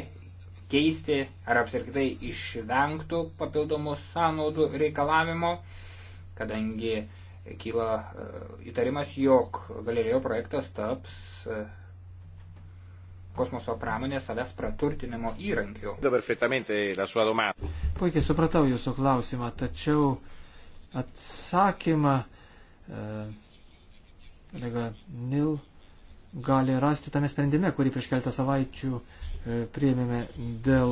keisti, ar apsirktai išvengtų papildomų sąnaudų reikalavimo, kadangi kyla e, įtarimas, jog Galilėjo projektas taps e, kosmoso pramonės savęs praturtinimo įrankiu. Puikiai supratau jūsų klausimą, tačiau atsakymą e, kolega e, Nil gali rasti tame sprendime, kurį prieš keltą savaičių e, priėmėme dėl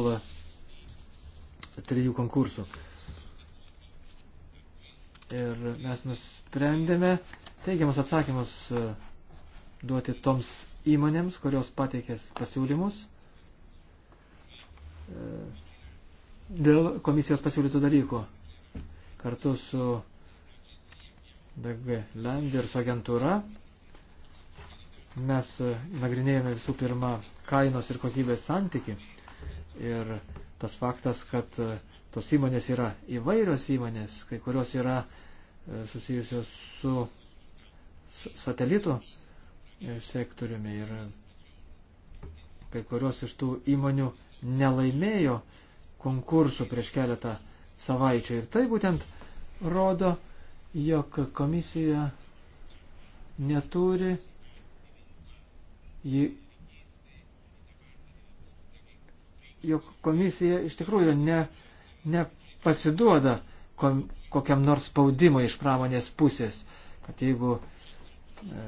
trijų konkursų. Ir mes nusprendėme teigiamus atsakymus e, duoti toms įmonėms, kurios pateikės pasiūlymus e, dėl komisijos pasiūlytų dalykų. Kartu su DG Lenders agentūra mes nagrinėjome visų pirma kainos ir kokybės santyki. Ir tas faktas, kad e, tos įmonės yra įvairios įmonės, kai kurios yra e, susijusios su satelitų sektoriumi ir kai kurios iš tų įmonių nelaimėjo konkursų prieš keletą savaičių. Ir tai būtent rodo, jog komisija neturi jį jog komisija iš tikrųjų ne, nepasiduoda kom, kokiam nors spaudimui iš pramonės pusės, kad jeigu e,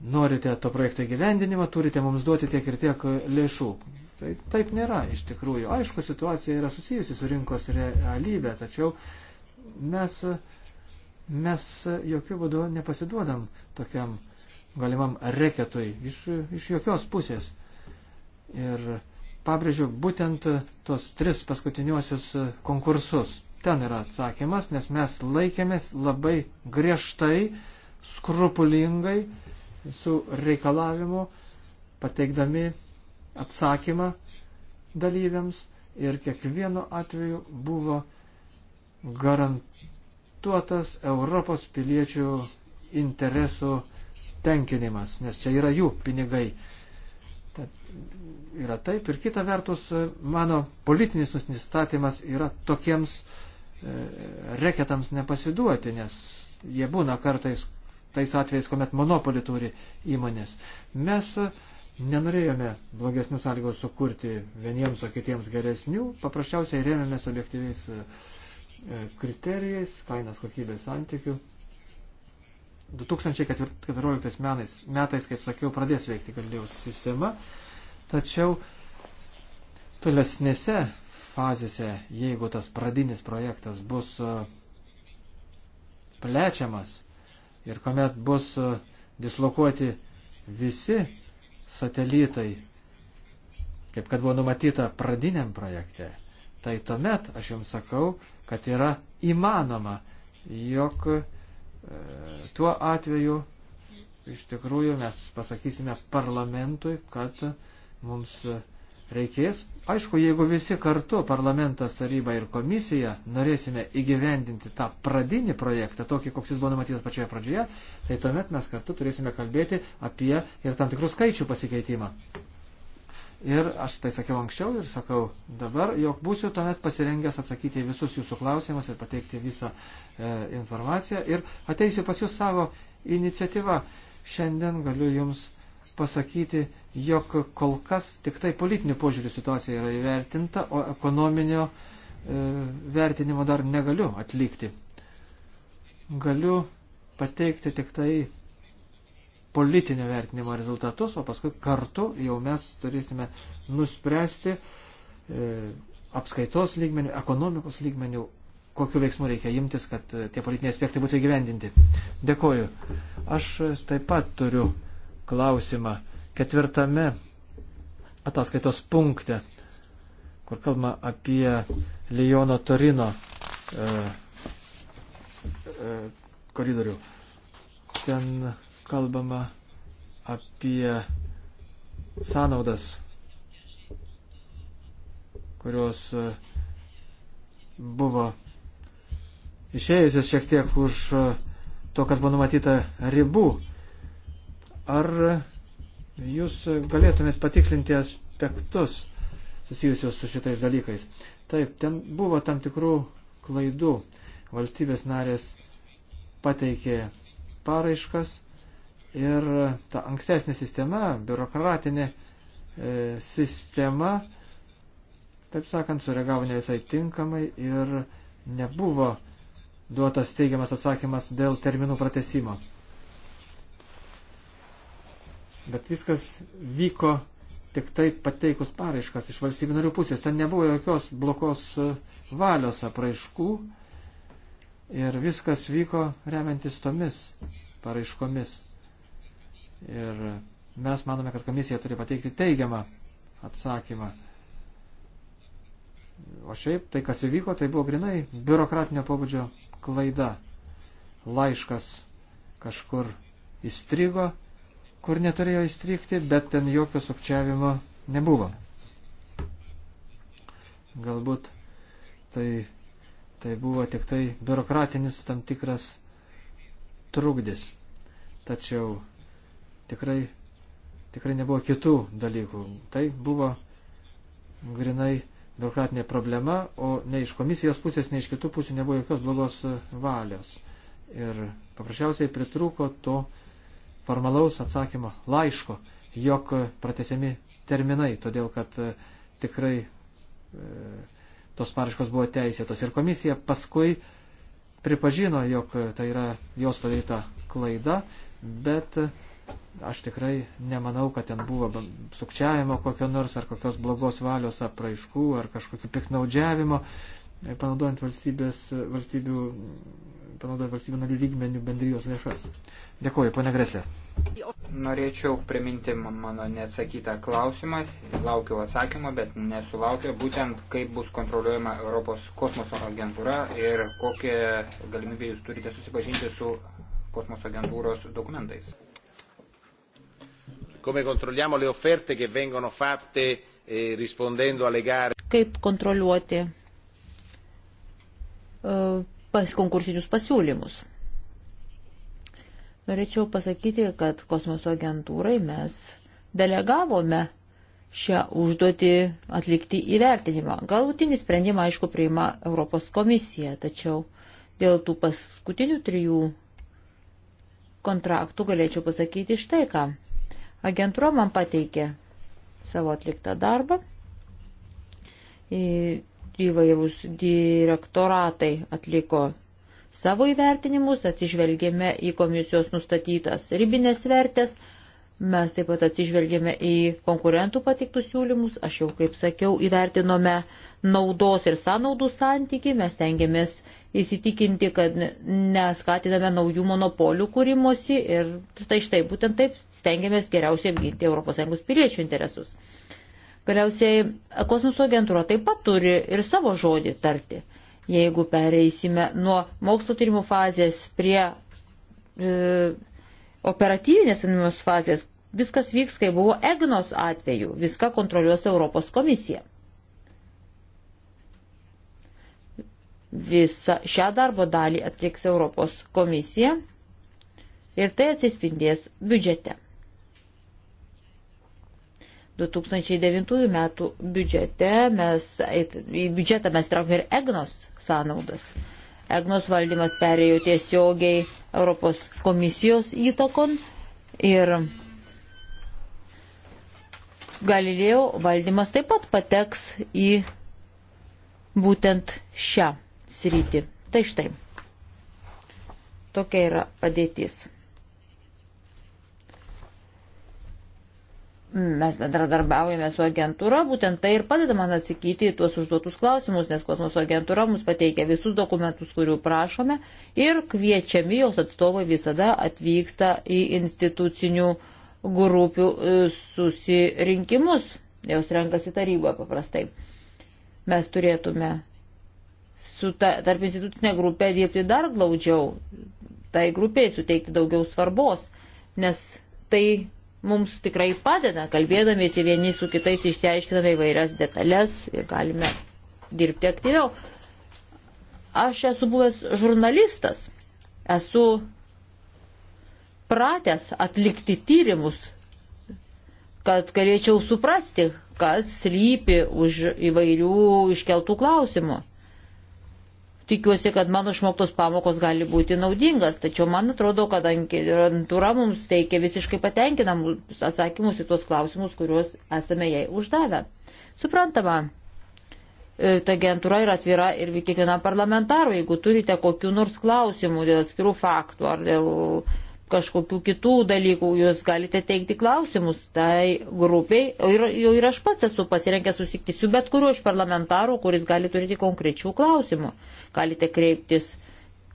norite to projekto gyvendinimą, turite mums duoti tiek ir tiek lėšų. Tai taip nėra iš tikrųjų. Aišku, situacija yra susijusi su rinkos realybė, tačiau mes, mes jokių būdų nepasiduodam tokiam galimam reketui iš, iš jokios pusės. Ir pabrėžiu būtent tos tris paskutiniuosius konkursus. Ten yra atsakymas, nes mes laikėmės labai griežtai, skrupulingai su reikalavimu, pateikdami atsakymą dalyviams ir kiekvienu atveju buvo garantuotas Europos piliečių interesų tenkinimas, nes čia yra jų pinigai. Tad yra taip ir kita vertus mano politinis nusistatymas yra tokiems e, reketams nepasiduoti, nes jie būna kartais tais atvejais, kuomet monopolį turi įmonės. Mes nenorėjome blogesnių sąlygų sukurti vieniems, o kitiems geresnių, paprasčiausiai rėmėmės objektyviais e, kriterijais, kainas kokybės santykių. 2014 metais, metais, kaip sakiau, pradės veikti Galilėjos sistema, tačiau tolesnėse fazėse, jeigu tas pradinis projektas bus e, plečiamas, ir kuomet bus e, dislokuoti visi satelitai, kaip kad buvo numatyta pradiniam projekte, tai tuomet aš jums sakau, kad yra įmanoma, jog e, tuo atveju iš tikrųjų mes pasakysime parlamentui, kad mums e, reikės. Aišku, jeigu visi kartu, parlamentas, taryba ir komisija, norėsime įgyvendinti tą pradinį projektą, tokį, koks jis buvo numatytas pačioje pradžioje, tai tuomet mes kartu turėsime kalbėti apie ir tam tikrų skaičių pasikeitimą. Ir aš tai sakiau anksčiau ir sakau dabar, jog būsiu tuomet pasirengęs atsakyti į visus jūsų klausimus ir pateikti visą e, informaciją. Ir ateisiu pas jūs savo iniciatyvą. Šiandien galiu jums pasakyti, jog kol kas tik tai politinių požiūrių situacija yra įvertinta, o ekonominio e, vertinimo dar negaliu atlikti. Galiu pateikti tik tai politinio vertinimo rezultatus, o paskui kartu jau mes turėsime nuspręsti e, apskaitos lygmenių, ekonomikos lygmenių, kokiu veiksmu reikia imtis, kad e, tie politiniai aspektai būtų įgyvendinti. Dėkoju. Aš taip pat turiu klausimą ketvirtame ataskaitos punkte, kur kalbama apie Lijono Torino e, e, koridorių. Ten kalbama apie sąnaudas, kurios e, buvo išėjusios šiek tiek už e, to, kas buvo numatyta ribų. Ar jūs galėtumėt patikslinti aspektus susijusius su šitais dalykais? Taip, ten buvo tam tikrų klaidų. Valstybės narės pateikė paraiškas ir ta ankstesnė sistema, biurokratinė e, sistema, taip sakant, sureagavo ne visai tinkamai ir nebuvo duotas teigiamas atsakymas dėl terminų pratesimo bet viskas vyko tik tai pateikus paraiškas iš valstybių narių pusės. Ten nebuvo jokios blokos e, valios apraiškų ir viskas vyko remiantis tomis paraiškomis. Ir mes manome, kad komisija turi pateikti teigiamą atsakymą. O šiaip tai, kas įvyko, tai buvo grinai biurokratinio pobūdžio klaida. Laiškas kažkur įstrigo kur neturėjo įstrikti, bet ten jokio sukčiavimo nebuvo. Galbūt tai, tai buvo tik tai biurokratinis tam tikras trukdis. Tačiau tikrai, tikrai nebuvo kitų dalykų. Tai buvo grinai biurokratinė problema, o nei iš komisijos pusės, nei iš kitų pusių nebuvo jokios blogos valios. Ir paprasčiausiai pritruko to formalaus atsakymo laiško, jog pratesiami terminai, todėl kad e, tikrai e, tos paraškos buvo teisėtos. Ir komisija paskui pripažino, jog tai yra jos padaryta klaida, bet e, aš tikrai nemanau, kad ten buvo sukčiavimo kokio nors ar kokios blogos valios apraiškų ar kažkokio piknaudžiavimo, panaudojant valstybės, valstybių, panaudojant valstybių narių lygmenių bendrijos lėšas. Dėkuoju, ponia Greslė. Norėčiau priminti mano neatsakytą klausimą, laukiau atsakymą, bet nesulaukiau būtent, kaip bus kontroliuojama Europos kosmoso agentūra ir kokią galimybę jūs turite susipažinti su kosmoso agentūros dokumentais. Eh, kaip kontroliuoti eh, pas konkursinius pasiūlymus? Norėčiau pasakyti, kad kosmoso agentūrai mes delegavome šią užduotį atlikti įvertinimą. Galutinį sprendimą, aišku, priima Europos komisija, tačiau dėl tų paskutinių trijų kontraktų galėčiau pasakyti štai ką. Agentūra man pateikė savo atliktą darbą. Įvairūs direktoratai atliko savo įvertinimus, atsižvelgėme į komisijos nustatytas ribinės vertės, mes taip pat atsižvelgėme į konkurentų patiktus siūlymus, aš jau kaip sakiau, įvertinome naudos ir sąnaudų santyki, mes tengiamės įsitikinti, kad neskatiname naujų monopolių kūrimosi ir tai štai būtent taip stengiamės geriausiai apginti ES piliečių interesus. Galiausiai kosmoso agentūra taip pat turi ir savo žodį tarti jeigu pereisime nuo mokslo tyrimų fazės prie e, operatyvinės anonimos fazės, viskas vyks, kai buvo EGNOS atveju, viską kontroliuos Europos komisija. Visą šią darbo dalį atliks Europos komisija ir tai atsispindės biudžete. 2009 metų biudžete mes, į biudžetą mes traukėme ir EGNOS sąnaudas. EGNOS valdymas perėjo tiesiogiai Europos komisijos įtakon ir Galilėjo valdymas taip pat pateks į būtent šią sritį. Tai štai. Tokia yra padėtis. Mes bendradarbiaujame su agentūra, būtent tai ir padeda man atsakyti į tuos užduotus klausimus, nes kosmoso agentūra mums pateikia visus dokumentus, kurių prašome ir kviečiami jos atstovai visada atvyksta į institucinių grupių e, susirinkimus. Jos renkasi taryboje paprastai. Mes turėtume su ta, tarp institucinė grupė dirbti dar glaudžiau, tai grupiai suteikti daugiau svarbos, nes tai mums tikrai padeda, kalbėdamiesi vieni su kitais išsiaiškiname įvairias detalės ir galime dirbti aktyviau. Aš esu buvęs žurnalistas, esu pratęs atlikti tyrimus, kad galėčiau suprasti, kas lypi už įvairių iškeltų klausimų tikiuosi, kad mano išmoktos pamokos gali būti naudingas, tačiau man atrodo, kad agentūra mums teikia visiškai patenkinamus atsakymus į tuos klausimus, kuriuos esame jai uždavę. Suprantama, e, ta agentūra yra atvira ir kiekvienam parlamentarui, jeigu turite kokiu nors klausimu dėl atskirų faktų ar dėl kažkokių kitų dalykų, jūs galite teikti klausimus tai grupiai. Ir, ir aš pats esu pasirengęs susikti su bet kuriuo iš parlamentarų, kuris gali turėti konkrečių klausimų. Galite kreiptis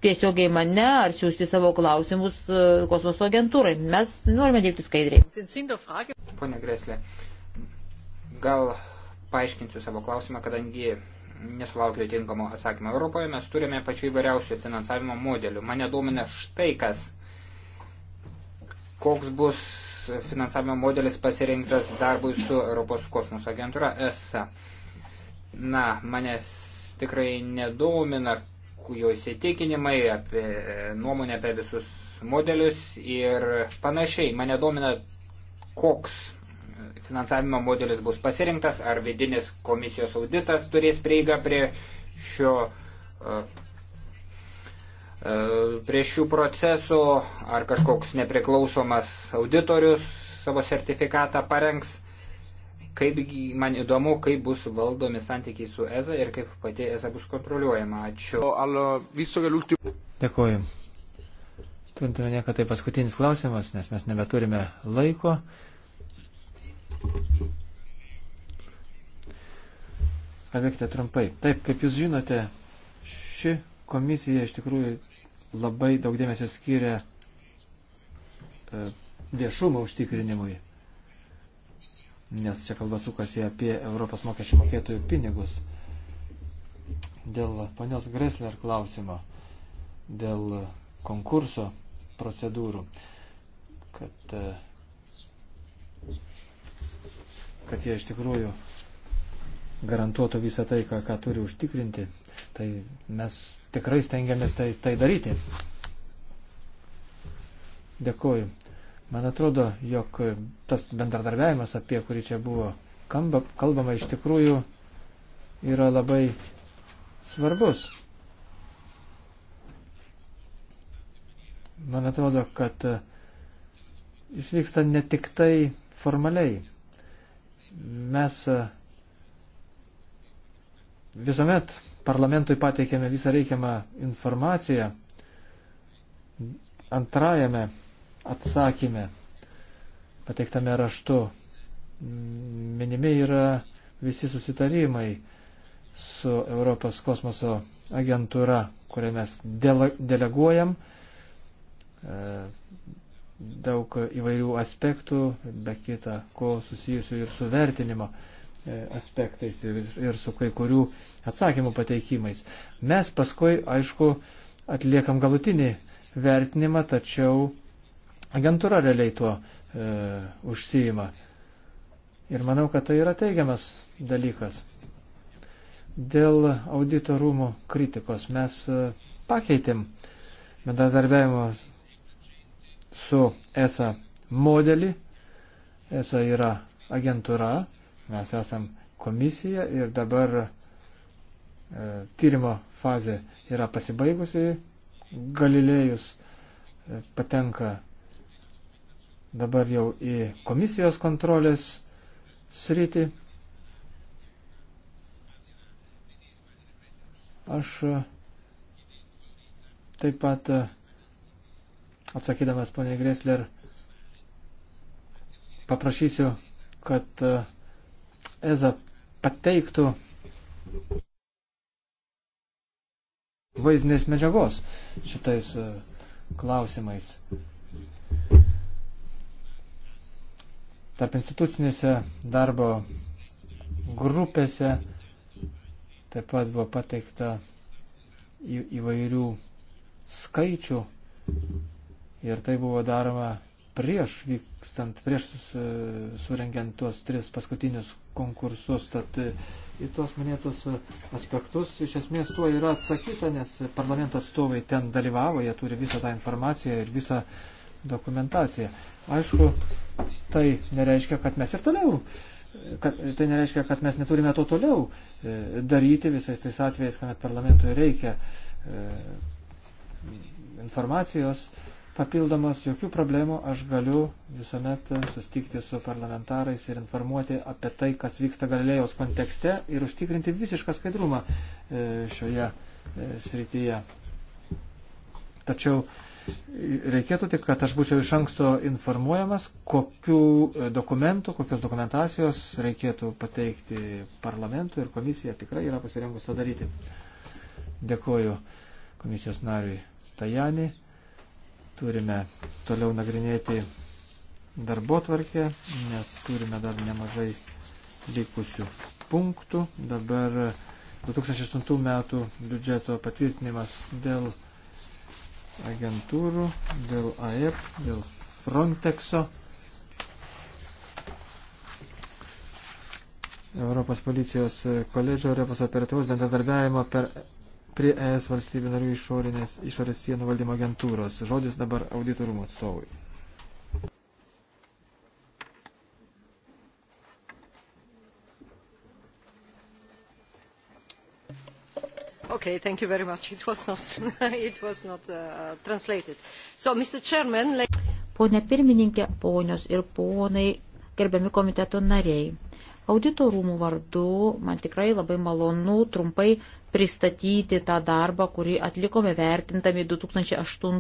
tiesiogiai mane ar siūsti savo klausimus e, kosmoso agentūrai. Mes norime dirbti skaidriai. Pone Greslė, gal paaiškinsiu savo klausimą, kadangi nesulaukiau tinkamo atsakymo. Europoje mes turime pačių įvairiausių finansavimo modelių. Mane domina štai kas – koks bus finansavimo modelis pasirinktas darbui su Europos kosmoso agentūra ESA. Na, manęs tikrai nedomina jo įsitikinimai, apie nuomonę apie visus modelius ir panašiai. Mane domina, koks finansavimo modelis bus pasirinktas, ar vidinis komisijos auditas turės prieigą prie šio uh, E, prie šių procesų, ar kažkoks nepriklausomas auditorius savo sertifikatą parengs. Kaip, man įdomu, kaip bus valdomi santykiai su EZA ir kaip pati EZA bus kontroliuojama. Ačiū. Dėkuoju. Turint omenyje, kad tai paskutinis klausimas, nes mes nebeturime laiko. Kalbėkite trumpai. Taip, kaip jūs žinote, ši komisija iš tikrųjų labai daug dėmesio skiria e, viešumo užtikrinimui, nes čia kalba sukasi apie Europos mokesčių mokėtojų pinigus. Dėl panios Gresler klausimo, dėl konkurso procedūrų, kad, e, kad jie iš tikrųjų garantuotų visą tai, ką, ką turi užtikrinti, tai mes tikrai stengiamės tai, tai daryti. Dėkuoju. Man atrodo, jog tas bendradarbiavimas, apie kurį čia buvo kamba, kalbama, iš tikrųjų yra labai svarbus. Man atrodo, kad e, jis vyksta ne tik tai formaliai. Mes e, visuomet parlamentui pateikėme visą reikiamą informaciją antrajame atsakymė pateiktame raštu. Minimi yra visi susitarimai su Europos kosmoso agentūra, kurią mes deleguojam. E, daug įvairių aspektų, be kita, ko susijusių ir su vertinimo E, aspektais ir, ir su kai kurių atsakymų pateikimais. Mes paskui, aišku, atliekam galutinį vertinimą, tačiau agentūra realiai tuo e, užsijima. Ir manau, kad tai yra teigiamas dalykas. Dėl audito rūmų kritikos mes e, pakeitėm bendradarbiavimo su ESA modelį. ESA yra agentūra, Mes esam komisija ir dabar e, tyrimo fazė yra pasibaigusi. Galilėjus e, patenka dabar jau į komisijos kontrolės sritį. Aš e, taip pat e, atsakydamas ponė Gresler paprašysiu, kad uh, EZA pateiktų vaizdinės medžiagos šitais e, klausimais. Tarp institucinėse darbo grupėse taip pat buvo pateikta į, įvairių skaičių ir tai buvo daroma prieš vykstant, prieš surengiant tuos tris paskutinius konkursus. Tad e, į tuos minėtus e, aspektus iš esmės tuo yra atsakyta, nes parlamento atstovai ten dalyvavo, jie turi visą tą informaciją ir visą dokumentaciją. Aišku, tai nereiškia, kad mes ir toliau. Kad, tai nereiškia, kad mes neturime to toliau e, daryti visais tais atvejais, kuomet parlamentui reikia informacijos papildomas jokių problemų, aš galiu visuomet sustikti su parlamentarais ir informuoti apie tai, kas vyksta Galilėjos kontekste ir užtikrinti visišką skaidrumą e, šioje e, srityje. Tačiau e, reikėtų tik, kad aš būčiau iš anksto informuojamas, kokiu dokumentu, kokios dokumentacijos reikėtų pateikti parlamentui ir komisija tikrai yra pasirengusi daryti. Dėkuoju komisijos nariui Tajani. Turime toliau nagrinėti darbo tvarkę, nes turime dar nemažai likusių punktų. Dabar 2008 metų biudžeto patvirtinimas dėl agentūrų, dėl AEP, dėl Frontexo. Europos policijos koledžio, Europos operatyvus bendradarbiavimo per prie ES valstybių narių išorinės, išorės sienų valdymo agentūros. Žodis dabar auditorumo atstovui. Okay, thank you very much. It was not, it was not uh, translated. So, Mr. Chairman, like... Pone pirmininkė, ponios ir ponai, gerbiami komiteto nariai. Audito rūmų vardu man tikrai labai malonu trumpai pristatyti tą darbą, kurį atlikome vertintami 2008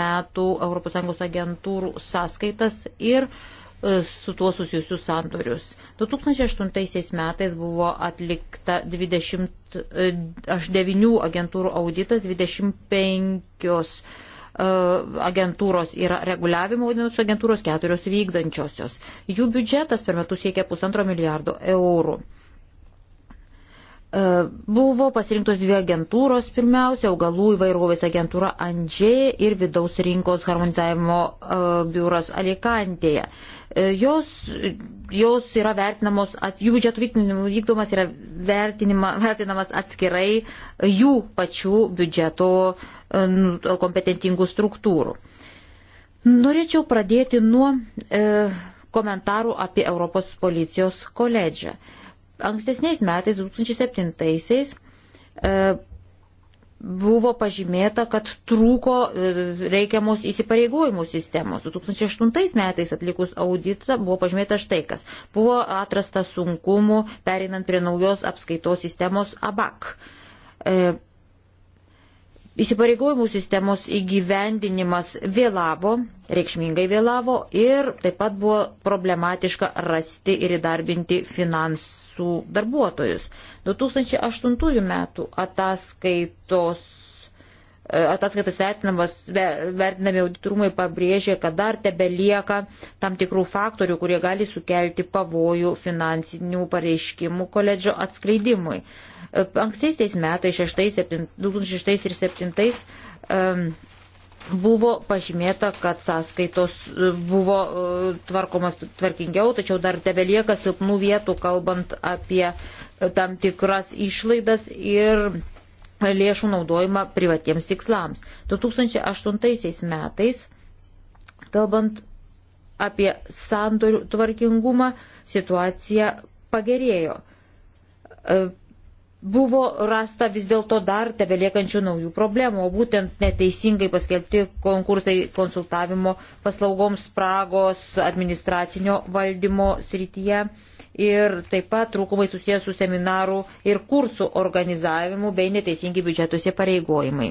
metų ES agentūrų sąskaitas ir e, su tuo susijusius sandorius. 2008 metais buvo atlikta 29 e, agentūrų auditas, 25 e, agentūros yra reguliavimo auditus agentūros, keturios vykdančiosios. Jų biudžetas per metus siekia pusantro milijardo eurų. E, buvo pasirinktos dvi agentūros, pirmiausia, augalų įvairovės agentūra Andžė ir vidaus rinkos harmonizavimo e, biuras Alikantėje. E, jos, jos yra vertinamos, at, jų biudžetų vykdomas yra vertinima, vertinamas atskirai jų pačių biudžeto kompetentingų struktūrų. Norėčiau pradėti nuo e, komentarų apie Europos policijos koledžą. E, Ankstesniais metais, 2007-aisiais, e, buvo pažymėta, kad trūko e, reikiamos įsipareigojimų sistemos. 2008 metais atlikus auditą buvo pažymėta štai kas. Buvo atrasta sunkumų perinant prie naujos apskaitos sistemos ABAC. E, Įsipareigojimų sistemos įgyvendinimas vėlavo, reikšmingai vėlavo ir taip pat buvo problematiška rasti ir įdarbinti finansų mūsų darbuotojus. 2008 metų ataskaitos e, ataskaitas vertinamas, vertinami auditorumai pabrėžė, kad dar tebelieka tam tikrų faktorių, kurie gali sukelti pavojų finansinių pareiškimų koledžio atskleidimui. E, ankstesniais metais, 2006 ir 2007, buvo pažymėta, kad sąskaitos buvo e, tvarkomas tvarkingiau, tačiau dar tebelieka silpnų vietų, kalbant apie tam tikras išlaidas ir lėšų naudojimą privatiems tikslams. 2008 metais, kalbant apie sandorių tvarkingumą, situacija pagerėjo e, buvo rasta vis dėlto dar tebeliekančių naujų problemų, o būtent neteisingai paskelbti konkursai konsultavimo paslaugoms spragos administracinio valdymo srityje ir taip pat trūkumai susijęs su seminarų ir kursų organizavimu bei neteisingi biudžetuose pareigojimai.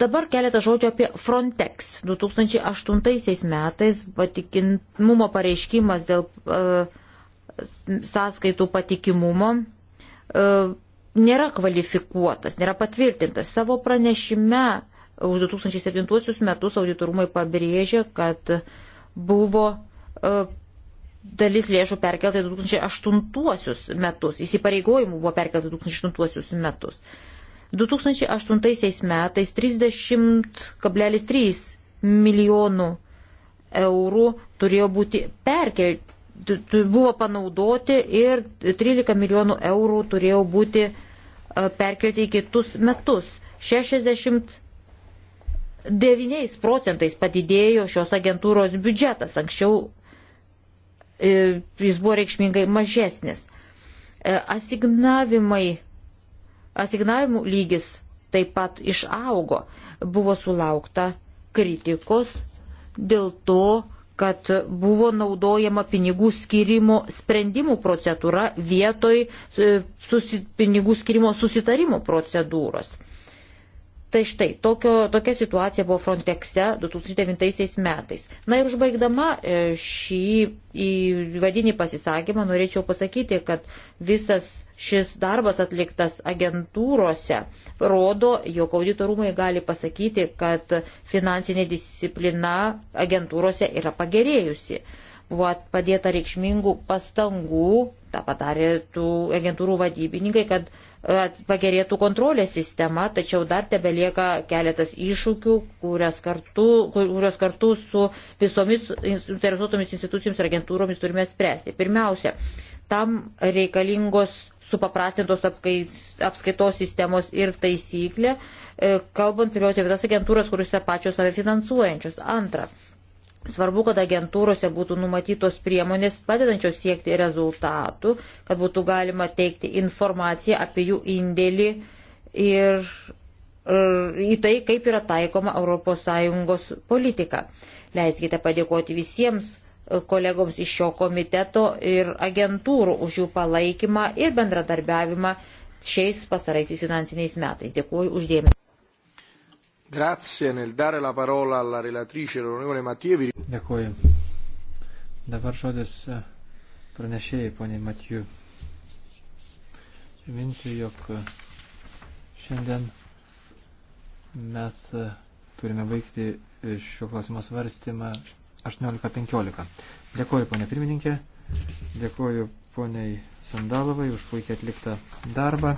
Dabar keletą žodžių apie Frontex. 2008 metais patikimumo pareiškimas dėl uh, sąskaitų patikimumo e, nėra kvalifikuotas, nėra patvirtintas. Savo pranešime už 2007 metus auditorumai pabrėžė, kad buvo e, dalis lėšų perkelta į 2008 metus, įsipareigojimų buvo perkelta į 2008 metus. 2008 metais 30,3 milijonų eurų turėjo būti perkelti buvo panaudoti ir 13 milijonų eurų turėjo būti e, perkelti į kitus metus. 69 procentais padidėjo šios agentūros biudžetas, anksčiau e, jis buvo reikšmingai mažesnis. E, asignavimai, asignavimų lygis taip pat išaugo, buvo sulaukta kritikos dėl to, kad buvo naudojama pinigų skirimo sprendimų procedūra vietoj e, susi, pinigų skirimo susitarimo procedūros. Tai štai, tokio, tokia situacija buvo Frontexe 2009 metais. Na ir užbaigdama e, šį įvadinį pasisakymą norėčiau pasakyti, kad visas Šis darbas atliktas agentūrose rodo, jog auditorumai gali pasakyti, kad finansinė disciplina agentūrose yra pagerėjusi. Buvo padėta reikšmingų pastangų, tą padarė tų agentūrų vadybininkai, kad pagerėtų kontrolės sistema, tačiau dar tebelieka keletas iššūkių, kurias kartu, kurios kartu su visomis interesuotomis institucijoms ir agentūromis turime spręsti. Pirmiausia, tam reikalingos supaprastintos apskaitos sistemos ir taisyklė, e, kalbant pirmiausia apie tas agentūras, kurios yra pačios save finansuojančios. Antra, Svarbu, kad agentūrose būtų numatytos priemonės padedančios siekti rezultatų, kad būtų galima teikti informaciją apie jų indėlį ir, ir į tai, kaip yra taikoma ES politika. Leiskite padėkoti visiems kolegoms iš šio komiteto ir agentūrų už jų palaikymą ir bendradarbiavimą šiais pasaraisiais finansiniais metais. Dėkuoju uždėmesi. Grazie, nel dare la parola alla relatrice, l'onorevole Matievi. Dėkuoju. Dabar žodis e, pranešėjai, ponė Matijų. Minsiu, jog e, šiandien mes e, turime baigti šio klausimo svarstymą 18.15. Dėkuoju, ponė pirmininkė, dėkuoju poniai Sandalovai už puikiai atliktą darbą.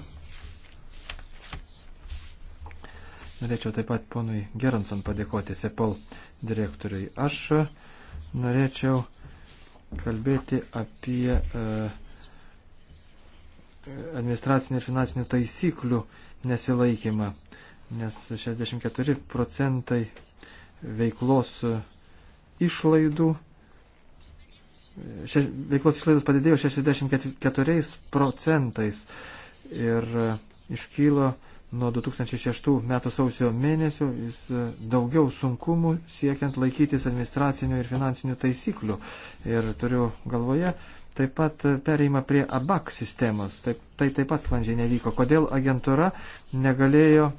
Norėčiau taip pat ponui Geranson padėkoti Sepol direktoriui. Aš norėčiau kalbėti apie e, administracinių ir finansinių taisyklių nesilaikymą, nes 64 procentai veiklos išlaidų, še, veiklos išlaidos padidėjo 64 procentais ir e, iškylo nuo 2006 metų sausio mėnesio vis e, daugiau sunkumų siekiant laikytis administracinių ir finansinių taisyklių. Ir turiu galvoje taip pat pereima prie ABAC sistemos. Taip, tai taip pat sklandžiai nevyko. Kodėl agentūra negalėjo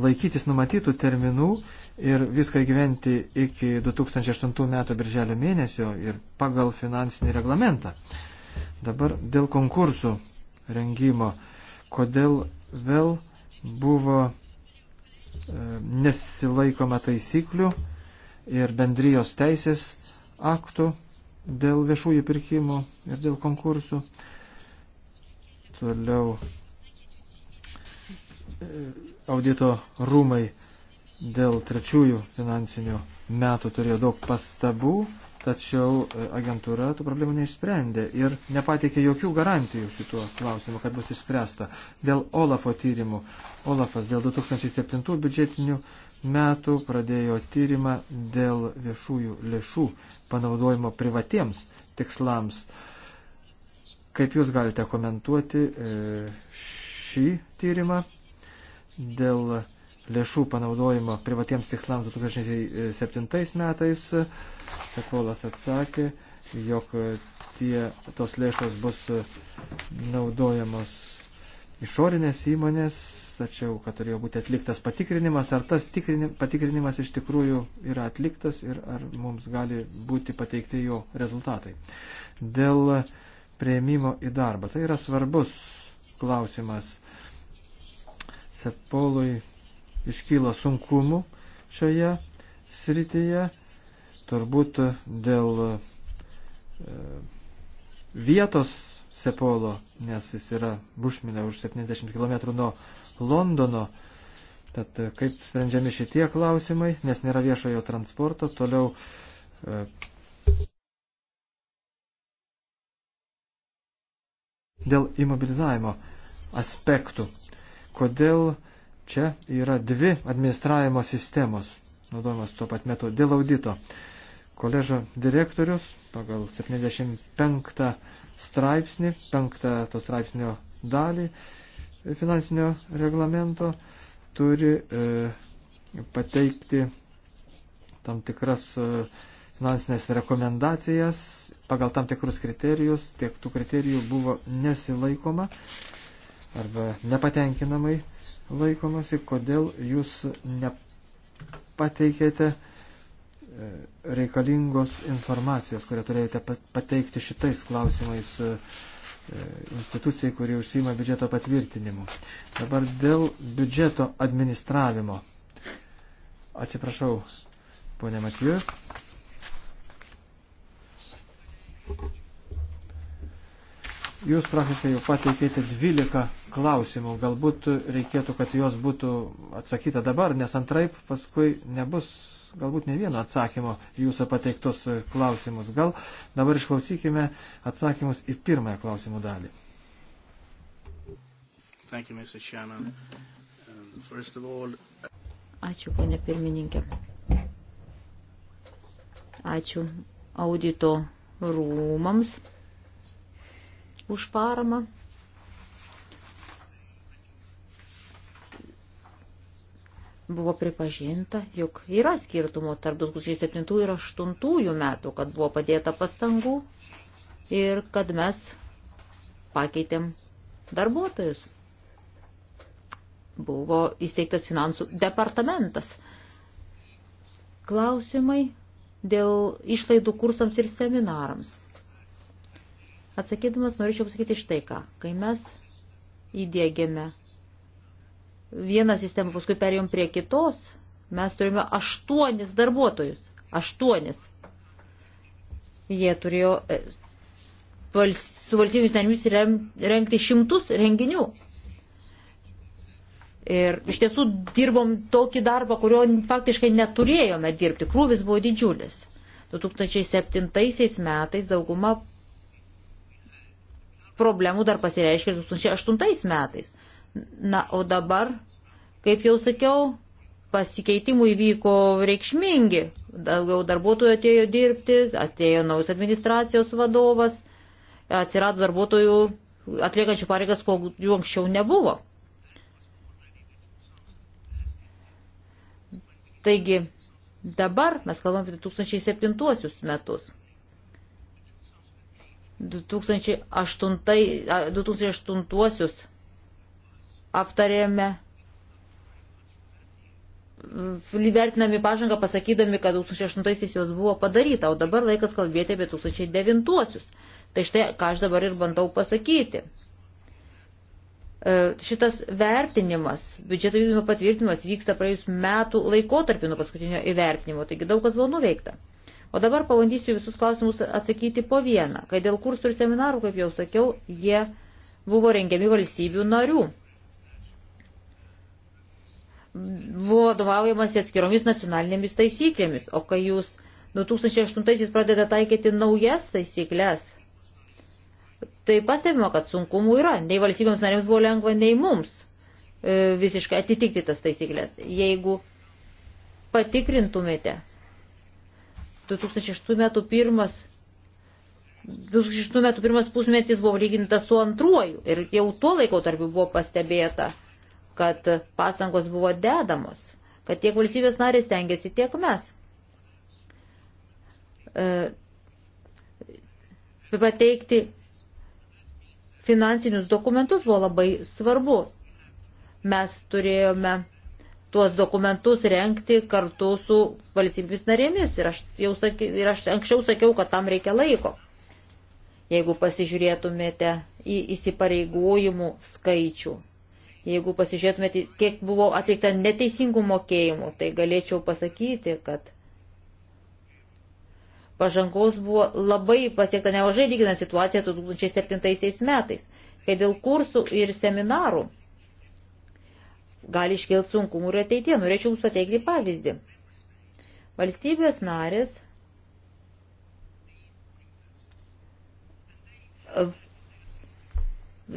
laikytis numatytų terminų ir viską gyventi iki 2008 metų birželio mėnesio ir pagal finansinį reglamentą. Dabar dėl konkursų rengimo, kodėl vėl buvo e, nesilaikoma taisyklių ir bendrijos teisės aktų dėl viešųjų pirkimų ir dėl konkursų. Toliau e, audito rūmai dėl trečiųjų finansinių metų turėjo daug pastabų, tačiau e, agentūra tų problemų neišsprendė ir nepateikė jokių garantijų šituo klausimu, kad bus išspręsta. Dėl Olafo tyrimų. Olafas dėl 2007 biudžetinių metų pradėjo tyrimą dėl viešųjų lėšų panaudojimo privatiems tikslams. Kaip Jūs galite komentuoti e, šį tyrimą dėl lėšų panaudojimo privatiems tikslams 2007 metais. Sekolas atsakė, jog tie, tos lėšos bus naudojamos išorinės įmonės, tačiau kad turėjo būti atliktas patikrinimas, ar tas tikrinim, patikrinimas iš tikrųjų yra atliktas ir ar mums gali būti pateikti jo rezultatai. Dėl prieimimo į darbą. Tai yra svarbus klausimas. Sepolui iškyla sunkumų šioje srityje, turbūt dėl e, vietos Sepolo, nes jis yra Bušminė už 70 km nuo Londono. Tad e, kaip sprendžiami šitie klausimai, nes nėra viešojo transporto, toliau e, dėl imobilizavimo aspektų. Kodėl uh, Čia yra dvi administravimo sistemos naudojamos tuo pat metu dėl audito. Koležo direktorius pagal 75 straipsnį, 5 to straipsnio dalį finansinio reglamento turi e, pateikti tam tikras e, finansinės rekomendacijas pagal tam tikrus kriterijus, tiek tų kriterijų buvo nesilaikoma arba nepatenkinamai laikomasi, kodėl jūs nepateikėte e, reikalingos informacijos, kurią turėjote pateikti šitais klausimais e, institucijai, kuri užsima biudžeto patvirtinimu. Dabar dėl biudžeto administravimo. Atsiprašau, ponė Matijus. Jūs praktiškai jau pateikėte 12 klausimų. Galbūt reikėtų, kad juos būtų atsakyta dabar, nes antraip paskui nebus galbūt ne vieno atsakymo jūsų pateiktus klausimus. Gal dabar išklausykime atsakymus į pirmąją klausimų dalį. Um, Ačiū, ponė pirmininkė. Ačiū audito rūmams už paramą. Buvo pripažinta, jog yra skirtumo tarp 2007 ir 2008 metų, kad buvo padėta pastangų ir kad mes pakeitėm darbuotojus. Buvo įsteigtas finansų departamentas. Klausimai dėl išlaidų kursams ir seminarams. Atsakydamas norėčiau pasakyti štai ką. Kai mes įdėgėme vieną sistemą, paskui perėjom prie kitos, mes turime aštuonis darbuotojus. Aštuonis. Jie turėjo e, su valstybės narimis rengti šimtus renginių. Ir iš tiesų dirbom tokį darbą, kurio faktiškai neturėjome dirbti. Krūvis buvo didžiulis. 2007 metais dauguma problemų dar pasireiškė 2008 metais. Na, o dabar, kaip jau sakiau, pasikeitimų įvyko reikšmingi. Daugiau darbuotojų atėjo dirbti, atėjo naujas administracijos vadovas, atsirado darbuotojų atliekančių pareigas, ko jų anksčiau nebuvo. Taigi, dabar mes kalbame apie 2007 metus. 2008, 2008 aptarėme, vertinami pažangą pasakydami, kad 2008 jos buvo padaryta, o dabar laikas kalbėti apie 2009. -osius. Tai štai, ką aš dabar ir bandau pasakyti. E, šitas vertinimas, biudžeto vykdymo patvirtinimas vyksta praėjus metų laikotarpį nuo paskutinio įvertinimo, taigi daug kas buvo nuveikta. O dabar pabandysiu visus klausimus atsakyti po vieną, kai dėl kursų ir seminarų, kaip jau sakiau, jie buvo rengiami valstybių narių. Buvo vadovaujamas atskiromis nacionalinėmis taisyklėmis, o kai jūs 2008 pradeda taikyti naujas taisyklės, tai pastebima, kad sunkumų yra. Nei valstybėms narėms buvo lengva, nei mums e, visiškai atitikti tas taisyklės. Jeigu patikrintumėte 2006 metų pirmas 2006 metų pirmas pusmetis buvo lygintas su antruoju ir jau tuo laiko tarp buvo pastebėta, kad pastangos buvo dedamos, kad tiek valstybės narės tengiasi, tiek mes. E, pateikti finansinius dokumentus buvo labai svarbu. Mes turėjome tuos dokumentus renkti kartu su valstybės narėmis. Ir aš, jau saky, ir aš anksčiau sakiau, kad tam reikia laiko. Jeigu pasižiūrėtumėte į įsipareigojimų skaičių, jeigu pasižiūrėtumėte, kiek buvo atlikta neteisingų mokėjimų, tai galėčiau pasakyti, kad pažangos buvo labai pasiekta nemažai lyginant situaciją 2007 metais, kai dėl kursų ir seminarų gali iškilti sunkumų ir ateitie. Norėčiau jums pateikti pavyzdį. Valstybės narės e,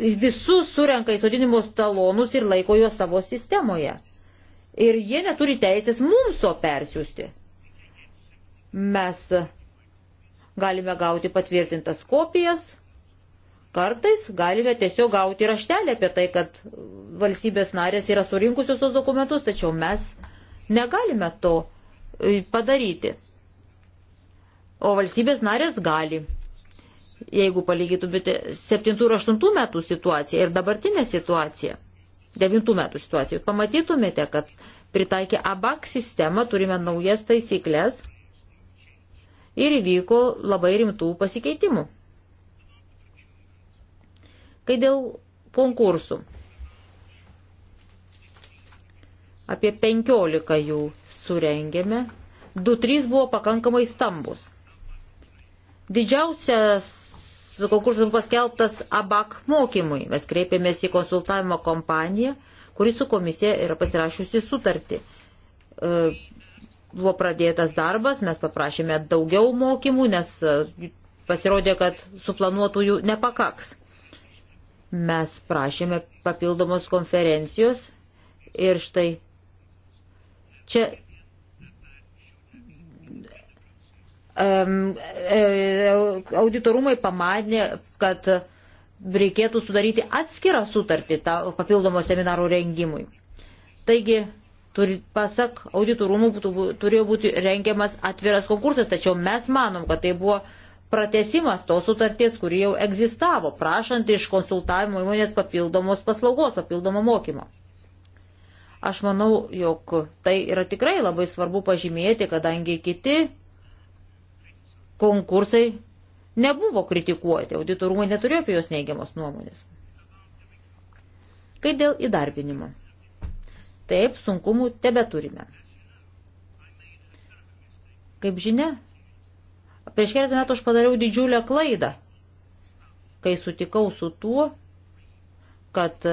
visus surenka į sodinimo talonus ir laiko juos savo sistemoje. Ir jie neturi teisės mums to persiųsti. Mes galime gauti patvirtintas kopijas Kartais galime tiesiog gauti raštelį apie tai, kad valstybės narės yra surinkusios tos dokumentus, tačiau mes negalime to e, padaryti. O valstybės narės gali. Jeigu palygytumėte 7 ir 8 metų situaciją ir dabartinę situaciją, 9 metų situaciją, pamatytumėte, kad pritaikę ABAC sistemą turime naujas taisyklės ir įvyko labai rimtų pasikeitimų. Kai dėl konkursų. Apie 15 jų surengėme. 2-3 buvo pakankamai stambus. Didžiausias konkursas buvo paskelbtas ABAK mokymui. Mes kreipėmės į konsultavimo kompaniją, kuri su komisija yra pasirašiusi sutartį. E, buvo pradėtas darbas, mes paprašėme daugiau mokymų, nes e, pasirodė, kad suplanuotųjų nepakaks. Mes prašėme papildomos konferencijos ir štai čia um, auditorumai pamanė, kad reikėtų sudaryti atskirą sutartį tą papildomo seminarų rengimui. Taigi, turi, pasak auditorumų, turėjo būti rengiamas atviras konkursas, tačiau mes manom, kad tai buvo uh, pratesimas tos sutarties, kuri jau egzistavo, prašant iš konsultavimo įmonės papildomos paslaugos, papildomo mokymo. Aš manau, jog tai yra tikrai labai svarbu pažymėti, kadangi kiti konkursai nebuvo kritikuoti, auditorumai neturėjo apie jos neigiamos nuomonės. Kai dėl įdarbinimo. Taip, sunkumų tebe turime. Kaip žinia, Prieš keletą metų aš padariau didžiulę klaidą, kai sutikau su tuo, kad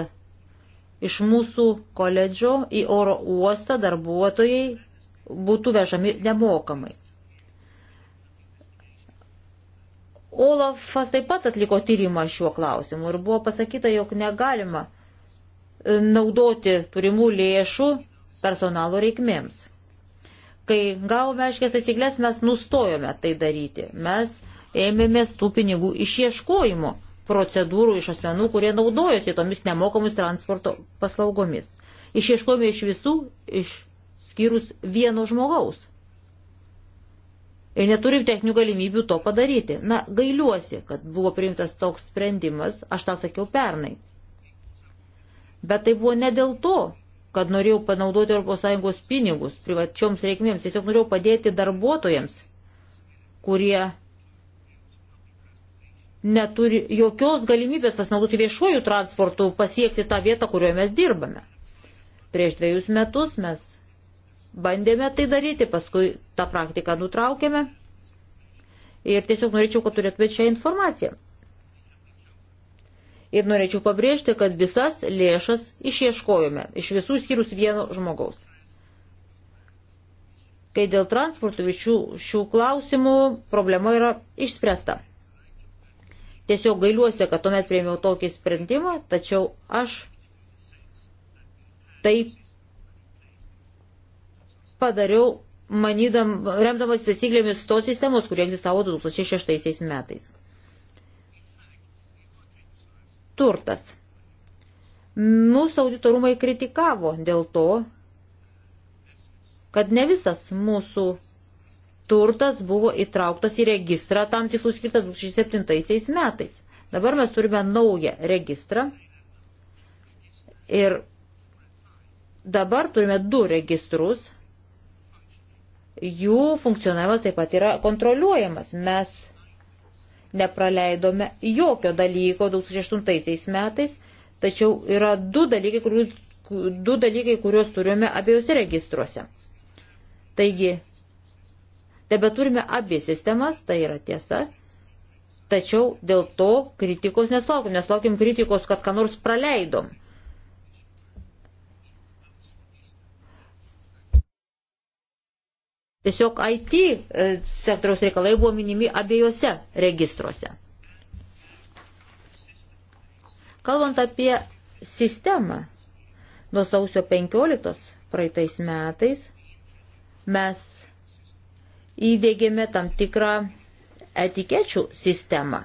iš mūsų koledžio į oro uostą darbuotojai būtų vežami nemokamai. Olafas taip pat atliko tyrimą šiuo klausimu ir buvo pasakyta, jog negalima e, naudoti turimų lėšų personalo reikmėms. Kai gavome aiškės taisyklės, mes nustojome tai daryti. Mes ėmėmės tų pinigų išieškojimo procedūrų iš asmenų, kurie naudojasi tomis nemokamus transporto paslaugomis. Išieškojome iš visų, išskyrus vieno žmogaus. Ir neturim techninių galimybių to padaryti. Na, gailiuosi, kad buvo priimtas toks sprendimas, aš tą sakiau pernai. Bet tai buvo ne dėl to, kad norėjau panaudoti ES pinigus privačioms reikmėms, tiesiog norėjau padėti darbuotojams, kurie neturi jokios galimybės pasinaudoti viešuoju transportu, pasiekti tą vietą, kurioje mes dirbame. Prieš dviejus metus mes bandėme tai daryti, paskui tą praktiką nutraukėme ir tiesiog norėčiau, kad turėtumėte šią informaciją. Ir norėčiau pabrėžti, kad visas lėšas išieškojome iš visų skyrus vieno žmogaus. Kai dėl transporto šių, šių klausimų problema yra išspręsta. Tiesiog gailiuosi, kad tuomet prieimiau tokį sprendimą, tačiau aš tai padariau, manydam, remdamas taisyklėmis tos sistemos, kurie egzistavo 2006 metais turtas. Mūsų auditorumai kritikavo dėl to, kad ne visas mūsų turtas buvo įtrauktas į registrą tam tikslus skirtą 2007 metais. Dabar mes turime naują registrą ir dabar turime du registrus. Jų funkcionavimas taip pat yra kontroliuojamas. Mes nepraleidome jokio dalyko 2008 metais, tačiau yra du dalykai, kuriuos, du dalykai, kuriuos turime abiejose registruose. Taigi, tebe turime abi sistemas, tai yra tiesa, tačiau dėl to kritikos neslaukim, neslaukim kritikos, kad ką nors praleidom. Tiesiog IT e, sektoriaus reikalai buvo minimi abiejose registruose. Kalbant apie sistemą, nuo sausio 15 praeitais metais mes įdėgėme tam tikrą etikečių sistemą.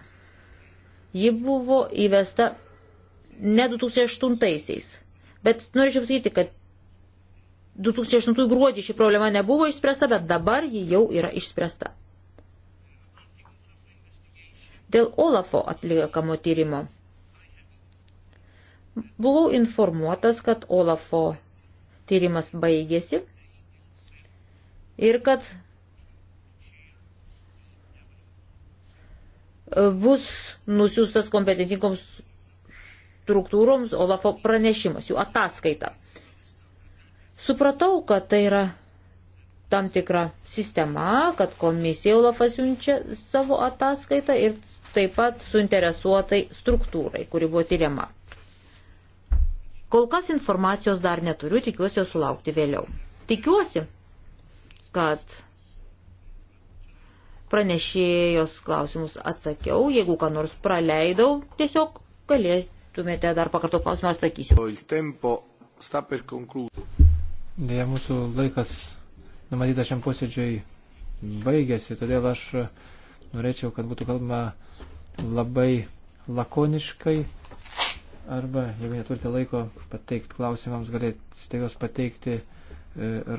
Ji buvo įvesta ne 2008-aisiais, bet norėčiau sakyti, kad 2008 gruodį ši problema nebuvo išspręsta, bet dabar ji jau yra išspręsta. Dėl Olafo atliekamo tyrimo. Buvau informuotas, kad Olafo tyrimas baigėsi ir kad bus nusiųstas kompetentingoms struktūroms Olafo pranešimas, jų ataskaita. Supratau, kad tai yra tam tikra sistema, kad komisija Olafas siunčia savo ataskaitą ir taip pat suinteresuotai struktūrai, kuri buvo tyriama. Kol kas informacijos dar neturiu, tikiuosi jos sulaukti vėliau. Tikiuosi, kad pranešėjos klausimus atsakiau, jeigu ką nors praleidau, tiesiog galėtumėte dar pakartoti klausimą atsakysiu. Dėja, mūsų laikas numatytas šiam posėdžiui baigėsi, todėl aš norėčiau, kad būtų kalbama labai lakoniškai. Arba, jeigu neturite laiko pateikti klausimams, galėsite juos pateikti e,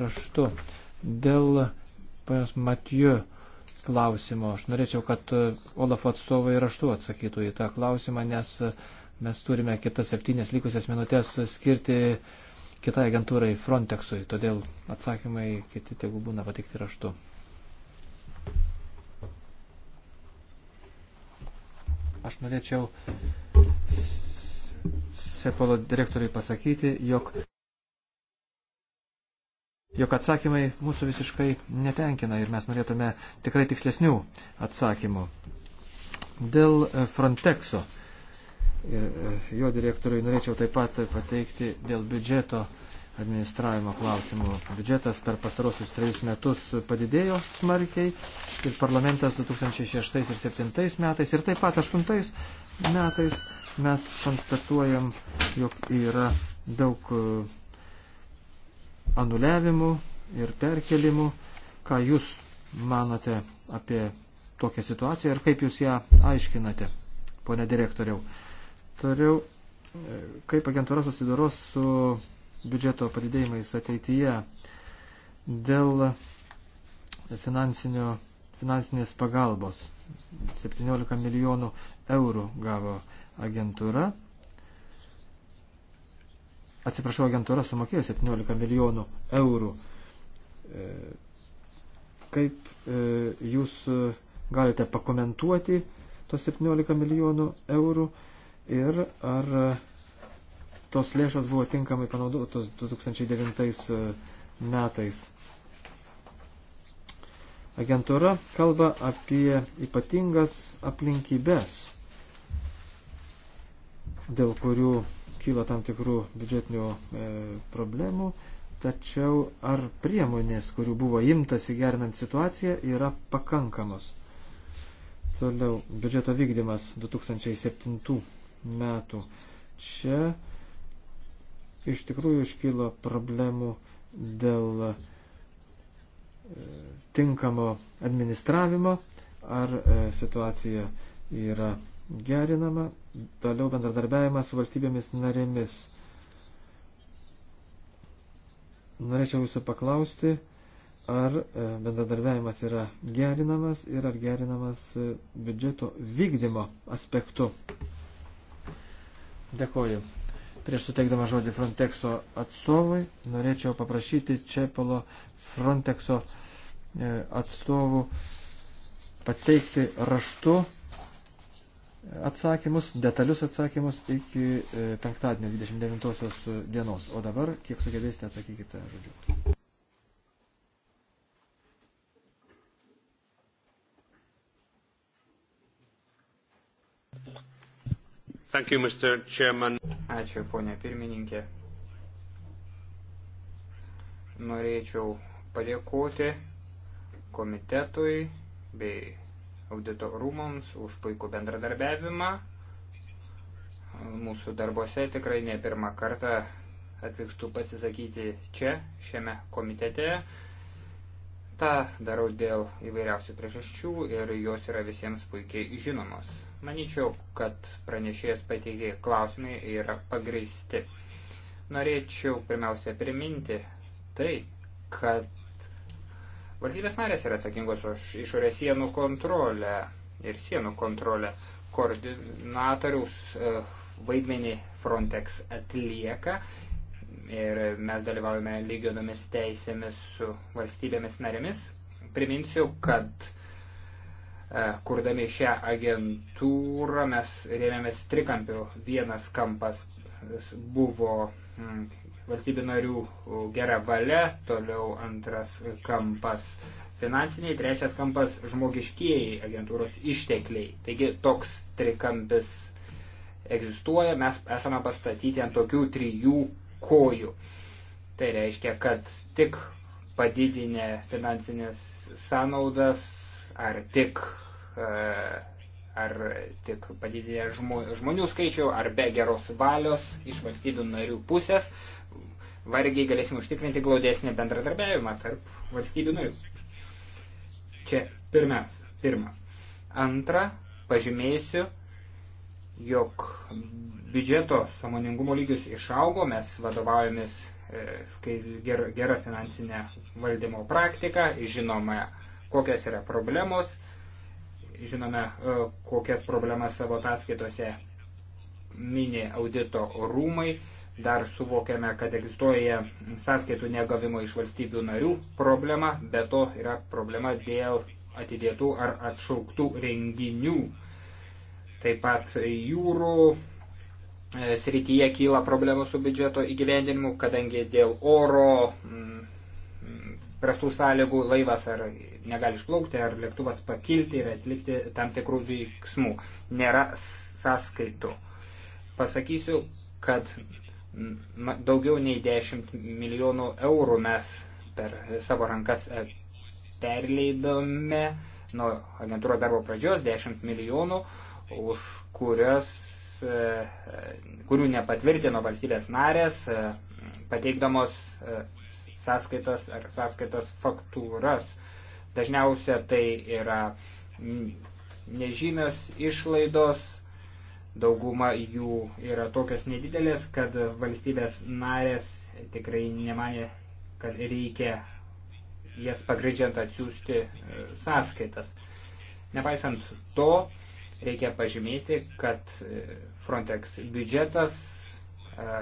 raštu. Dėl ponios Matijų klausimo, aš norėčiau, kad e, Olafo atstovai raštu atsakytų į tą klausimą, nes e, mes turime kitas septynės likusias minutės skirti kitai agentūrai Frontexui, todėl atsakymai kiti tegu būna patikti raštu. Aš norėčiau Sepolo direktoriui pasakyti, jog, jog atsakymai mūsų visiškai netenkina ir mes norėtume tikrai tikslesnių atsakymų. Dėl Frontexo. E, ir e, jo direktoriui norėčiau taip pat pateikti dėl biudžeto administravimo klausimų. Biudžetas per pastarosius trejus metus padidėjo smarkiai ir parlamentas 2006 ir 2007 metais ir taip pat 2008 metais mes konstatuojam, jog yra daug e, anuliavimų ir perkelimų. Ką jūs manote apie tokią situaciją ir kaip jūs ją aiškinate, ponė direktoriau? Toliau, kaip agentūra susidoros su biudžeto padidėjimais ateityje dėl finansinės pagalbos. 17 milijonų eurų gavo agentūra. Atsiprašau, agentūra sumokėjo 17 milijonų eurų. E, kaip e, jūs galite pakomentuoti tos 17 milijonų eurų? ir ar tos lėšos buvo tinkamai panaudotos 2009 e, metais. Agentūra kalba apie ypatingas aplinkybės, dėl kurių kyla tam tikrų biudžetinių e, problemų, tačiau ar priemonės, kurių buvo imtasi gerinant situaciją, yra pakankamos. Toliau, biudžeto vykdymas 2007 metų. Čia iš tikrųjų iškylo problemų dėl e, tinkamo administravimo, ar e, situacija yra gerinama, toliau bendradarbiavimas su valstybėmis narėmis. Norėčiau jūsų paklausti, ar e, bendradarbiavimas yra gerinamas ir ar gerinamas biudžeto vykdymo aspektu. Dėkoju. Prieš suteikdama žodį Frontexo atstovui, norėčiau paprašyti Čepalo Frontexo e, atstovų pateikti raštu atsakymus, detalius atsakymus iki e, penktadienio 29 dienos. O dabar, kiek sugebėsite, atsakykite žodžiu. Thank you, Mr. Chairman. Ačiū, ponė pirmininkė. Norėčiau padėkoti komitetui bei audito rūmams už puikų bendradarbiavimą. Mūsų darbose tikrai ne pirmą kartą atvykstu pasisakyti čia, šiame komitete. Ta darau dėl įvairiausių priežasčių ir jos yra visiems puikiai žinomos. Manyčiau, kad pranešėjas pateikė klausimai yra pagristi. Norėčiau pirmiausia priminti tai, kad valstybės narės yra atsakingos už išorės sienų kontrolę ir sienų kontrolę. Koordinatoriaus e, vaidmenį Frontex atlieka ir mes dalyvaujame lygiodomis teisėmis su valstybėmis narėmis. Priminsiu, kad E, kurdami šią agentūrą mes rėmėmės trikampiu. Vienas kampas buvo mm, valstybių narių gera valia, toliau antras kampas finansiniai, trečias kampas žmogiškieji agentūros ištekliai. Taigi toks trikampis egzistuoja, mes esame pastatyti ant tokių trijų kojų. Tai reiškia, kad tik padidinę finansinės sąnaudas ar tik E, ar tik padidėję žmonių skaičių, ar be geros valios iš valstybių narių pusės, vargiai galėsim užtikrinti glaudesnį bendradarbiavimą tarp valstybių narių. Čia pirmia, pirma. Antra, pažymėsiu, jog biudžeto samoningumo lygius išaugo, mes vadovaujamės e, ger, gerą finansinę valdymo praktiką, žinome, kokios yra problemos, žinome, e, kokias problemas savo ataskaitose mini audito rūmai. Dar suvokiame, kad egzistuoja sąskaitų negavimo iš valstybių narių problema, be to yra problema dėl atidėtų ar atšauktų renginių. Taip pat jūrų e, srityje kyla problemų su biudžeto įgyvendinimu, kadangi dėl oro m, prastų sąlygų laivas ar negali išplaukti, ar lėktuvas pakilti ir atlikti tam tikrų veiksmų. Nėra sąskaitų. Pasakysiu, kad daugiau nei 10 milijonų eurų mes per savo rankas perleidome nuo agentūros darbo pradžios 10 milijonų, už kurias, e, kurių nepatvirtino valstybės narės, e, pateikdamos e, sąskaitas ar sąskaitas faktūras. Dažniausia tai yra nežymios išlaidos, dauguma jų yra tokios nedidelės, kad valstybės narės tikrai nemanė, kad reikia jas pagrindžiant atsiųsti e, sąskaitas. Nepaisant to, reikia pažymėti, kad e, Frontex biudžetas e,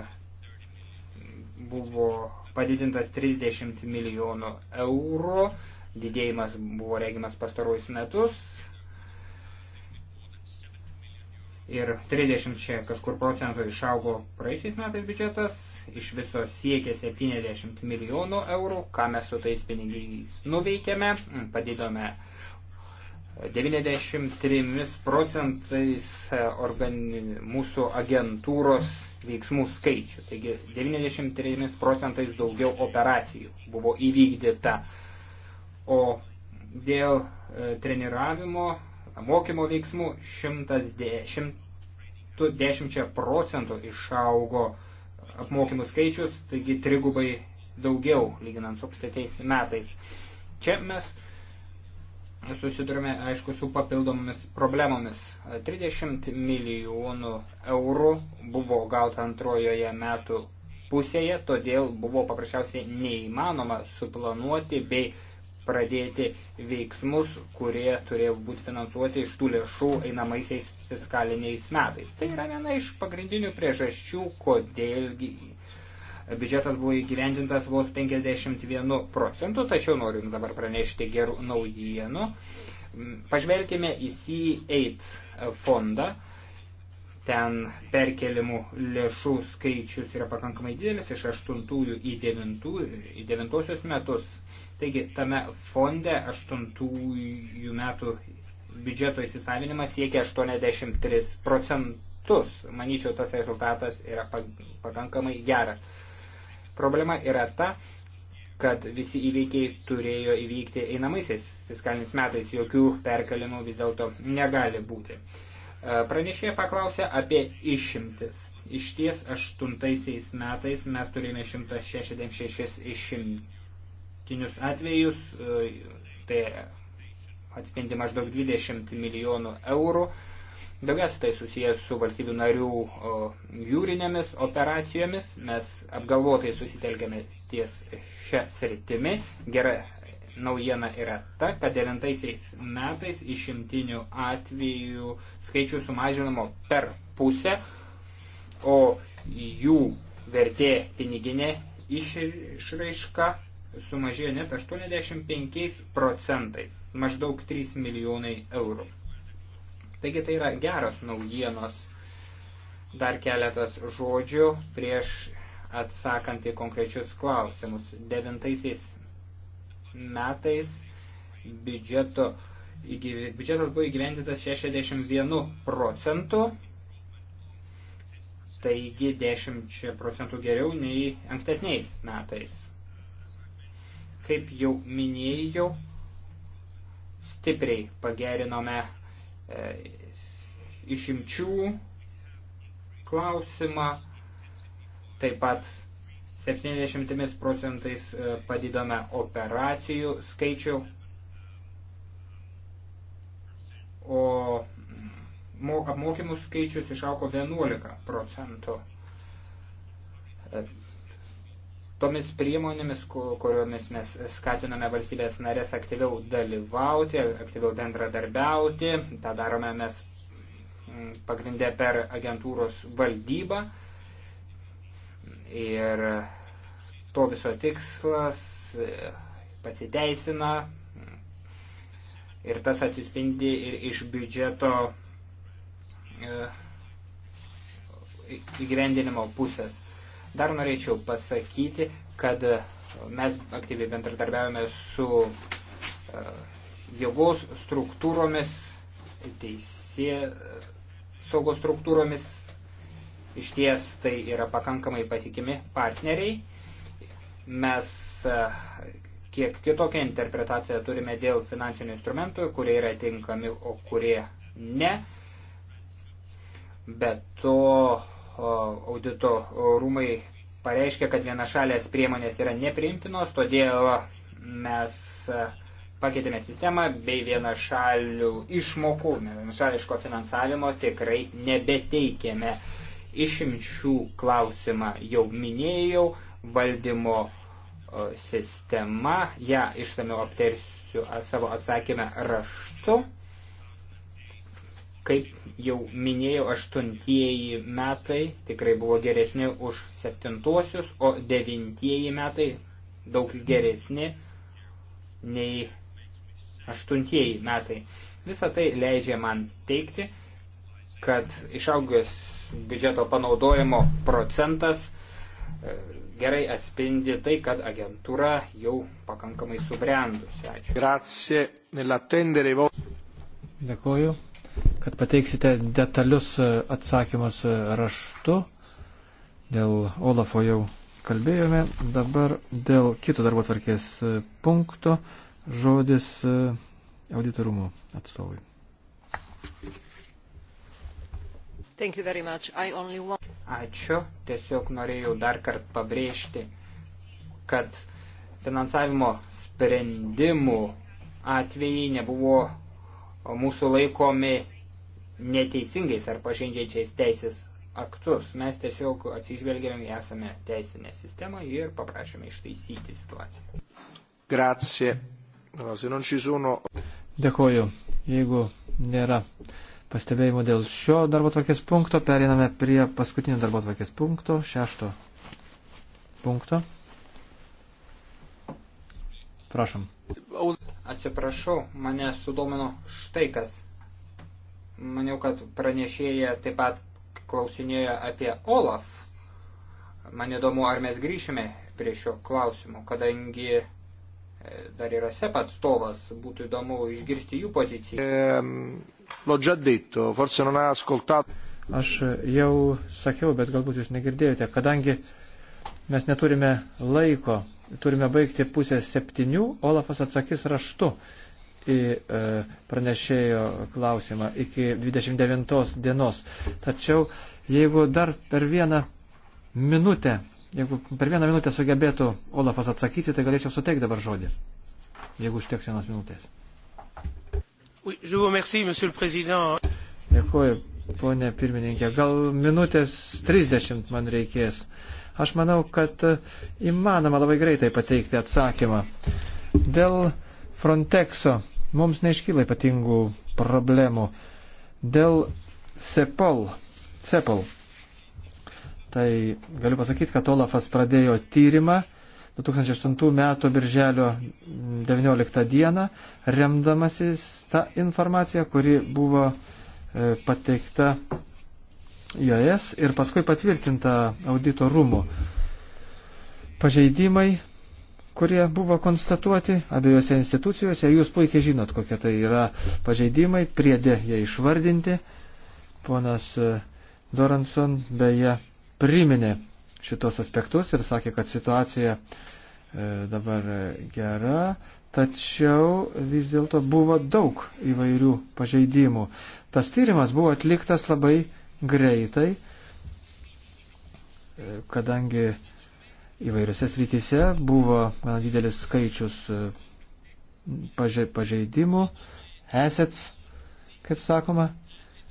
buvo padidintas 30 milijonų eurų. Didėjimas buvo regimas pastarojus metus. Ir 30 kažkur procentų išaugo praeisiais metais biudžetas, iš viso siekia 70 milijonų eurų, ką mes su tais pinigais nuveikėme, padidome 93 procentais e, organi, mūsų agentūros veiksmų skaičių. Taigi 93 procentais daugiau operacijų buvo įvykdyta. O dėl e, treniravimo, mokymo veiksmų 110 procentų išaugo apmokymų skaičius, taigi trigubai daugiau lyginant su apstatais metais. Čia mes susidurime, aišku, su papildomomis problemomis. 30 milijonų eurų buvo gauta antrojoje metų pusėje, todėl buvo paprasčiausiai neįmanoma suplanuoti bei pradėti veiksmus, kurie turėjo būti finansuoti iš tų lėšų einamaisiais fiskaliniais metais. Tai yra viena iš pagrindinių priežasčių, kodėlgi biudžetas buvo įgyvendintas vos 51 procentų, tačiau noriu dabar pranešti gerų naujienų. Mm, pažvelkime į C8 fondą. Ten perkelimų lėšų skaičius yra pakankamai didelis iš 8 į 9, į 9 metus. Taigi tame fonde 8 metų biudžeto įsisavinimas siekia 83 procentus. Manyčiau, tas rezultatas yra pakankamai geras. Problema yra ta, kad visi įveikiai turėjo įvykti einamaisiais fiskaliniais metais, jokių perkelimų vis dėlto negali būti. E, pranešėja paklausė apie išimtis. Iš ties aštuntaisiais metais mes turėjome 166 išimtinius atvejus, e, tai atspindi maždaug 20 milijonų eurų. Daugiausia tai susijęs su valstybių narių jūrinėmis operacijomis. Mes apgalvotai susitelkėme ties šią sritimi. Gera naujiena yra ta, kad devintaisiais metais išimtinių atvejų skaičių sumažinamo per pusę, o jų vertė piniginė išraiška sumažėjo net 85 procentais, maždaug 3 milijonai eurų. Taigi tai yra geros naujienos. Dar keletas žodžių prieš atsakant į konkrečius klausimus. Devintaisiais metais biudžeto, biudžetas buvo įgyvendytas 61 procentu, taigi 10 procentų geriau nei ankstesniais metais. Kaip jau minėjau, stipriai pagerinome E, išimčių klausimą, taip pat 70 procentais e, padidome operacijų skaičių, o apmokymų skaičius išauko 11 procentų. E, Tomis priemonėmis, kuriomis mes skatiname valstybės narės aktyviau dalyvauti, aktyviau bendradarbiauti, tą darome mes mm, pagrindę per agentūros valdybą. Ir to viso tikslas e, pasiteisina ir tas atsispindi ir iš biudžeto e, įgyvendinimo pusės. Dar norėčiau pasakyti, kad e, mes aktyviai bendradarbiavome su e, jėgos struktūromis, teisė e, saugos struktūromis. Iš ties tai yra pakankamai patikimi partneriai. Mes kiek kitokią interpretaciją turime dėl finansinių instrumentų, kurie yra tinkami, o kurie ne. Bet to audito rūmai pareiškia, kad vienašalės priemonės yra nepriimtinos, todėl mes e, pakeitėme sistemą bei vienašalių išmokų, vienašališko finansavimo tikrai nebeteikėme. Išimčių klausimą jau minėjau, valdymo sistema, ją išsamiau aptarsiu savo atsakymę raštu. Kaip jau minėjau, aštuntieji metai tikrai buvo geresni už septintuosius, o devintieji metai daug geresni nei aštuntieji metai. Visą tai leidžia man teikti, kad išaugęs biudžeto panaudojimo procentas e, gerai atspindi tai, kad agentūra jau pakankamai subrendusi. Ačiū. Grazie, nell'attendere i vostri. Dėkuoju kad pateiksite detalius e, atsakymus e, raštu. Dėl Olafo jau kalbėjome. Dabar dėl kito darbo tvarkės e, punkto žodis auditorumų atstovui. Want... Ačiū. Tiesiog norėjau dar kartą pabrėžti, kad finansavimo sprendimų atvejai nebuvo mūsų laikomi neteisingais ar pažeidžiančiais teisės aktus. Mes tiesiog atsižvelgėme į esame teisinę sistemą ir paprašėme ištaisyti situaciją. Grazie. Dėkoju. Jeigu nėra pastebėjimų dėl šio darbo tvarkės punkto, periname prie paskutinio darbo tvarkės punkto, šešto punkto. Prašom. Atsiprašau, mane sudomino štai kas. Maniau, kad pranešėja taip pat klausinėjo apie Olaf. Man įdomu, ar mes grįšime prie šio klausimo, kadangi e, dar yra SEP atstovas, būtų įdomu išgirsti jų poziciją. Ehm, Aš jau sakiau, bet galbūt jūs negirdėjote, kadangi mes neturime laiko turime baigti pusę septynių, Olafas atsakys raštu į e, pranešėjo klausimą iki 29 dienos. Tačiau jeigu dar per vieną minutę, jeigu per vieną minutę sugebėtų Olafas atsakyti, tai galėčiau suteikti dabar žodį, jeigu užteks vienos minutės. Oui, remercie, Dėkuoju, ponė pirmininkė. Gal minutės 30 man reikės. E, Aš manau, kad įmanoma labai greitai pateikti atsakymą. Dėl Frontexo mums neiškyla ypatingų problemų. Dėl Sepol. Sepol. Tai galiu pasakyti, kad Olafas pradėjo tyrimą 2008 m. birželio 19 d. remdamasis tą informaciją, kuri buvo e, pateikta JAS ir paskui patvirtinta audito rūmų pažeidimai, kurie buvo konstatuoti abiejose institucijose. Jūs puikiai žinot, kokie tai yra pažeidimai, priedė jie išvardinti. Ponas e, Doranson beje priminė šitos aspektus ir sakė, kad situacija e, dabar e, gera, tačiau vis dėlto buvo daug įvairių pažeidimų. Tas tyrimas buvo atliktas labai greitai, kadangi įvairiose srityse buvo gana didelis skaičius e, pažeidimų, assets, kaip sakoma,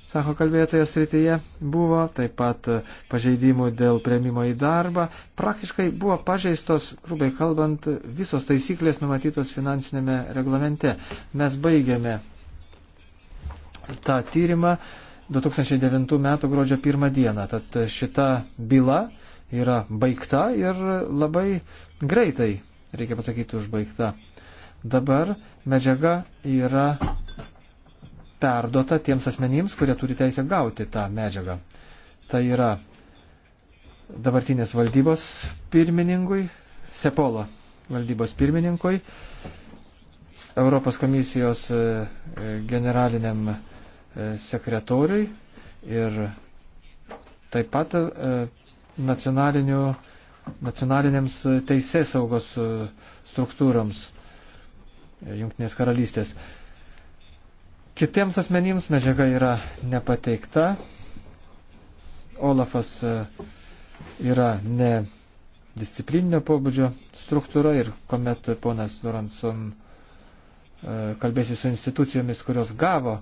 sako kalbėtojas srityje, buvo taip pat e, pažeidimų dėl prieimimo į darbą. Praktiškai buvo pažeistos, grubiai kalbant, visos taisyklės numatytos finansinėme reglamente. Mes baigėme tą tyrimą 2009 m. gruodžio 1 dieną. Tad šita byla yra baigta ir labai greitai, reikia pasakyti, užbaigta. Dabar medžiaga yra perduota tiems asmenims, kurie turi teisę gauti tą medžiagą. Tai yra dabartinės valdybos pirmininkui, Sepolo valdybos pirmininkui, Europos komisijos e, generaliniam E, sekretoriui ir taip pat e, nacionalinėms teisės saugos e, struktūroms Junktinės karalystės. Kitiems asmenims medžiaga yra nepateikta. Olafas yra ne disciplininio pobūdžio struktūra ir kuomet ponas Doranson kalbėsi su institucijomis, kurios gavo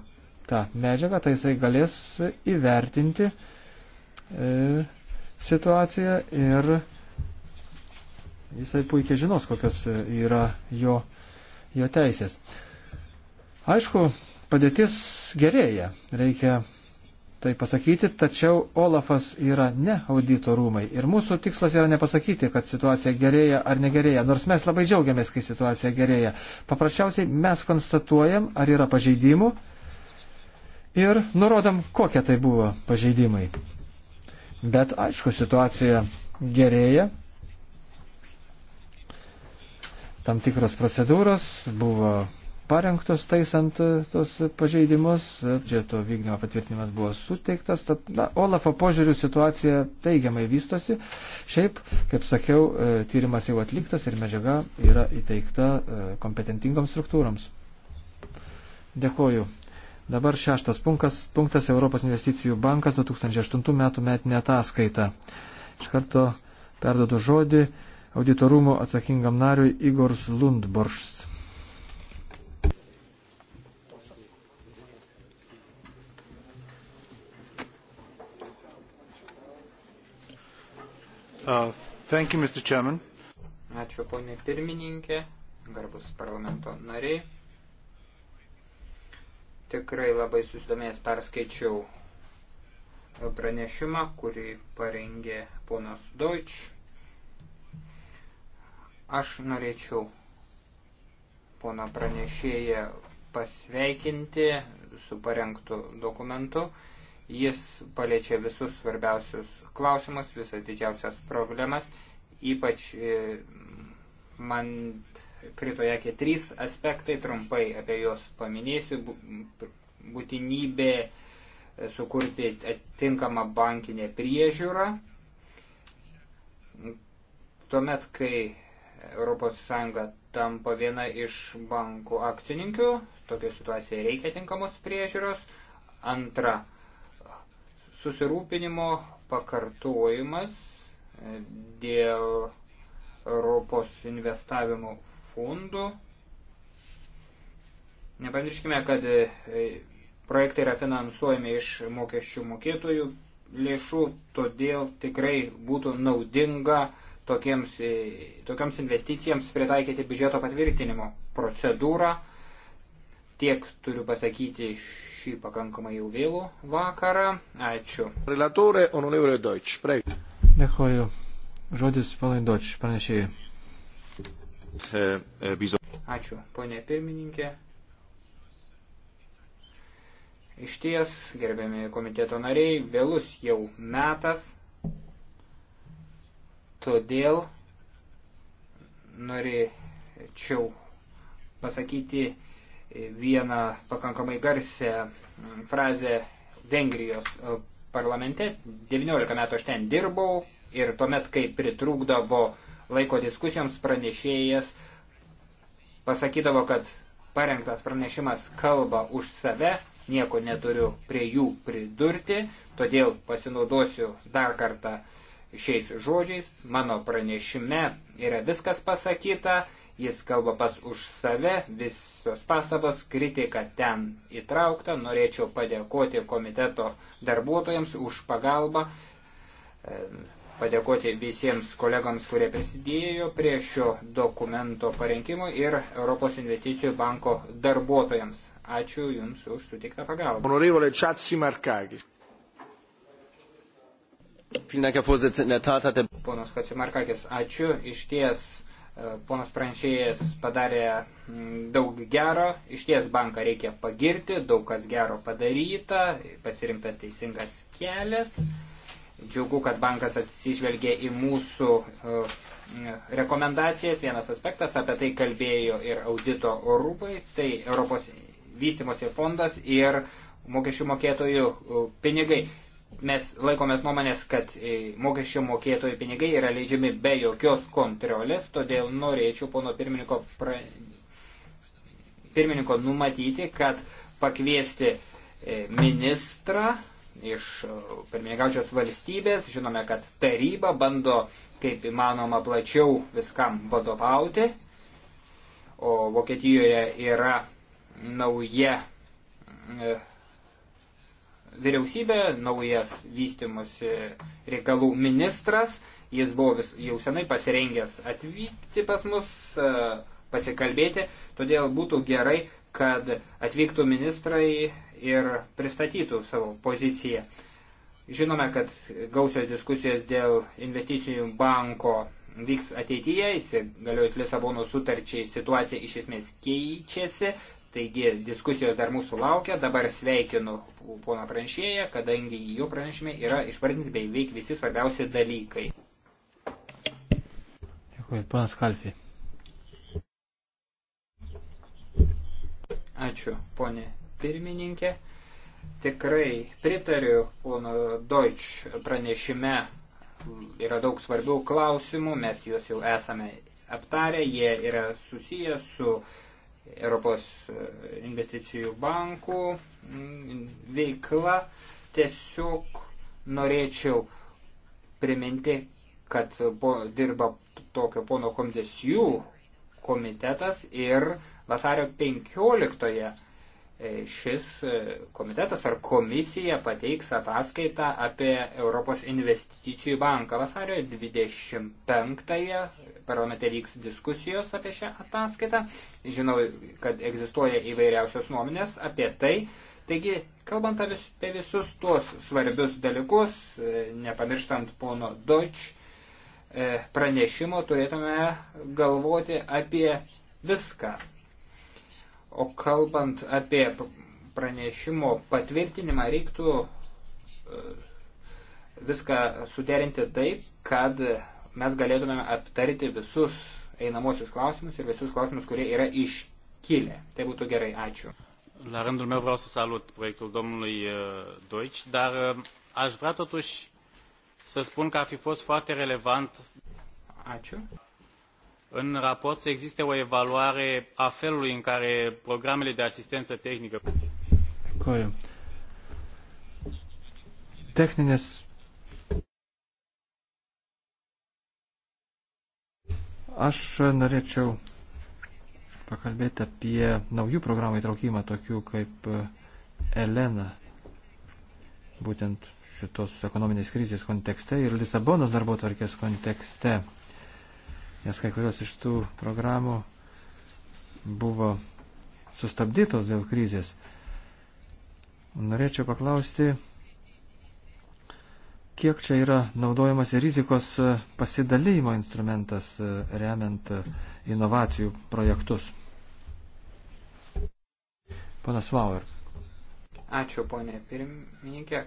tą medžiagą, tai jisai galės įvertinti e, situaciją ir jisai puikiai žinos, kokios yra jo, jo teisės. Aišku, padėtis gerėja, reikia tai pasakyti, tačiau Olafas yra ne audito rūmai ir mūsų tikslas yra nepasakyti, kad situacija gerėja ar negerėja, nors mes labai džiaugiamės, kai situacija gerėja. Paprasčiausiai mes konstatuojam, ar yra pažeidimų ir nurodom, kokie tai buvo pažeidimai. Bet aišku, situacija gerėja. Tam tikros procedūros buvo parengtos taisant tos pažeidimus, biudžeto vykdymo patvirtinimas buvo suteiktas, tad na, Olafo požiūrių situacija teigiamai vystosi. Šiaip, kaip sakiau, e, tyrimas jau atliktas ir medžiaga yra įteikta e, kompetentingoms struktūroms. Dėkuoju Dabar šeštas punktas, punktas Europos investicijų bankas 2008 metų metinė ataskaita. Iš karto perdodu žodį auditorumo atsakingam nariui Igors Lundboršs. Uh, thank you, Mr. Chairman. Ačiū, ponė pirmininkė, garbus parlamento nariai. Tikrai labai susidomėjęs perskaičiau pranešimą, kurį parengė ponas Deutsch. Aš norėčiau poną pranešėją pasveikinti su parengtu dokumentu. Jis paliečia visus svarbiausius klausimus, visas didžiausias problemas. Ypač e, man krito į akį trys aspektai, trumpai apie juos paminėsiu. Būtinybė e, sukurti atitinkamą bankinę priežiūrą. Tuomet, kai ES tampa viena iš bankų akcininkių, tokia situacija reikia tinkamos priežiūros. Antra, susirūpinimo pakartojimas e, dėl Europos investavimo fondų. Nepamirškime, kad e, e, projektai yra finansuojami iš mokesčių mokėtojų lėšų, todėl tikrai būtų naudinga tokiems, e, tokiams investicijams pritaikyti biudžeto patvirtinimo procedūrą. Tiek turiu pasakyti šį pakankamai jau vėlų vakarą. Ačiū. Relatorė, onorevole Deutsch, prego. Dėkoju. Žodis Valandoč, pranešėjai. Ačiū, ponė pirmininkė. Iš ties, gerbiami komiteto nariai, vėlus jau metas, todėl norėčiau pasakyti vieną pakankamai garsę frazę Vengrijos parlamente. 19 metų aš ten dirbau ir tuomet, kai pritrūkdavo uh, laiko diskusijoms pranešėjas pasakydavo, kad parengtas pranešimas kalba už save, nieko neturiu prie jų pridurti, todėl pasinaudosiu dar kartą šiais žodžiais. Mano pranešime yra viskas pasakyta, jis kalba pas už save, visos pastabos, kritika ten įtraukta. Norėčiau padėkoti komiteto darbuotojams už pagalbą padėkoti visiems kolegams, kurie prisidėjo prie šio dokumento parengimo ir Europos investicijų banko darbuotojams. Ačiū Jums už sutiktą pagalbą. Honorevole Čatsi Markakis. Ponas Kacimarkakis, ačiū. Iš ties e, ponas pranešėjas padarė daug gero, iš ties banką reikia pagirti, daug kas gero padaryta, pasirinktas teisingas kelias. Džiugu, kad bankas atsižvelgė į mūsų e, rekomendacijas. Vienas aspektas, apie tai kalbėjo ir audito rūpai, tai Europos vystimosi fondas ir mokesčių mokėtojų e, pinigai. Mes laikomės nuomonės, kad e, mokesčių mokėtojų pinigai yra leidžiami be jokios kontrolės, todėl norėčiau pono pirmininko, pra... pirmininko numatyti, kad pakviesti ministrą iš e, pirmininkaučios valstybės. Žinome, kad taryba bando kaip įmanoma plačiau viskam vadovauti, o Vokietijoje yra nauja e, vyriausybė, naujas vystimosi reikalų ministras. Jis buvo vis, jau senai pasirengęs atvykti pas mus, e, pasikalbėti, todėl būtų gerai, kad atvyktų ministrai ir pristatytų savo poziciją. Žinome, kad gausios diskusijos dėl investicijų banko vyks ateityje, įsigaliojus Lisabono sutarčiai situacija iš esmės keičiasi, taigi diskusijos dar mūsų laukia, dabar sveikinu pono pranešėją, kadangi jo pranešime yra išvardinti beveik visi svarbiausi dalykai. Dėkui, panas Kalfi. Ačiū, ponė pirmininkė. Tikrai pritariu pono Deutsch pranešime. Yra daug svarbių klausimų, mes juos jau esame aptarę, jie yra susiję su Europos investicijų bankų veikla. Tiesiog norėčiau priminti, kad po, dirba tokio pono komdesijų komitetas ir vasario 15 E, šis e, komitetas ar komisija pateiks ataskaitą apie Europos investicijų banką. Vasario 25-ąją parlamente vyks diskusijos apie šią ataskaitą. Žinau, kad egzistuoja įvairiausios nuomonės apie tai. Taigi, kalbant apie visus tuos svarbius dalykus, e, nepamirštant pono Deutsch pranešimo, turėtume galvoti apie viską O kalbant apie pranešimo patvirtinimą, reiktų e, viską suderinti taip, kad mes galėtume aptarti visus einamosius klausimus ir visus klausimus, kurie yra iškilę. Tai būtų gerai, ačiū. La rândul meu vreau să salut proiectul domnului e, Deutsch, dar e, aș vrea totuși să spun că a fi fost foarte relevant. Ačiū în raport să existe o evaluare a felului în care programele de asistență tehnică. Dėkuoju. Techninės. Aš norėčiau pakalbėti apie naujų programų įtraukimą, tokių kaip uh, Elena, būtent šitos ekonominės krizės kontekste ir Lisabonos darbo tvarkės kontekste nes kai kurios iš tų programų buvo sustabdytos dėl krizės. Norėčiau paklausti, kiek čia yra naudojamas rizikos pasidalymo instrumentas e, remiant e, inovacijų projektus. Panas Vauer. Ačiū, ponė pirmininkė.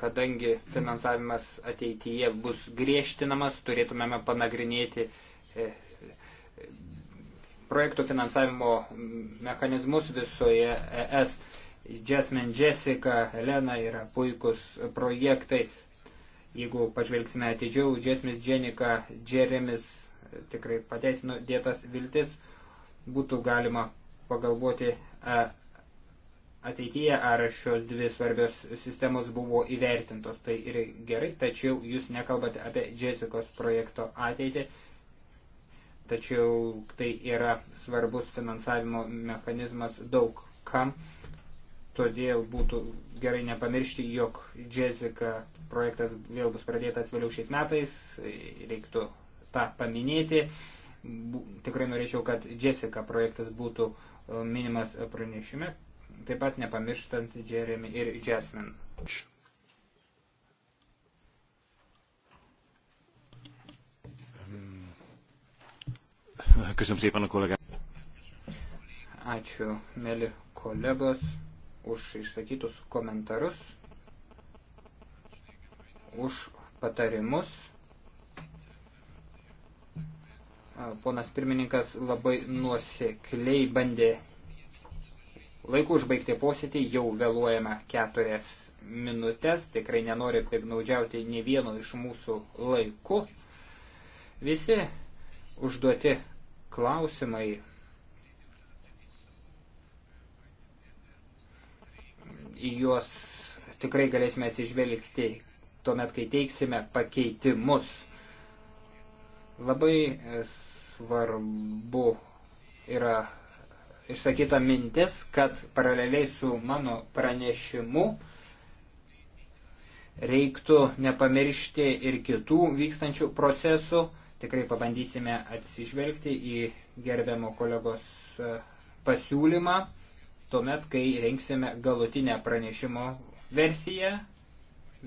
Kadangi finansavimas ateityje bus griežtinamas, turėtumėme panagrinėti projektų finansavimo mechanizmus visoje ES. Jasmine Jessica, Elena yra puikus projektai. Jeigu pažvelgsime atidžiau, Jasmine Jenica, Jeremis tikrai pateisino dėtas viltis. Būtų galima pagalvoti ateityje, ar šios dvi svarbios sistemos buvo įvertintos. Tai ir gerai, tačiau jūs nekalbate apie Jessicos projekto ateitį tačiau tai yra svarbus finansavimo mechanizmas daug kam. Todėl būtų gerai nepamiršti, jog Jessica projektas vėl bus pradėtas vėliau šiais metais, reiktų tą paminėti. Tikrai norėčiau, kad Jessica projektas būtų e, minimas pranešime, taip pat nepamirštant Jeremy ir Jasmine. Köszönöm szépen a kollégát. Ačiū, mėly kolegos, už išsakytus komentarus, už patarimus. Ponas pirmininkas labai nuosekliai bandė laiku užbaigti posėdį, jau vėluojame keturias minutės, tikrai nenori pignaudžiauti nei vieno iš mūsų laiku. Visi užduoti klausimai į juos tikrai galėsime atsižvelgti tuomet, kai teiksime pakeitimus. Labai svarbu yra išsakyta mintis, kad paraleliai su mano pranešimu reiktų nepamiršti ir kitų vykstančių procesų Tikrai pabandysime atsižvelgti į gerbiamo kolegos e, pasiūlymą, tuomet, kai rinksime galutinę pranešimo versiją,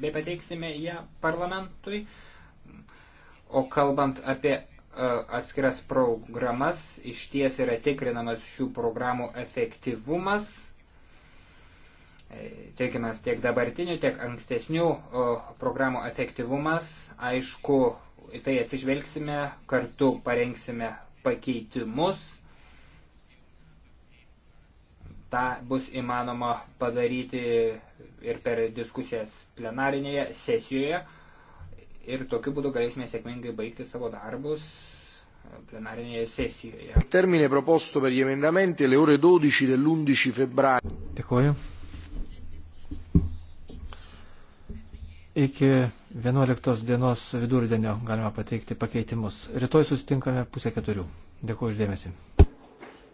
bei pateiksime ją parlamentui. O kalbant apie e, atskiras programas, iš ties yra tikrinamas šių programų efektyvumas. E, Teikiamas tiek dabartinių, tiek ankstesnių programų efektyvumas. Aišku, į tai atsižvelgsime, kartu parengsime pakeitimus. Ta bus įmanoma padaryti ir per diskusijas plenarinėje sesijoje. Ir tokiu būdu galėsime sėkmingai baigti savo darbus plenarinėje sesijoje. Termine proposto per gli emendamenti alle ore 12 dell'11 febbraio. Dėkuoju. Iki 11 dienos vidurdienio galima pateikti pakeitimus. Rytoj susitinkame pusę keturių. Dėkuoju uždėmesi.